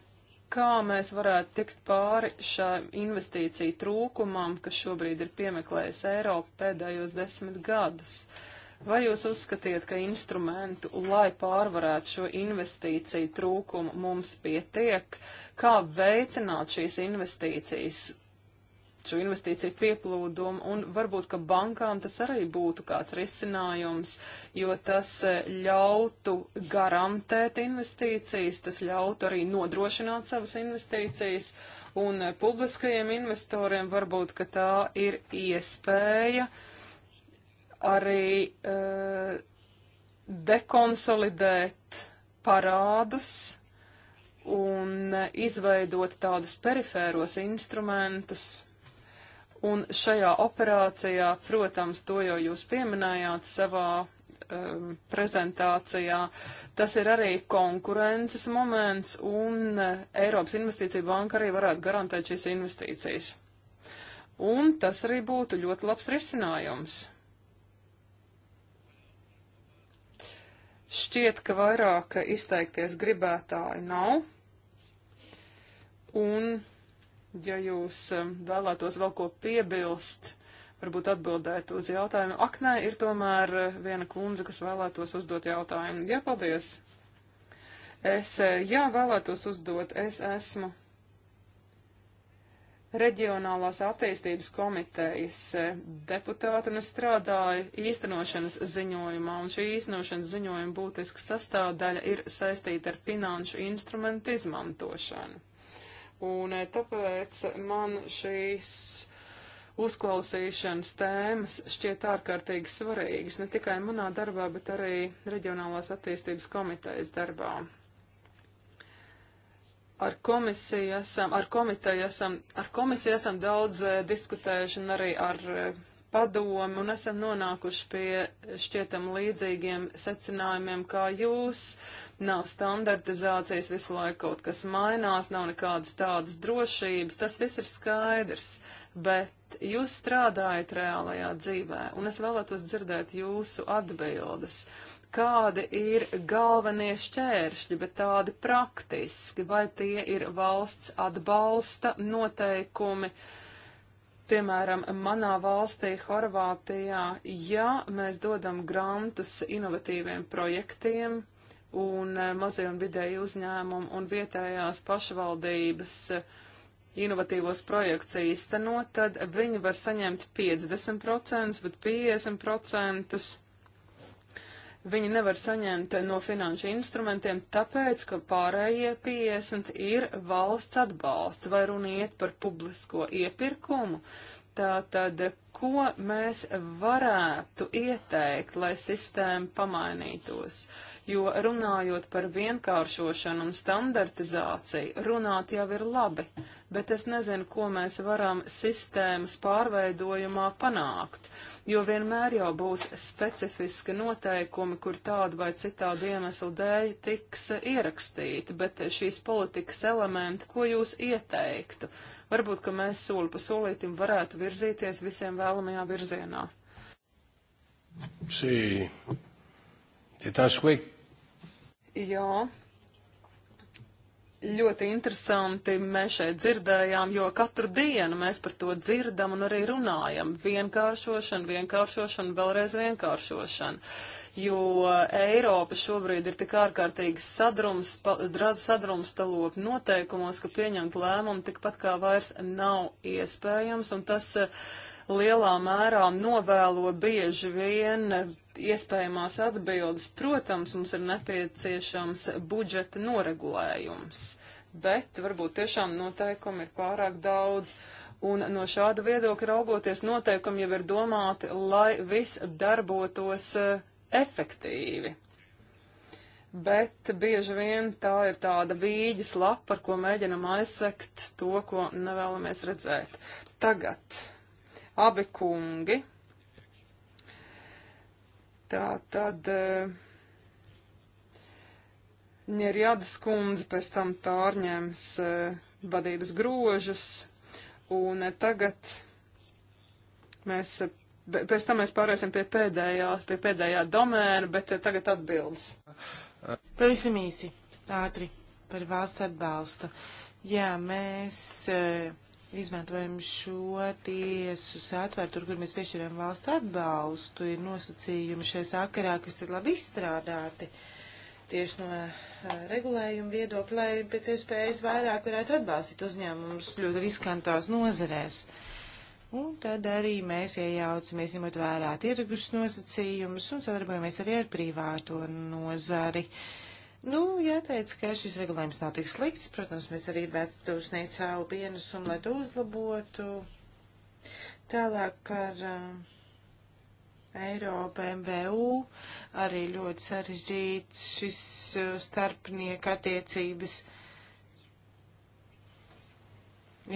kā mēs varētu tikt pāri šai investīciju trūkumam, kas šobrīd ir piemeklējis Eiropu pēdējos desmit gadus. Uh, Vai jūs uzskatiet, ka instrumentu, lai pārvarētu šo investīciju trūkumu, mums pietiek? Kā veicināt šīs investīcijas, šo investīciju pieplūdumu, un varbūt, ka bankām tas arī būtu kāds risinājums, jo tas eh, ļautu garantēt investīcijas, tas ļautu arī nodrošināt savas investīcijas, un eh, publiskajiem investoriem varbūt, ka tā ir iespēja uh, arī uh, dekonsolidēt parādus un izveidot tādus perifēros instrumentus. Un šajā operācijā, protams, to jau jūs pieminējāt savā um, prezentācijā, tas ir arī konkurences moments, un Eiropas Investīcija banka arī varētu garantēt šīs investīcijas. Un tas arī būtu ļoti labs risinājums. Šķiet, ka vairāk izteikties gribētāji nav. Un, ja jūs um, vēlētos vēl ko piebilst, varbūt atbildēt uz jautājumu. Ak, nē, ir tomēr uh, viena kundze, kas vēlētos uzdot jautājumu. Jā, paldies! Es, uh, jā, vēlētos uzdot. Es esmu reģionālās attīstības komitejas eh, deputāti un es strādāju īstenošanas ziņojumā, un šī īstenošanas ziņojuma būtiska sastāvdaļa ir saistīta ar finanšu instrumentu izmantošanu. Un eh, tāpēc man šīs uzklausīšanas tēmas šķiet ārkārtīgi svarīgas ne tikai manā darbā, bet arī reģionālās attīstības komitejas darbā ar komisiju esam, ar komiteju esam, ar komisiju esam daudz e, diskutējuši un arī ar e, eh, padomu un esam nonākuši pie šķietam līdzīgiem secinājumiem kā jūs. Nav standartizācijas, visu laiku kaut kas mainās, nav nekādas tādas drošības, tas viss ir skaidrs, bet jūs strādājat reālajā dzīvē un es vēlētos dzirdēt jūsu atbildes. Uh, kādi ir galvenie šķēršļi, bet tādi praktiski, vai tie ir valsts atbalsta noteikumi. Piemēram, manā valstī, Horvātijā, ja mēs dodam grantus inovatīviem projektiem un eh, mazie un vidēji uzņēmumi un vietējās pašvaldības eh, inovatīvos projekts īstenot, tad viņi var saņemt 50%, bet 50% viņi nevar saņemt no finanšu instrumentiem, tāpēc, ka pārējie 50 ir valsts atbalsts, vai runa iet par publisko iepirkumu. Tātad ko mēs varētu ieteikt, lai sistēma pamainītos. Jo runājot par vienkāršošanu un standartizāciju, runāt jau ir labi, bet es nezinu, ko mēs varam sistēmas pārveidojumā panākt, jo vienmēr jau būs specifiski noteikumi, kur tādu vai citādu iemeslu dēļ tiks ierakstīti, bet šīs politikas elementi, ko jūs ieteiktu? Varbūt, ka mēs soli pa solītim varētu virzīties visiem vēlamajā virzienā. Sī, tie tā šlik. Jā ļoti interesanti mēs šeit dzirdējām, jo katru dienu mēs par to dzirdam un arī runājam. Vienkāršošana, vienkāršošana, vēlreiz vienkāršošana. Jo Eiropa šobrīd ir tik ārkārtīgi sadrums, sadrumstalot noteikumos, ka pieņemt lēmumu tikpat kā vairs nav iespējams, un tas uh, lielā mērā novēlo bieži vien iespējamās atbildes. Protams, mums ir nepieciešams budžeta noregulējums, bet varbūt tiešām noteikumi ir pārāk daudz. Un no šāda viedokļa raugoties noteikumi jau ir domāti, lai viss darbotos e, efektīvi. Bet bieži vien tā ir tāda vīģis lapa, ar ko mēģinam aizsekt to, ko nevēlamies redzēt. Tagad abi kungi. Tā tad eh, Nierjadas kundze pēc tam pārņēmis eh, vadības grožus, un eh, tagad mēs, pēc tam mēs pārēsim pie pēdējās, pie pēdējā domēna, bet tagad atbildes. Pavisam īsi, ātri par valsts atbalstu. Jā, mēs. Uh, izmantojam šo tiesu satvēru, tur, kur mēs piešķiram valsts atbalstu, ir nosacījumi šajā sakarā, kas ir labi izstrādāti tieši no regulējuma viedokļa, lai pēc iespējas vairāk varētu atbalstīt uzņēmumus ļoti riskantās nozerēs. Un tad arī mēs iejaucamies, ņemot vērā tirgus nosacījumus un sadarbojamies arī ar privāto nozari. Uh, Nu, jāteic, ka šis regulējums nav tik slikts. Protams, mēs arī gribētu sniegt savu pienesumu, lai to uzlabotu. Tālāk par uh, Eiropa MVU arī ļoti sarežģīts šis uh, starpnieka attiecības.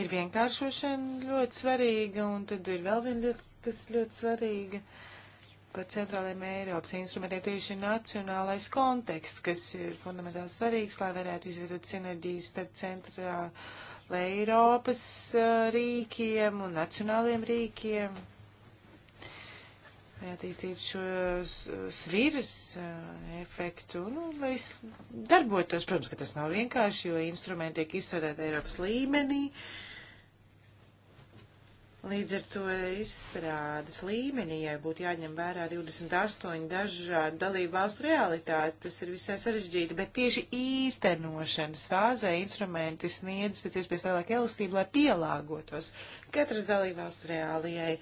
Ir vienkāršošana ļoti svarīga, un tad ir vēl viena lieta, kas ļoti svarīga. Uh, par centrāliem Eiropas instrumentiem tieši nacionālais konteksts, kas ir fundamentāli svarīgs, lai varētu izvietot sinerģijas starp centrāla Eiropas rīkiem un nacionāliem rīkiem attīstīt šo sviras efektu, nu, lai es darbotos. Protams, ka tas nav vienkārši, jo instrumenti tiek izstrādāti Eiropas līmenī. Uh, Līdz ar to izstrādes līmenī ja būtu jāņem vērā 28 dažādu dalību valstu realitāti. Tas ir visai sarežģīti, bet tieši īstenošanas fāzē instrumenti sniedz pēc iespējas lielāku elastību, lai pielāgotos katras dalību valsts reālijai.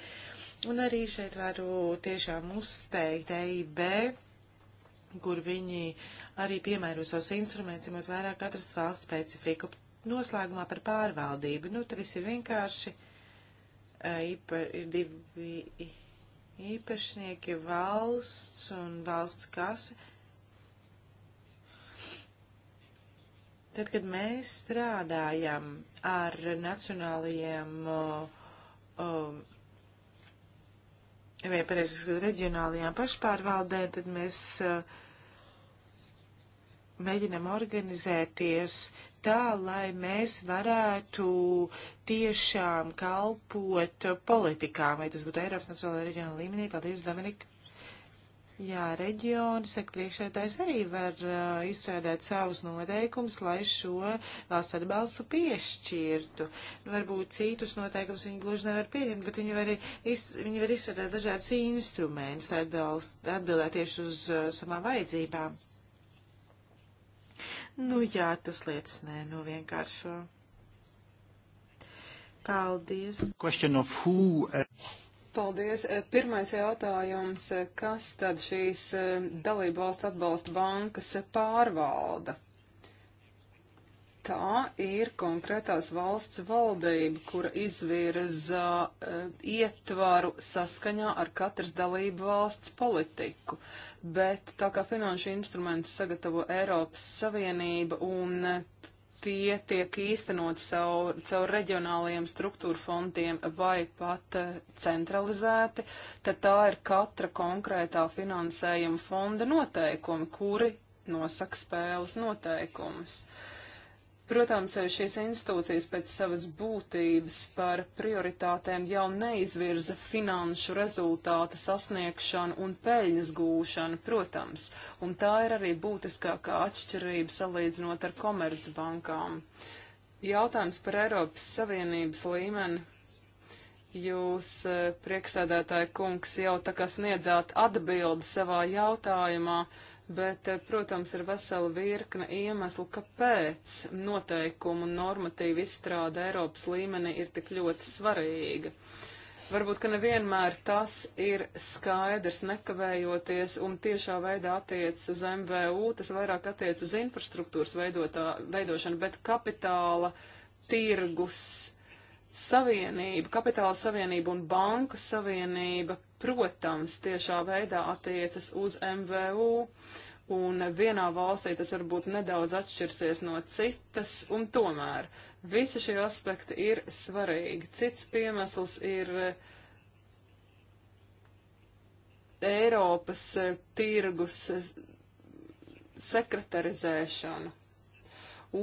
Un arī šeit varu tiešām uzteikt EIB, kur viņi arī piemēro savus instrumentus, ņemot vērā katras valsts specifiku. Noslēgumā par pārvaldību. Nu, te viss ir vienkārši īpa, ir divi īpašnieki - valsts un valsts kase. Tad, kad mēs strādājam ar nacionālajiem um, vai pareizes reģionālajām pašpārvaldēm, tad mēs uh, mēģinam organizēties tā, lai mēs varētu tiešām kalpot politikām, vai tas būtu Eiropas nacionālajā reģionā līmenī. Paldies, Dominika! Jā, reģioni, saka priekšētājs, arī var uh, izstrādāt savus noteikumus, lai šo valsts atbalstu piešķirtu. Nu, varbūt citus noteikumus viņi gluži nevar pieņemt, bet viņi var, iz, viņi var izstrādāt dažādas instrumentus, atbildēt tieši uz uh, savām vajadzībām. Nu jā, tas lietas nē, nu vienkāršo. Paldies. Question of who. Uh, Paldies. Eh, pirmais jautājums. Eh, kas tad šīs eh, dalību valstu atbalsta bankas pārvalda? Tā ir konkrētās valsts valdība, kura izvirza uh, ietvaru saskaņā ar katras dalību valsts politiku bet tā kā finanšu instrumentus sagatavo Eiropas Savienība un tie tiek īstenot caur, caur reģionāliem struktūru fondiem vai pat eh, centralizēti, tad tā ir katra konkrētā finansējuma fonda noteikumi, kuri nosaka spēles noteikumus. Uh, Protams, šīs institūcijas pēc savas būtības par prioritātēm jau neizvirza finanšu rezultāta sasniegšanu un peļņas gūšanu, protams, un tā ir arī būtiskākā atšķirība salīdzinot ar komercbankām. Jautājums par Eiropas Savienības līmeni Jūs, eh, prieksēdētāji kungs, jau tā kā sniedzāt atbildi savā jautājumā, bet, eh, protams, ir vesela virkne iemeslu, kāpēc noteikumu un normatīvu izstrāde Eiropas līmenī ir tik ļoti svarīga. Varbūt, ka nevienmēr tas ir skaidrs, nekavējoties un tiešā veidā attiecas uz MVU, tas vairāk attiecas uz infrastruktūras veidotā, veidošanu, bet kapitāla tirgus savienība, kapitāla savienība un banku savienība, protams, tiešā veidā attiecas uz MVU. Un vienā valstī tas varbūt nedaudz atšķirsies no citas, un tomēr visi šie aspekti ir svarīgi. Cits piemesls ir eh, Eiropas eh, tirgus eh, sekretarizēšana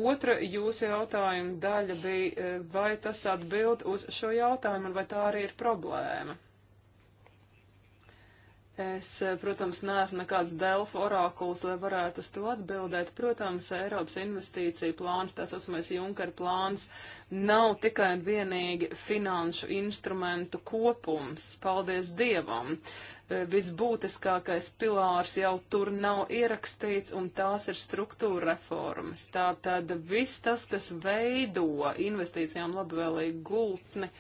Otra jūsu jautājuma daļa bija, eh, vai tas atbild uz šo jautājumu un vai tā arī ir problēma. Es, protams, neesmu nekāds Delfa orakuls, lai varētu uz to atbildēt. Protams, Eiropas investīcija plāns, tās osmais Junkara plāns, nav tikai un vienīgi finanšu instrumentu kopums. Paldies Dievam! E, visbūtiskākais pilārs jau tur nav ierakstīts, un tās ir struktūra reformas. Tātad viss tas, kas veido investīcijām labvēlīgu gultni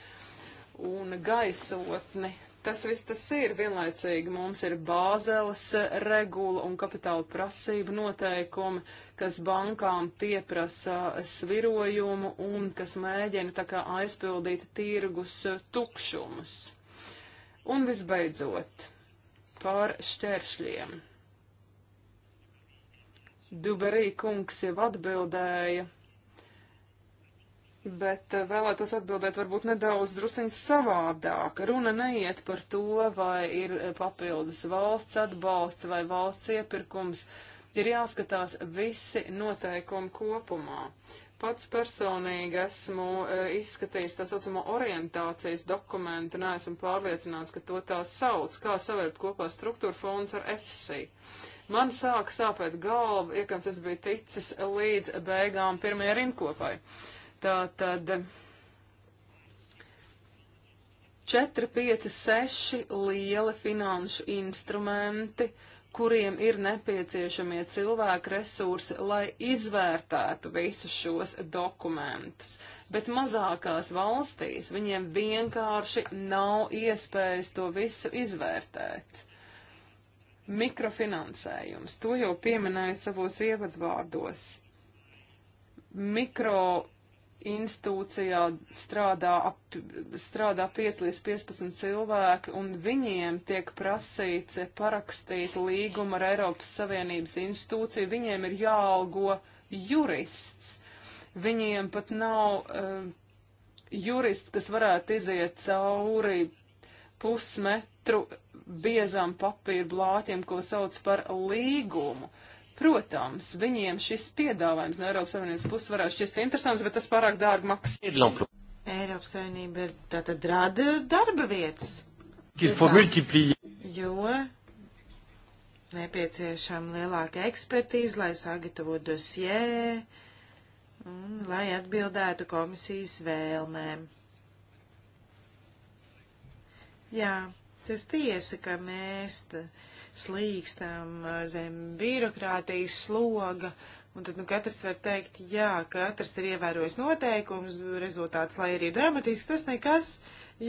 un gaisotni, Tas viss tas ir vienlaicīgi. Mums ir bāzeles regula un kapitāla prasība noteikumi, kas bankām pieprasa svirojumu un kas mēģina tā kā aizpildīt tirgus tukšumus. Un visbeidzot, par šķēršļiem. Duberī kungs jau atbildēja Bet eh, vēlētos atbildēt varbūt nedaudz drusiņ savādāk. Runa neiet par to, vai ir eh, papildus valsts atbalsts vai valsts iepirkums. Ir jāskatās visi noteikumi kopumā. Pats personīgi esmu eh, izskatījis tā saucamo orientācijas dokumentu, neesmu pārliecināts, ka to tā sauc, kā savērp kopā struktūra fonds ar FSI. Man sāka sāpēt galva, iekams es biju ticis līdz beigām pirmajai rindkopai. Uh, Tā tad 4, 5, 6 lieli finanšu instrumenti, kuriem ir nepieciešamie cilvēku resursi, lai izvērtētu visus šos dokumentus. Bet mazākās valstīs viņiem vienkārši nav iespējas to visu izvērtēt. Mikrofinansējums, to jau pieminēju savos ievadvārdos. Mikro institūcijā strādā, ap, strādā 5 līdz 15 cilvēki, un viņiem tiek prasīts parakstīt līgumu ar Eiropas Savienības institūciju, viņiem ir jāalgo jurists. Viņiem pat nav uh, jurists, kas varētu iziet cauri pusmetru biezam papīra blāķim, ko sauc par līgumu. Uh, Protams, viņiem šis piedāvājums no Eiropas Savienības puses varētu šķist interesants, bet tas pārāk dārgi maksā. Eiropas Savienība ir tātad rada darba vietas. Jo nepieciešama lielāka ekspertīze, lai sagatavotu dosjē un lai atbildētu komisijas vēlmēm. Jā, tas tiesa, ka mēs. Tā, slīkstam zem birokrātijas sloga. Un tad nu, katrs var teikt, jā, katrs ir ievērojis noteikumus, rezultāts, lai arī dramatisks, tas nekas,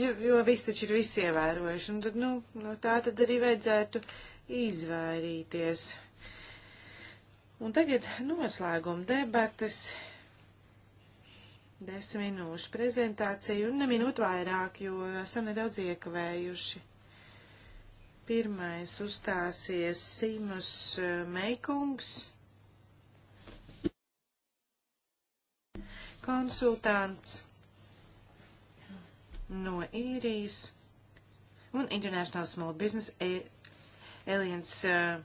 jo, jo viss taču ir visi ievērojuši. Un tad, nu, no tā tad arī vajadzētu izvairīties. Un tagad noslēguma debatas. Desmit minūšu prezentāciju un ne minūtu vairāk, jo esam nedaudz iekavējuši. Pirmais uzstāsies Sīmus eh, Meikungs. Konsultants no īrijas un International Small Business Alliance uh,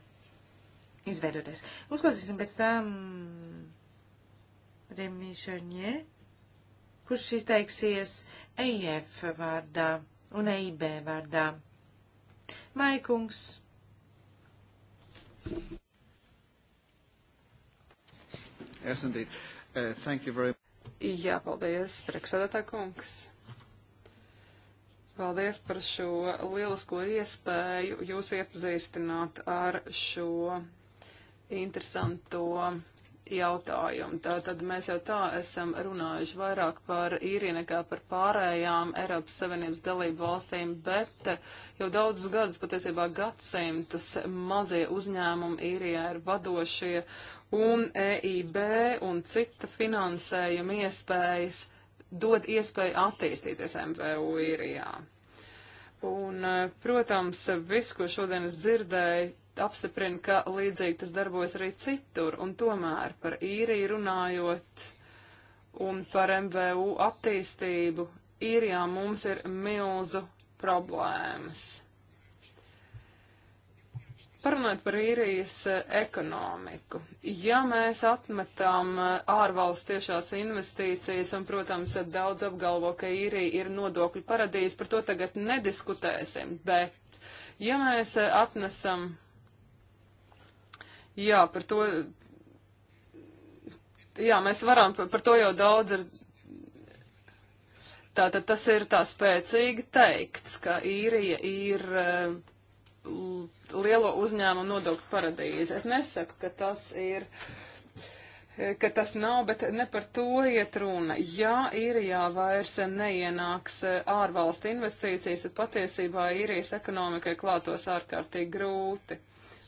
izveidoties. Uzklausīsim pēc tam Remi Šarņē, kurš izteiksies EIF vārdā un EIB vārdā. Maikungs. Yes, indeed. Uh, thank you very much. Jā, paldies, priekšsēdētā kungs. Paldies par šo lielisko iespēju jūs iepazīstināt ar šo interesanto jautājumu. Tātad mēs jau tā esam runājuši vairāk par īriju nekā par pārējām Eiropas Savienības dalību valstīm, bet jau daudzus gadus, patiesībā gadsimtus, mazie uzņēmumi īrijā ir vadošie un EIB un cita finansējuma iespējas dod iespēju attīstīties MVU īrijā. Un, eh, protams, viss, ko šodien es dzirdēju, apstiprina, ka līdzīgi tas darbojas arī citur, un tomēr par īriju runājot un par MVU attīstību, īrijā mums ir milzu problēmas. Parunājot par īrijas e, ekonomiku, ja mēs atmetam e, ārvalstu tiešās investīcijas, un, protams, daudz apgalvo, ka īrija ir nodokļu paradīze, par to tagad nediskutēsim, bet ja mēs e, atnesam Jā, par to. Jā, mēs varam, par to jau daudz ir. Tātad tas ir tā spēcīgi teikts, ka īrija ir eh, lielo uzņēmumu nodokļu paradīze. Es nesaku, ka tas ir, ka tas nav, bet ne par to iet runa. Ja īrijā vairs neienāks eh, ārvalstu investīcijas, tad patiesībā īrijas ekonomikai klātos ārkārtīgi grūti.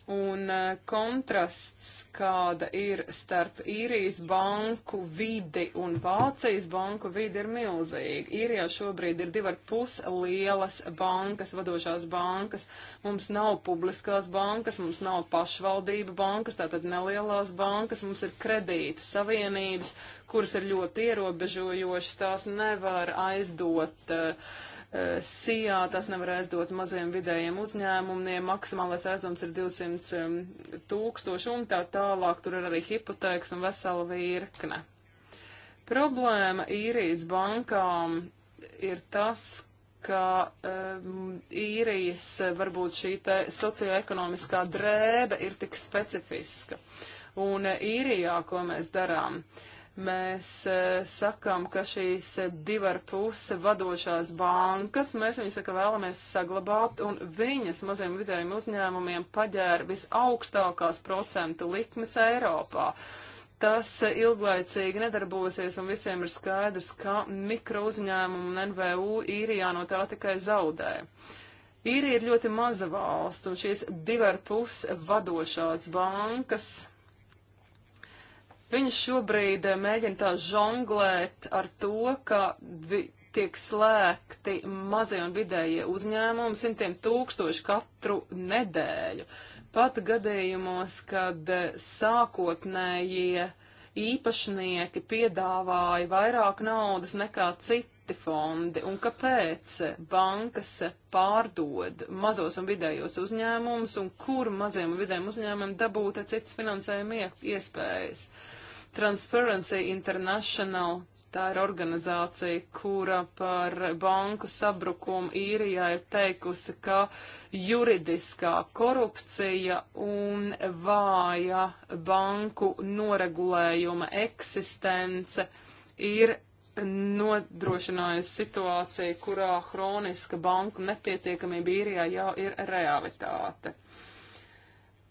Un eh, kontrasts, kāda ir starp īrijas banku vidi un Vācijas banku vidi, ir milzīga. Īrijā šobrīd ir divar pus lielas bankas, vadošās bankas. Mums nav publiskās bankas, mums nav pašvaldība bankas, tātad nelielās bankas, mums ir kredītu savienības, kuras ir ļoti ierobežojošas, tās nevar aizdot. Uh, Eh, sijā, tas nevar aizdot maziem vidējiem uzņēmumiem, maksimālais aizdoms ir 200 tūkstoši un tā tālāk, tur ir arī hipotēks un vesela virkne. Problēma īrijas bankām ir tas, ka um, īrijas eh, varbūt šī te socioekonomiskā drēbe ir tik specifiska. Un eh, īrijā, ko mēs darām? Uh, mēs eh, sakam, ka šīs divar puse vadošās bankas, mēs viņus saka vēlamies saglabāt, un viņas maziem vidējiem uzņēmumiem paģēra visaugstākās procentu likmes Eiropā tas ilglaicīgi nedarbosies, un visiem ir skaidrs, ka mikro uzņēmumu un NVU īrijā no tā tikai zaudē. Īrija ir ļoti maza valsts, un šīs divar pus vadošās bankas Viņš šobrīd eh, mēģina tā žonglēt ar to, ka tiek slēgti mazie un vidējie uzņēmumi simtiem tūkstoši katru nedēļu. Pat gadījumos, kad eh, sākotnējie īpašnieki piedāvāja vairāk naudas nekā citi fondi, un kāpēc bankas pārdod mazos un vidējos uzņēmumus, un kur maziem un vidējiem uzņēmumiem dabūta citas finansējuma iespējas. Uh, Transparency International Tā ir organizācija, kura par banku sabrukumu īrijā ir teikusi, ka juridiskā korupcija un vāja banku noregulējuma eksistence ir nodrošinājusi situāciju, kurā hroniska banku nepietiekamība īrijā jau ir realitāte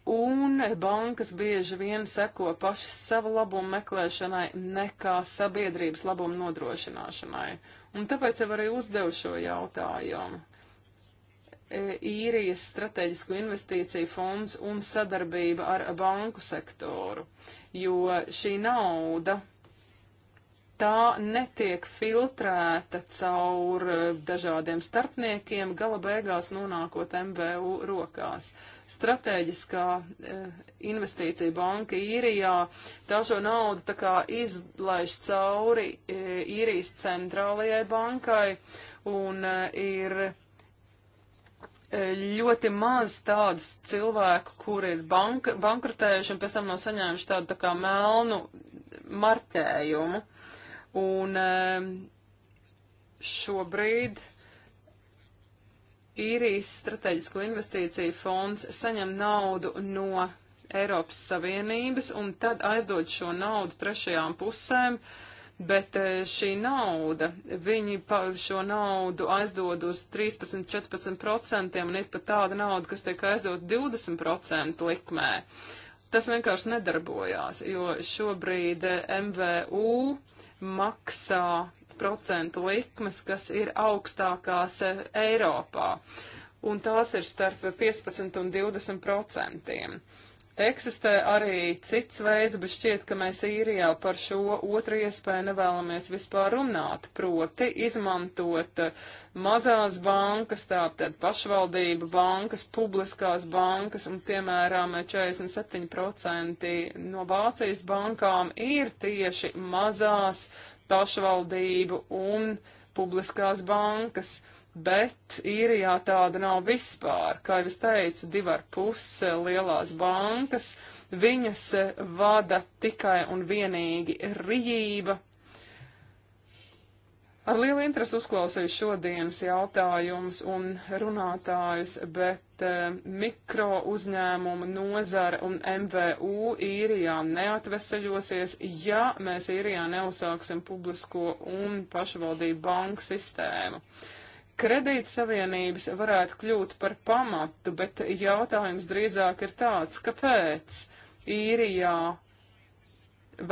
un bankas bieži vien seko pašas savu labumu meklēšanai nekā sabiedrības labumu nodrošināšanai. Un tāpēc jau arī uzdevu šo jautājumu. E, īrijas strateģisko investīciju fonds un sadarbība ar banku sektoru, jo šī nauda tā netiek filtrēta caur e, dažādiem starpniekiem, gala beigās nonākot MVU rokās. Stratēģiskā e, investīcija banka īrijā tā šo naudu tā kā izlaiž cauri e, īrijas centrālajai bankai un e, ir ļoti maz tādu cilvēku, kur ir bank, bankrotējuši un pēc tam nav saņēmuši tādu tā kā melnu marķējumu. Un šobrīd īrijas strateģisko investīciju fonds saņem naudu no Eiropas Savienības un tad aizdod šo naudu trešajām pusēm, bet eh, šī nauda, viņi šo naudu aizdod uz 13-14% un ir pat tāda nauda, kas tiek aizdot 20% likmē. Tas vienkārši nedarbojās, jo šobrīd eh, MVU maksā procentu likmes, kas ir augstākās e, Eiropā, un tās ir starp 15 un 20 procentiem. Eksistē arī cits veids, bet šķiet, ka mēs īrijā par šo otru iespēju nevēlamies vispār runāt, proti izmantot e, mazās bankas, tātad pašvaldību bankas, publiskās bankas, un piemēram 47% no Vācijas bankām ir tieši mazās pašvaldību un publiskās bankas, bet īrijā tāda nav vispār. Kā jau es teicu, divi ar pus lielās bankas, viņas vada tikai un vienīgi rījība. Ar lielu interesi uzklausīju šodienas jautājumus un runātājus, bet Eh, mikro uzņēmumu nozara un MVU īrijā neatveseļosies, ja mēs īrijā neuzsāksim publisko un pašvaldību banku sistēmu. Kredītsavienības varētu kļūt par pamatu, bet jautājums drīzāk ir tāds, kāpēc īrijā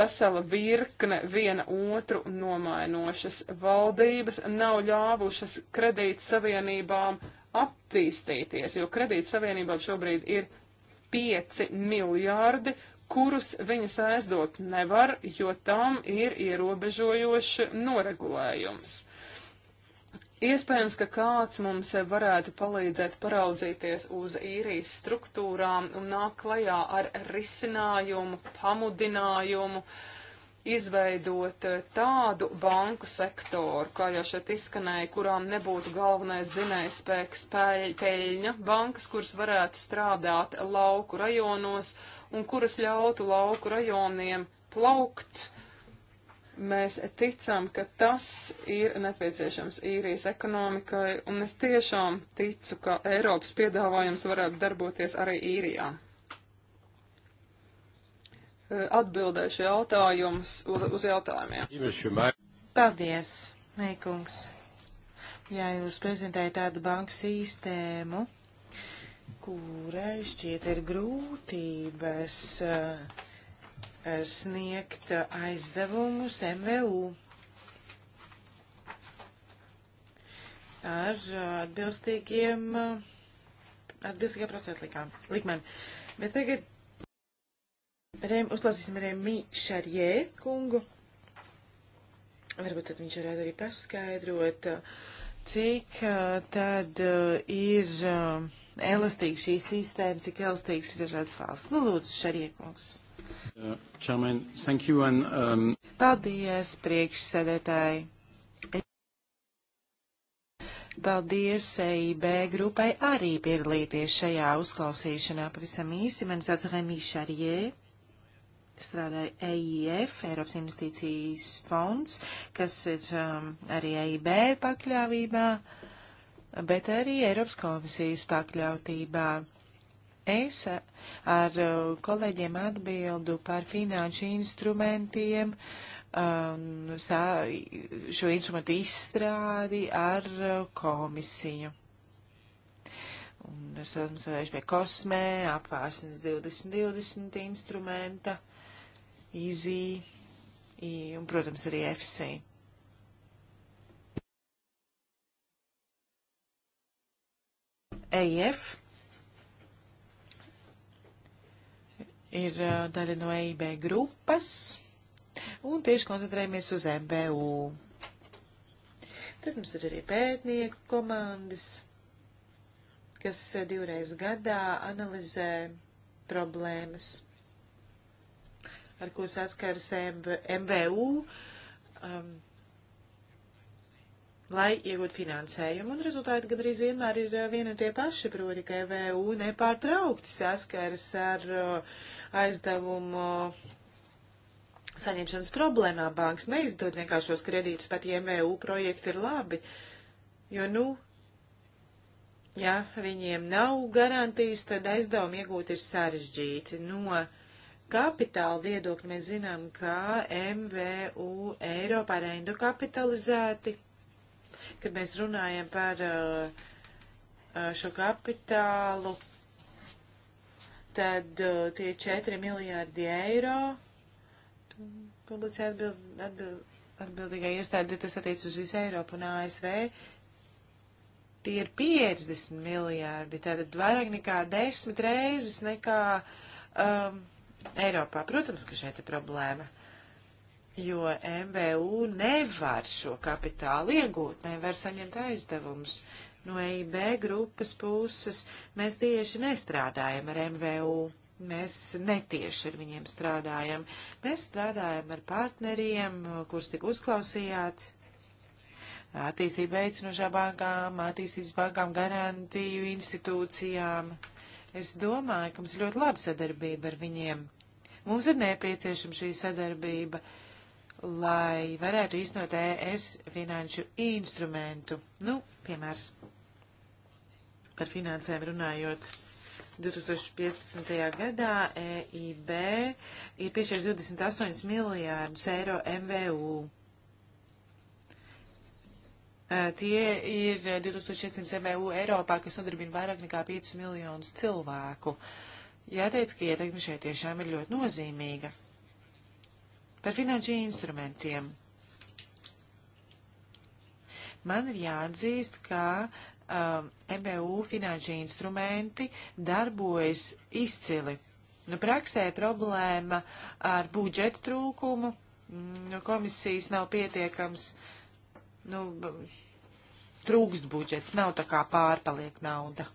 vesela virkne viena otru nomainošas valdības nav ļāvušas kredītsavienībām savienībām attīstīties, jo kredīt savienībām šobrīd ir 5 miljārdi, kurus viņas aizdot nevar, jo tam ir ierobežojoši noregulējums. Iespējams, ka kāds mums varētu palīdzēt paraudzīties uz īrijas struktūrām un nāk klajā ar risinājumu, pamudinājumu, uh, izveidot eh, tādu banku sektoru, kā jau šeit izskanēja, kurām nebūtu galvenais zinājspēks peļņa, bankas, kuras varētu strādāt lauku rajonos un kuras ļautu lauku rajoniem plaukt mēs ticam, ka tas ir nepieciešams īrijas ekonomikai, un es tiešām ticu, ka Eiropas piedāvājums varētu darboties arī īrijā atbildēšu jautājumus uz jautājumiem. Paldies, Meikungs. Jā, jūs prezentējat tādu banku sistēmu, kurai šķiet ir grūtības eh, sniegt aizdevumus MVU. ar atbilstīgiem, atbilstīgiem procentu likmēm. Bet tagad Rem, uzklausīsim Remi Šarjē kungu. Varbūt tad viņš varētu arī paskaidrot, cik tad ir elastīga šī sistēma, cik elastīgs ir dažādas valsts. Nu, lūdzu, Šarjē kungs. Uh, Chairman, thank you and... Um... Paldies, priekšsēdētāji. Paldies EIB grupai arī piedalīties šajā uzklausīšanā. Pavisam īsi, man sauc Remī Šarjē strādāja EIF, Eiropas investīcijas fonds, kas ir um, arī EIB pakļāvībā, bet arī Eiropas komisijas pakļautībā. Es ar uh, kolēģiem atbildu par finanšu instrumentiem, um, šo instrumentu izstrādi ar uh, komisiju. Un es esmu strādājuši pie kosmē, apvārsnes 2020 instrumenta Easy un, protams, arī FC. EIF ir uh, daļa no EIB grupas un tieši koncentrējamies uz MBU. Tad mums ir arī pētnieku komandas, kas uh, divreiz gadā analizē problēmas ar ko saskaras MVU, um, lai iegūtu finansējumu. Un rezultāti gandrīz vienmēr ir uh, vieni un tie paši, proti, ka MVU nepārtraukti saskaras ar uh, aizdevumu uh, saņemšanas problēmām. Banks neizdod vienkāršos kredītus, pat ja MVU projekti ir labi, jo, nu, ja viņiem nav garantijas, tad aizdevumi iegūt ir sarežģīti. No kapitāla viedokļa mēs zinām, ka MVU Eiropā ir endokapitalizēti. Kad mēs runājam par uh, uh, šo kapitālu, tad uh, tie 4 miljārdi eiro. Publicē atbild, atbild, atbildīgai iestādi, tas attiec uz visu Eiropu un ASV. Tie ir 50 miljārdi, tātad vairāk nekā desmit reizes nekā um, Eiropā. Protams, ka šeit ir problēma, jo MVU nevar šo kapitālu iegūt, nevar saņemt aizdevumus. No EIB grupas puses mēs tieši nestrādājam ar MVU. Mēs netieši ar viņiem strādājam. Mēs strādājam ar partneriem, kurus tik uzklausījāt. Attīstība veicinošā bankām, attīstības bankām, garantiju institūcijām. Es domāju, ka mums ļoti laba sadarbība ar viņiem. Mums ir nepieciešama šī sadarbība, lai varētu iznot ES finanšu instrumentu. Nu, piemērs par finansēm runājot. 2015. gadā EIB ir piešķīrusi 28 miljārdus eiro MVU. Tie ir 2600 MVU Eiropā, kas nodarbina vairāk nekā 5 miljonus cilvēku. Uh, Jāteic, ka ietekme šeit tiešām ir ļoti nozīmīga. Par finanšu instrumentiem. Man ir jāatzīst, ka um, MBU finanšu instrumenti darbojas izcili. Nu, praksē problēma ar budžeta trūkumu, mm, nu, komisijas nav pietiekams, nu, trūkst budžets, nav tā kā pārpaliek nauda.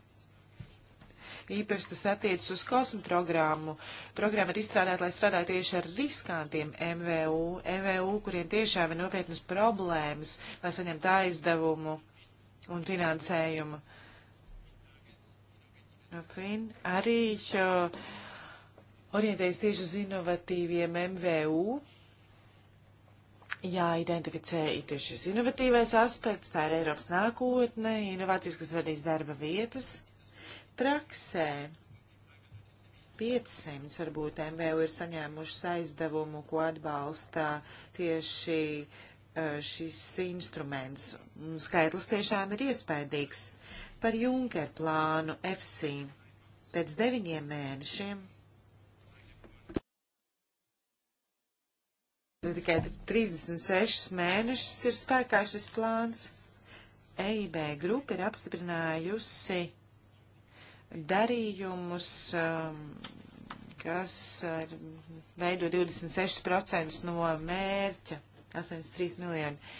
Īpaši tas attiecas uz kosmu programmu. Programma ir izstrādāta, lai strādātu tieši ar riskantiem MVU, MVU, kuriem tiešām ir nopietnas problēmas, lai saņemtu aizdevumu un finansējumu. Fin, arī orientējas tieši uz inovatīviem MVU. Jāidentificē tieši šis inovatīvais aspekts, tā ir Eiropas nākotne, inovācijas, kas radīs darba vietas praksē. 500 varbūt MVU ir saņēmušas aizdevumu, ko atbalsta tieši e, šis instruments. Skaitlis tiešām ir iespaidīgs. Par Junker plānu FC pēc deviņiem mēnešiem Tikai 36 mēnešus ir spēkā šis plāns. EIB grupa ir apstiprinājusi darījumus, um, kas veido 26% no mērķa 83 miljoni.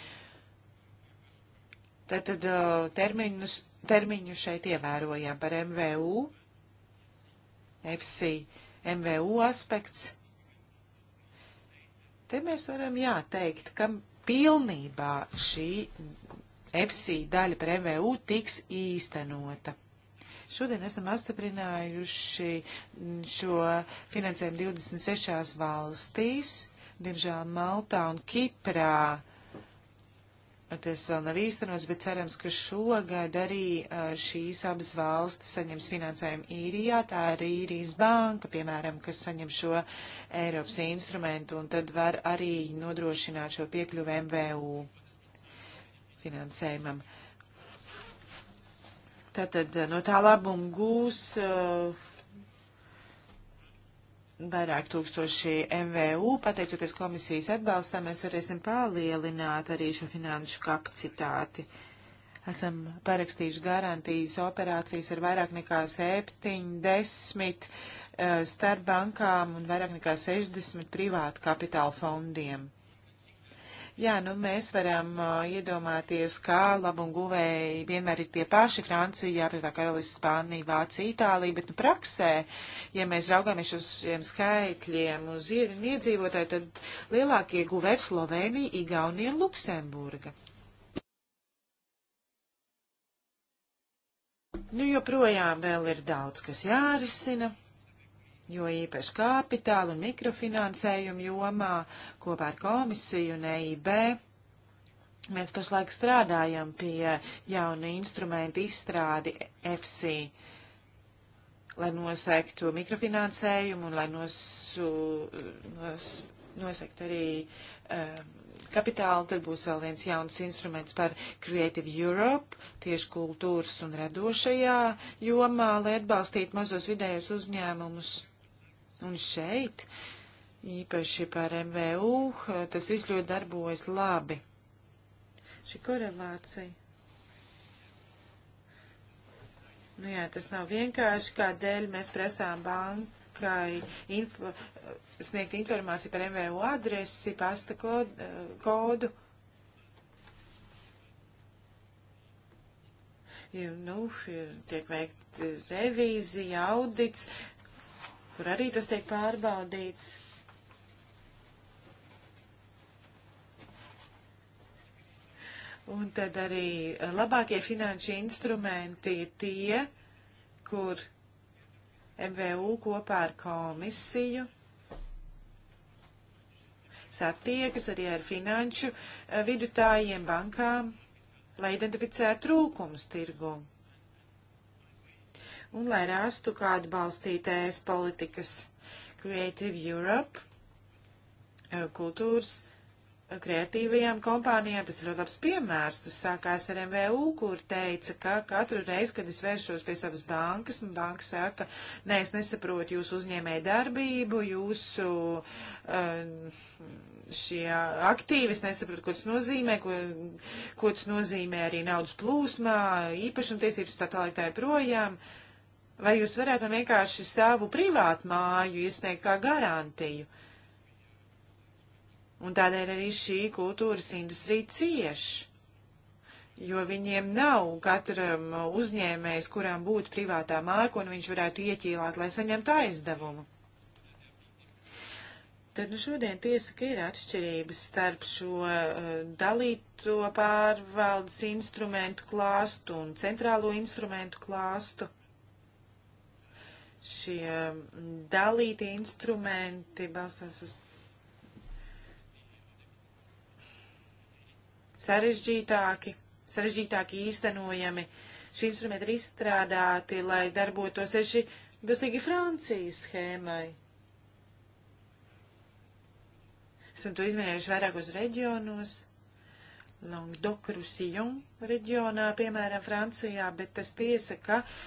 Tātad termiņus, termiņu šeit ievērojām par MVU, EPSI, MVU aspekts. Te mēs varam jāteikt, ka pilnībā šī EPSI daļa par MVU tiks īstenota. Šodien esam apstiprinājuši šo finansējumu 26 valstīs, diemžēl Maltā un Kiprā. Tas vēl nav īstenots, bet cerams, ka šogad arī šīs abas valstis saņems finansējumu īrijā. Tā ir īrijas banka, piemēram, kas saņem šo Eiropas instrumentu un tad var arī nodrošināt šo piekļuvu MVU finansējumam. Uh, Tātad eh, no tā labumu gūs uh, vairāk tūkstoši MVU. Pateicoties komisijas atbalstam, mēs varēsim palielināt arī šo finanšu kapacitāti. Esam parakstījuši garantijas operācijas ar vairāk nekā 70 uh, eh, starpbankām un vairāk nekā 60 privātu kapitāla fondiem. Jā, nu mēs varam uh, iedomāties, kā labumguvēji vienmēr ir tie paši - Francija, Apvienotā karalists, Spānija, Vācija, Itālija, bet nu praksē, ja mēs raugāmies uz šiem skaitļiem, uz iedzīvotāju, tad lielākie guvēji ir Slovenija, Igaunija un Luksemburga. Nu, joprojām vēl ir daudz, kas jārisina jo īpaši kapitāla un mikrofinansējuma jomā kopā ar komisiju un EIB. Mēs pašlaik strādājam pie jauna instrumenta izstrādi FC, lai nosektu mikrofinansējumu un lai nosu, nos, nosekt arī um, kapitāli. Tad būs vēl viens jauns instruments par Creative Europe, tieši kultūras un radošajā jomā, lai atbalstītu mazos vidējos uzņēmumus Un šeit, īpaši par MVU, tas viss ļoti darbojas labi. Šī korelācija. Nu jā, tas nav vienkārši, kādēļ mēs prasām bankai info, sniegt informāciju par MVU adresi, pasta kod, kodu. Ja, nu, ir, tiek veikt revīzija, audits, Tur arī tas tiek pārbaudīts. Un tad arī labākie finanšu instrumenti ir tie, kur MVU kopā ar komisiju satiekas arī ar finanšu eh, vidutājiem, bankām, lai identificētu trūkums tirgumu un lai rastu, kā atbalstīt ES politikas Creative Europe e, kultūras e, kreatīvajām kompānijām. Tas ir ļoti labs piemērs. Tas sākās ar MVU, kur teica, ka katru reizi, kad es vēršos pie savas bankas, man banka saka, nē, es nesaprotu jūsu uzņēmēju darbību, jūsu e, šie aktīvi, es nesaprotu, ko tas nozīmē, ko, ko tas nozīmē arī naudas plūsmā, īpašumtiesības tā tālāk tā joprojām. Tā Vai jūs varētu vienkārši savu privātu māju iesniegt kā garantiju? Un tādēļ arī šī kultūras industrija cieš, jo viņiem nav katram uzņēmējs, kuram būtu privātā māja, un nu viņš varētu ieķīlāt, lai saņemtu aizdevumu. Tad nu šodien tiesa, ka ir atšķirības starp šo uh, dalīto pārvaldes instrumentu klāstu un centrālo instrumentu klāstu šie dalīti instrumenti balstās uz sarežģītāki, sarežģītāki īstenojami. Šie instrumenti ir izstrādāti, lai darbotos tieši bilstīgi Francijas schēmai. Esam to izmērījuši vairākos reģionos. Languedoc-Roussillon reģionā, piemēram, Francijā, bet tas tiesa, ka uh,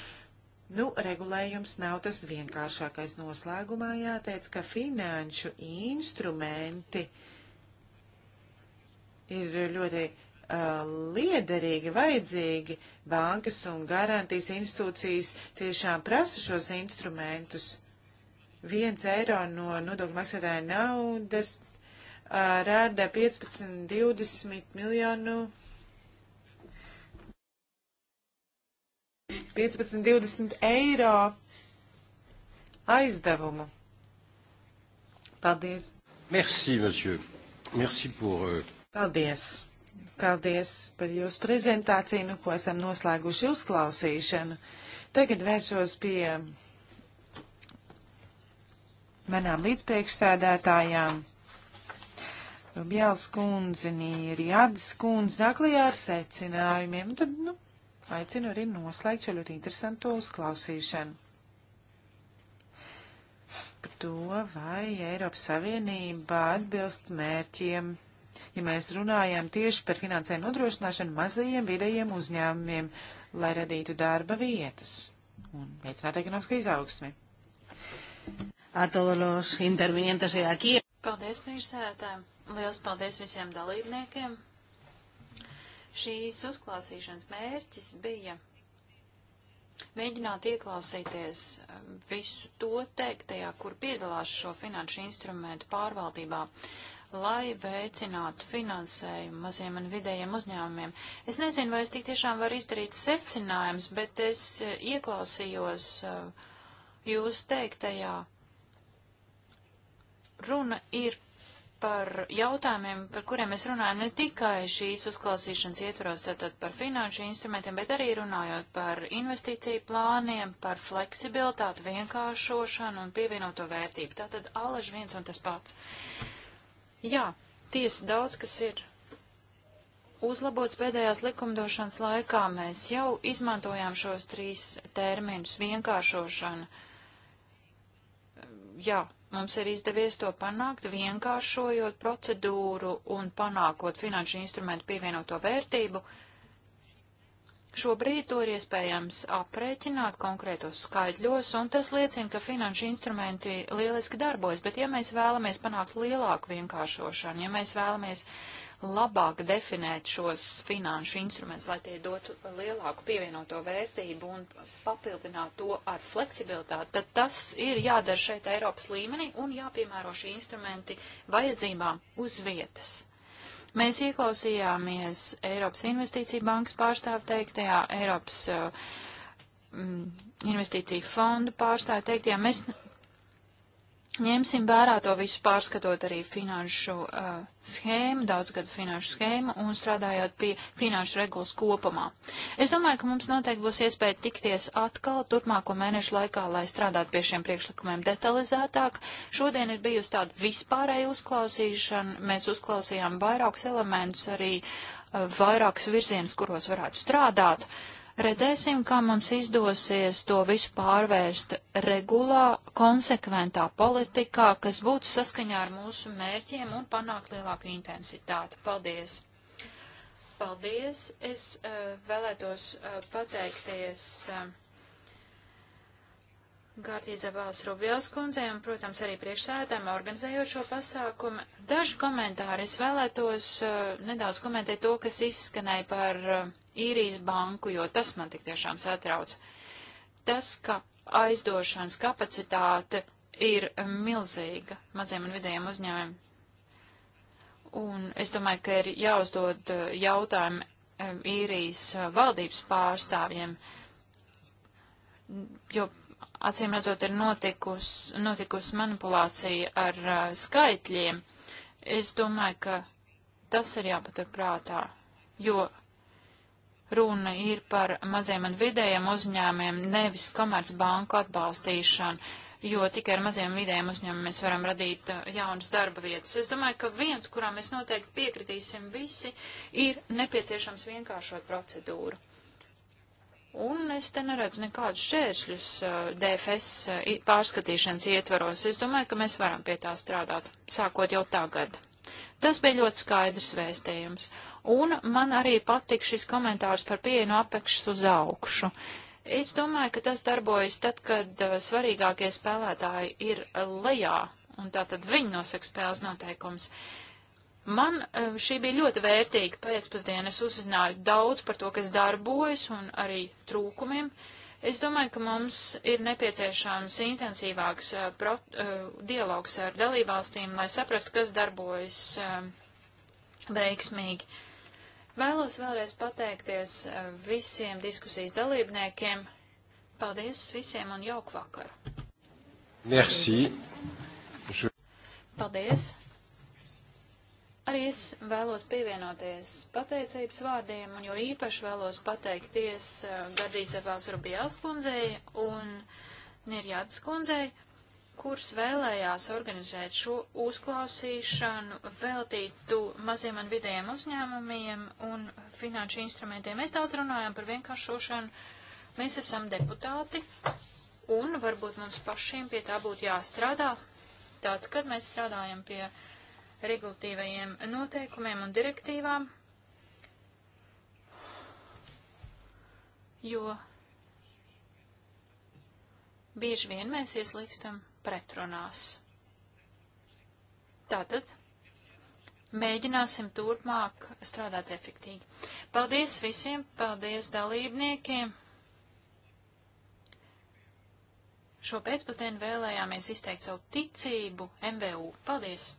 Nu, regulējums nav tas vienkāršākais noslēgumā. Jāteic, ka finanšu instrumenti ir ļoti uh, liederīgi, vajadzīgi. Bankas un garantijas institūcijas tiešām prasa šos instrumentus. Viens eiro no nodokļu maksātāja naudas uh, rāda 15-20 miljonu eiro 15, 20 eiro aizdevumu. Paldies! Merci, monsieur! Merci pour... Euh, Paldies! Paldies par jūsu prezentāciju, nu ko esam noslēguši uzklausīšanu. Tagad vēršos pie manām līdzpriekšstādātājām. Bjāls kundze, Nīri Adis kundze nāk klajā ar secinājumiem. Tad, nu, aicinu arī noslēgt šo ļoti interesanto uzklausīšanu par to, vai Eiropas Savienība atbilst mērķiem. Ja mēs runājam tieši par finansēm nodrošināšanu mazajiem vidējiem uzņēmumiem, lai radītu darba vietas un veicinātu ekonomisko izaugsmi. Paldies, priekšsēdētājiem! Liels paldies visiem dalībniekiem! Šīs uzklausīšanas mērķis bija mēģināt ieklausīties um, visu to teiktajā, kur piedalās šo finanšu instrumentu pārvaldībā, lai veicinātu finansējumu maziem un vidējiem uzņēmumiem. Es nezinu, vai es tik tiešām varu izdarīt secinājums, bet es uh, ieklausījos uh, jūs teiktajā. Runa ir par jautājumiem, par kuriem mēs runājam ne tikai šīs uzklausīšanas ietvaros, tātad par finanšu instrumentiem, bet arī runājot par investīciju plāniem, par fleksibilitāti, vienkāršošanu un pievienoto vērtību. Tātad alaž viens un tas pats. Jā, tiesa daudz, kas ir uzlabots pēdējās likumdošanas laikā, mēs jau izmantojām šos trīs terminus - vienkāršošana. Jā, Mums ir izdevies to panākt, vienkāršojot procedūru un panākot finanšu instrumentu pievienoto vērtību. Šobrīd to ir iespējams aprēķināt konkrētos skaidļos, un tas liecina, ka finanšu instrumenti lieliski darbojas, bet ja mēs vēlamies panākt lielāku vienkāršošanu, ja mēs vēlamies uh, labāk definēt šos finanšu instrumentus, lai tie dotu lielāku pievienoto vērtību un papildinātu to ar fleksibilitāti, tad tas ir jādara šeit Eiropas līmenī un jāpiemēro šie instrumenti vajadzībām uz vietas. Mēs ieklausījāmies Eiropas Investīcija bankas pārstāvu teiktajā, Eiropas uh, mm, investīciju fondu pārstāvu teiktajā. Mēs Ņemsim vērā to visu pārskatot arī finanšu uh, schēmu, daudzgadu finanšu schēmu un strādājot pie finanšu regulas kopumā. Es domāju, ka mums noteikti būs iespēja tikties atkal turpmāko mēnešu laikā, lai strādātu pie šiem priekšlikumiem detalizētāk. Šodien ir bijusi tāda vispārēja uzklausīšana, mēs uzklausījām vairākus elementus, arī uh, vairākus virzienus, kuros varētu strādāt. Uh, Redzēsim, kā mums izdosies to visu pārvērst regulā, konsekventā politikā, kas būtu saskaņā ar mūsu mērķiem un panākt lielāku intensitāti. Paldies! Paldies! Es uh, vēlētos uh, pateikties. Uh, eh, Gārdīza Vāls Rubjās kundzei un, protams, arī priekšsēdētājiem organizējošo pasākumu. Dažu komentāru es vēlētos uh, nedaudz komentēt to, kas izskanēja par uh, īrijas banku, jo tas man tik tiešām satrauc. Tas, ka aizdošanas kapacitāte ir milzīga maziem un vidējiem uzņēmumiem. Un es domāju, ka ir jāuzdod eh, jautājumu eh, īrijas eh, valdības pārstāvjiem, jo acīm redzot ir notikus, notikus manipulācija ar uh, skaitļiem. Es domāju, ka tas ir jāpatur prātā, jo Runa ir par maziem un vidējiem uzņēmiem, nevis komercbanku atbalstīšanu, jo tikai ar maziem vidējiem uzņēmumiem mēs varam radīt uh, jaunas darba vietas. Es domāju, ka viens, kurā mēs noteikti piekritīsim visi, ir nepieciešams vienkāršot procedūru. Un es te neredzu nekādus šķēršļus uh, DFS uh, pārskatīšanas ietvaros. Es domāju, ka mēs varam pie tā strādāt, sākot jau tagad. Tas bija ļoti skaidrs vēstījums. Un man arī patika šis komentārs par pieeju no apakšas uz augšu. Es domāju, ka tas darbojas tad, kad uh, svarīgākie spēlētāji ir lejā, un tā tad viņi nosaka spēles noteikums. Man uh, šī bija ļoti vērtīga pēcpusdiena. Es uzzināju daudz par to, kas darbojas, un arī trūkumiem. Uh, Es domāju, ka mums ir nepieciešams intensīvāks uh, pro, uh, dialogs ar dalībvalstīm, lai saprastu, kas darbojas uh, veiksmīgi. Vēlos vēlreiz pateikties uh, visiem diskusijas dalībniekiem. Paldies visiem un jauku vakaru. Merci. Paldies. Arī es vēlos pievienoties pateicības vārdiem, un jo īpaši vēlos pateikties uh, eh, Gadīzevās Rubijās kundzei un Nirjādas kundzei, kuras vēlējās organizēt šo uzklausīšanu veltītu maziem un vidējiem uzņēmumiem un finanšu instrumentiem. Mēs daudz runājam par vienkāršošanu. Mēs esam deputāti, un varbūt mums pašiem pie tā būtu jāstrādā. Tātad, kad mēs strādājam pie uh, regulatīvajiem noteikumiem un direktīvām, jo bieži vien mēs ieslīkstam pretrunās. Tātad mēģināsim turpmāk strādāt efektīgi. Paldies visiem, paldies dalībniekiem. Šo pēcpusdienu vēlējāmies izteikt savu ticību MVU. Paldies!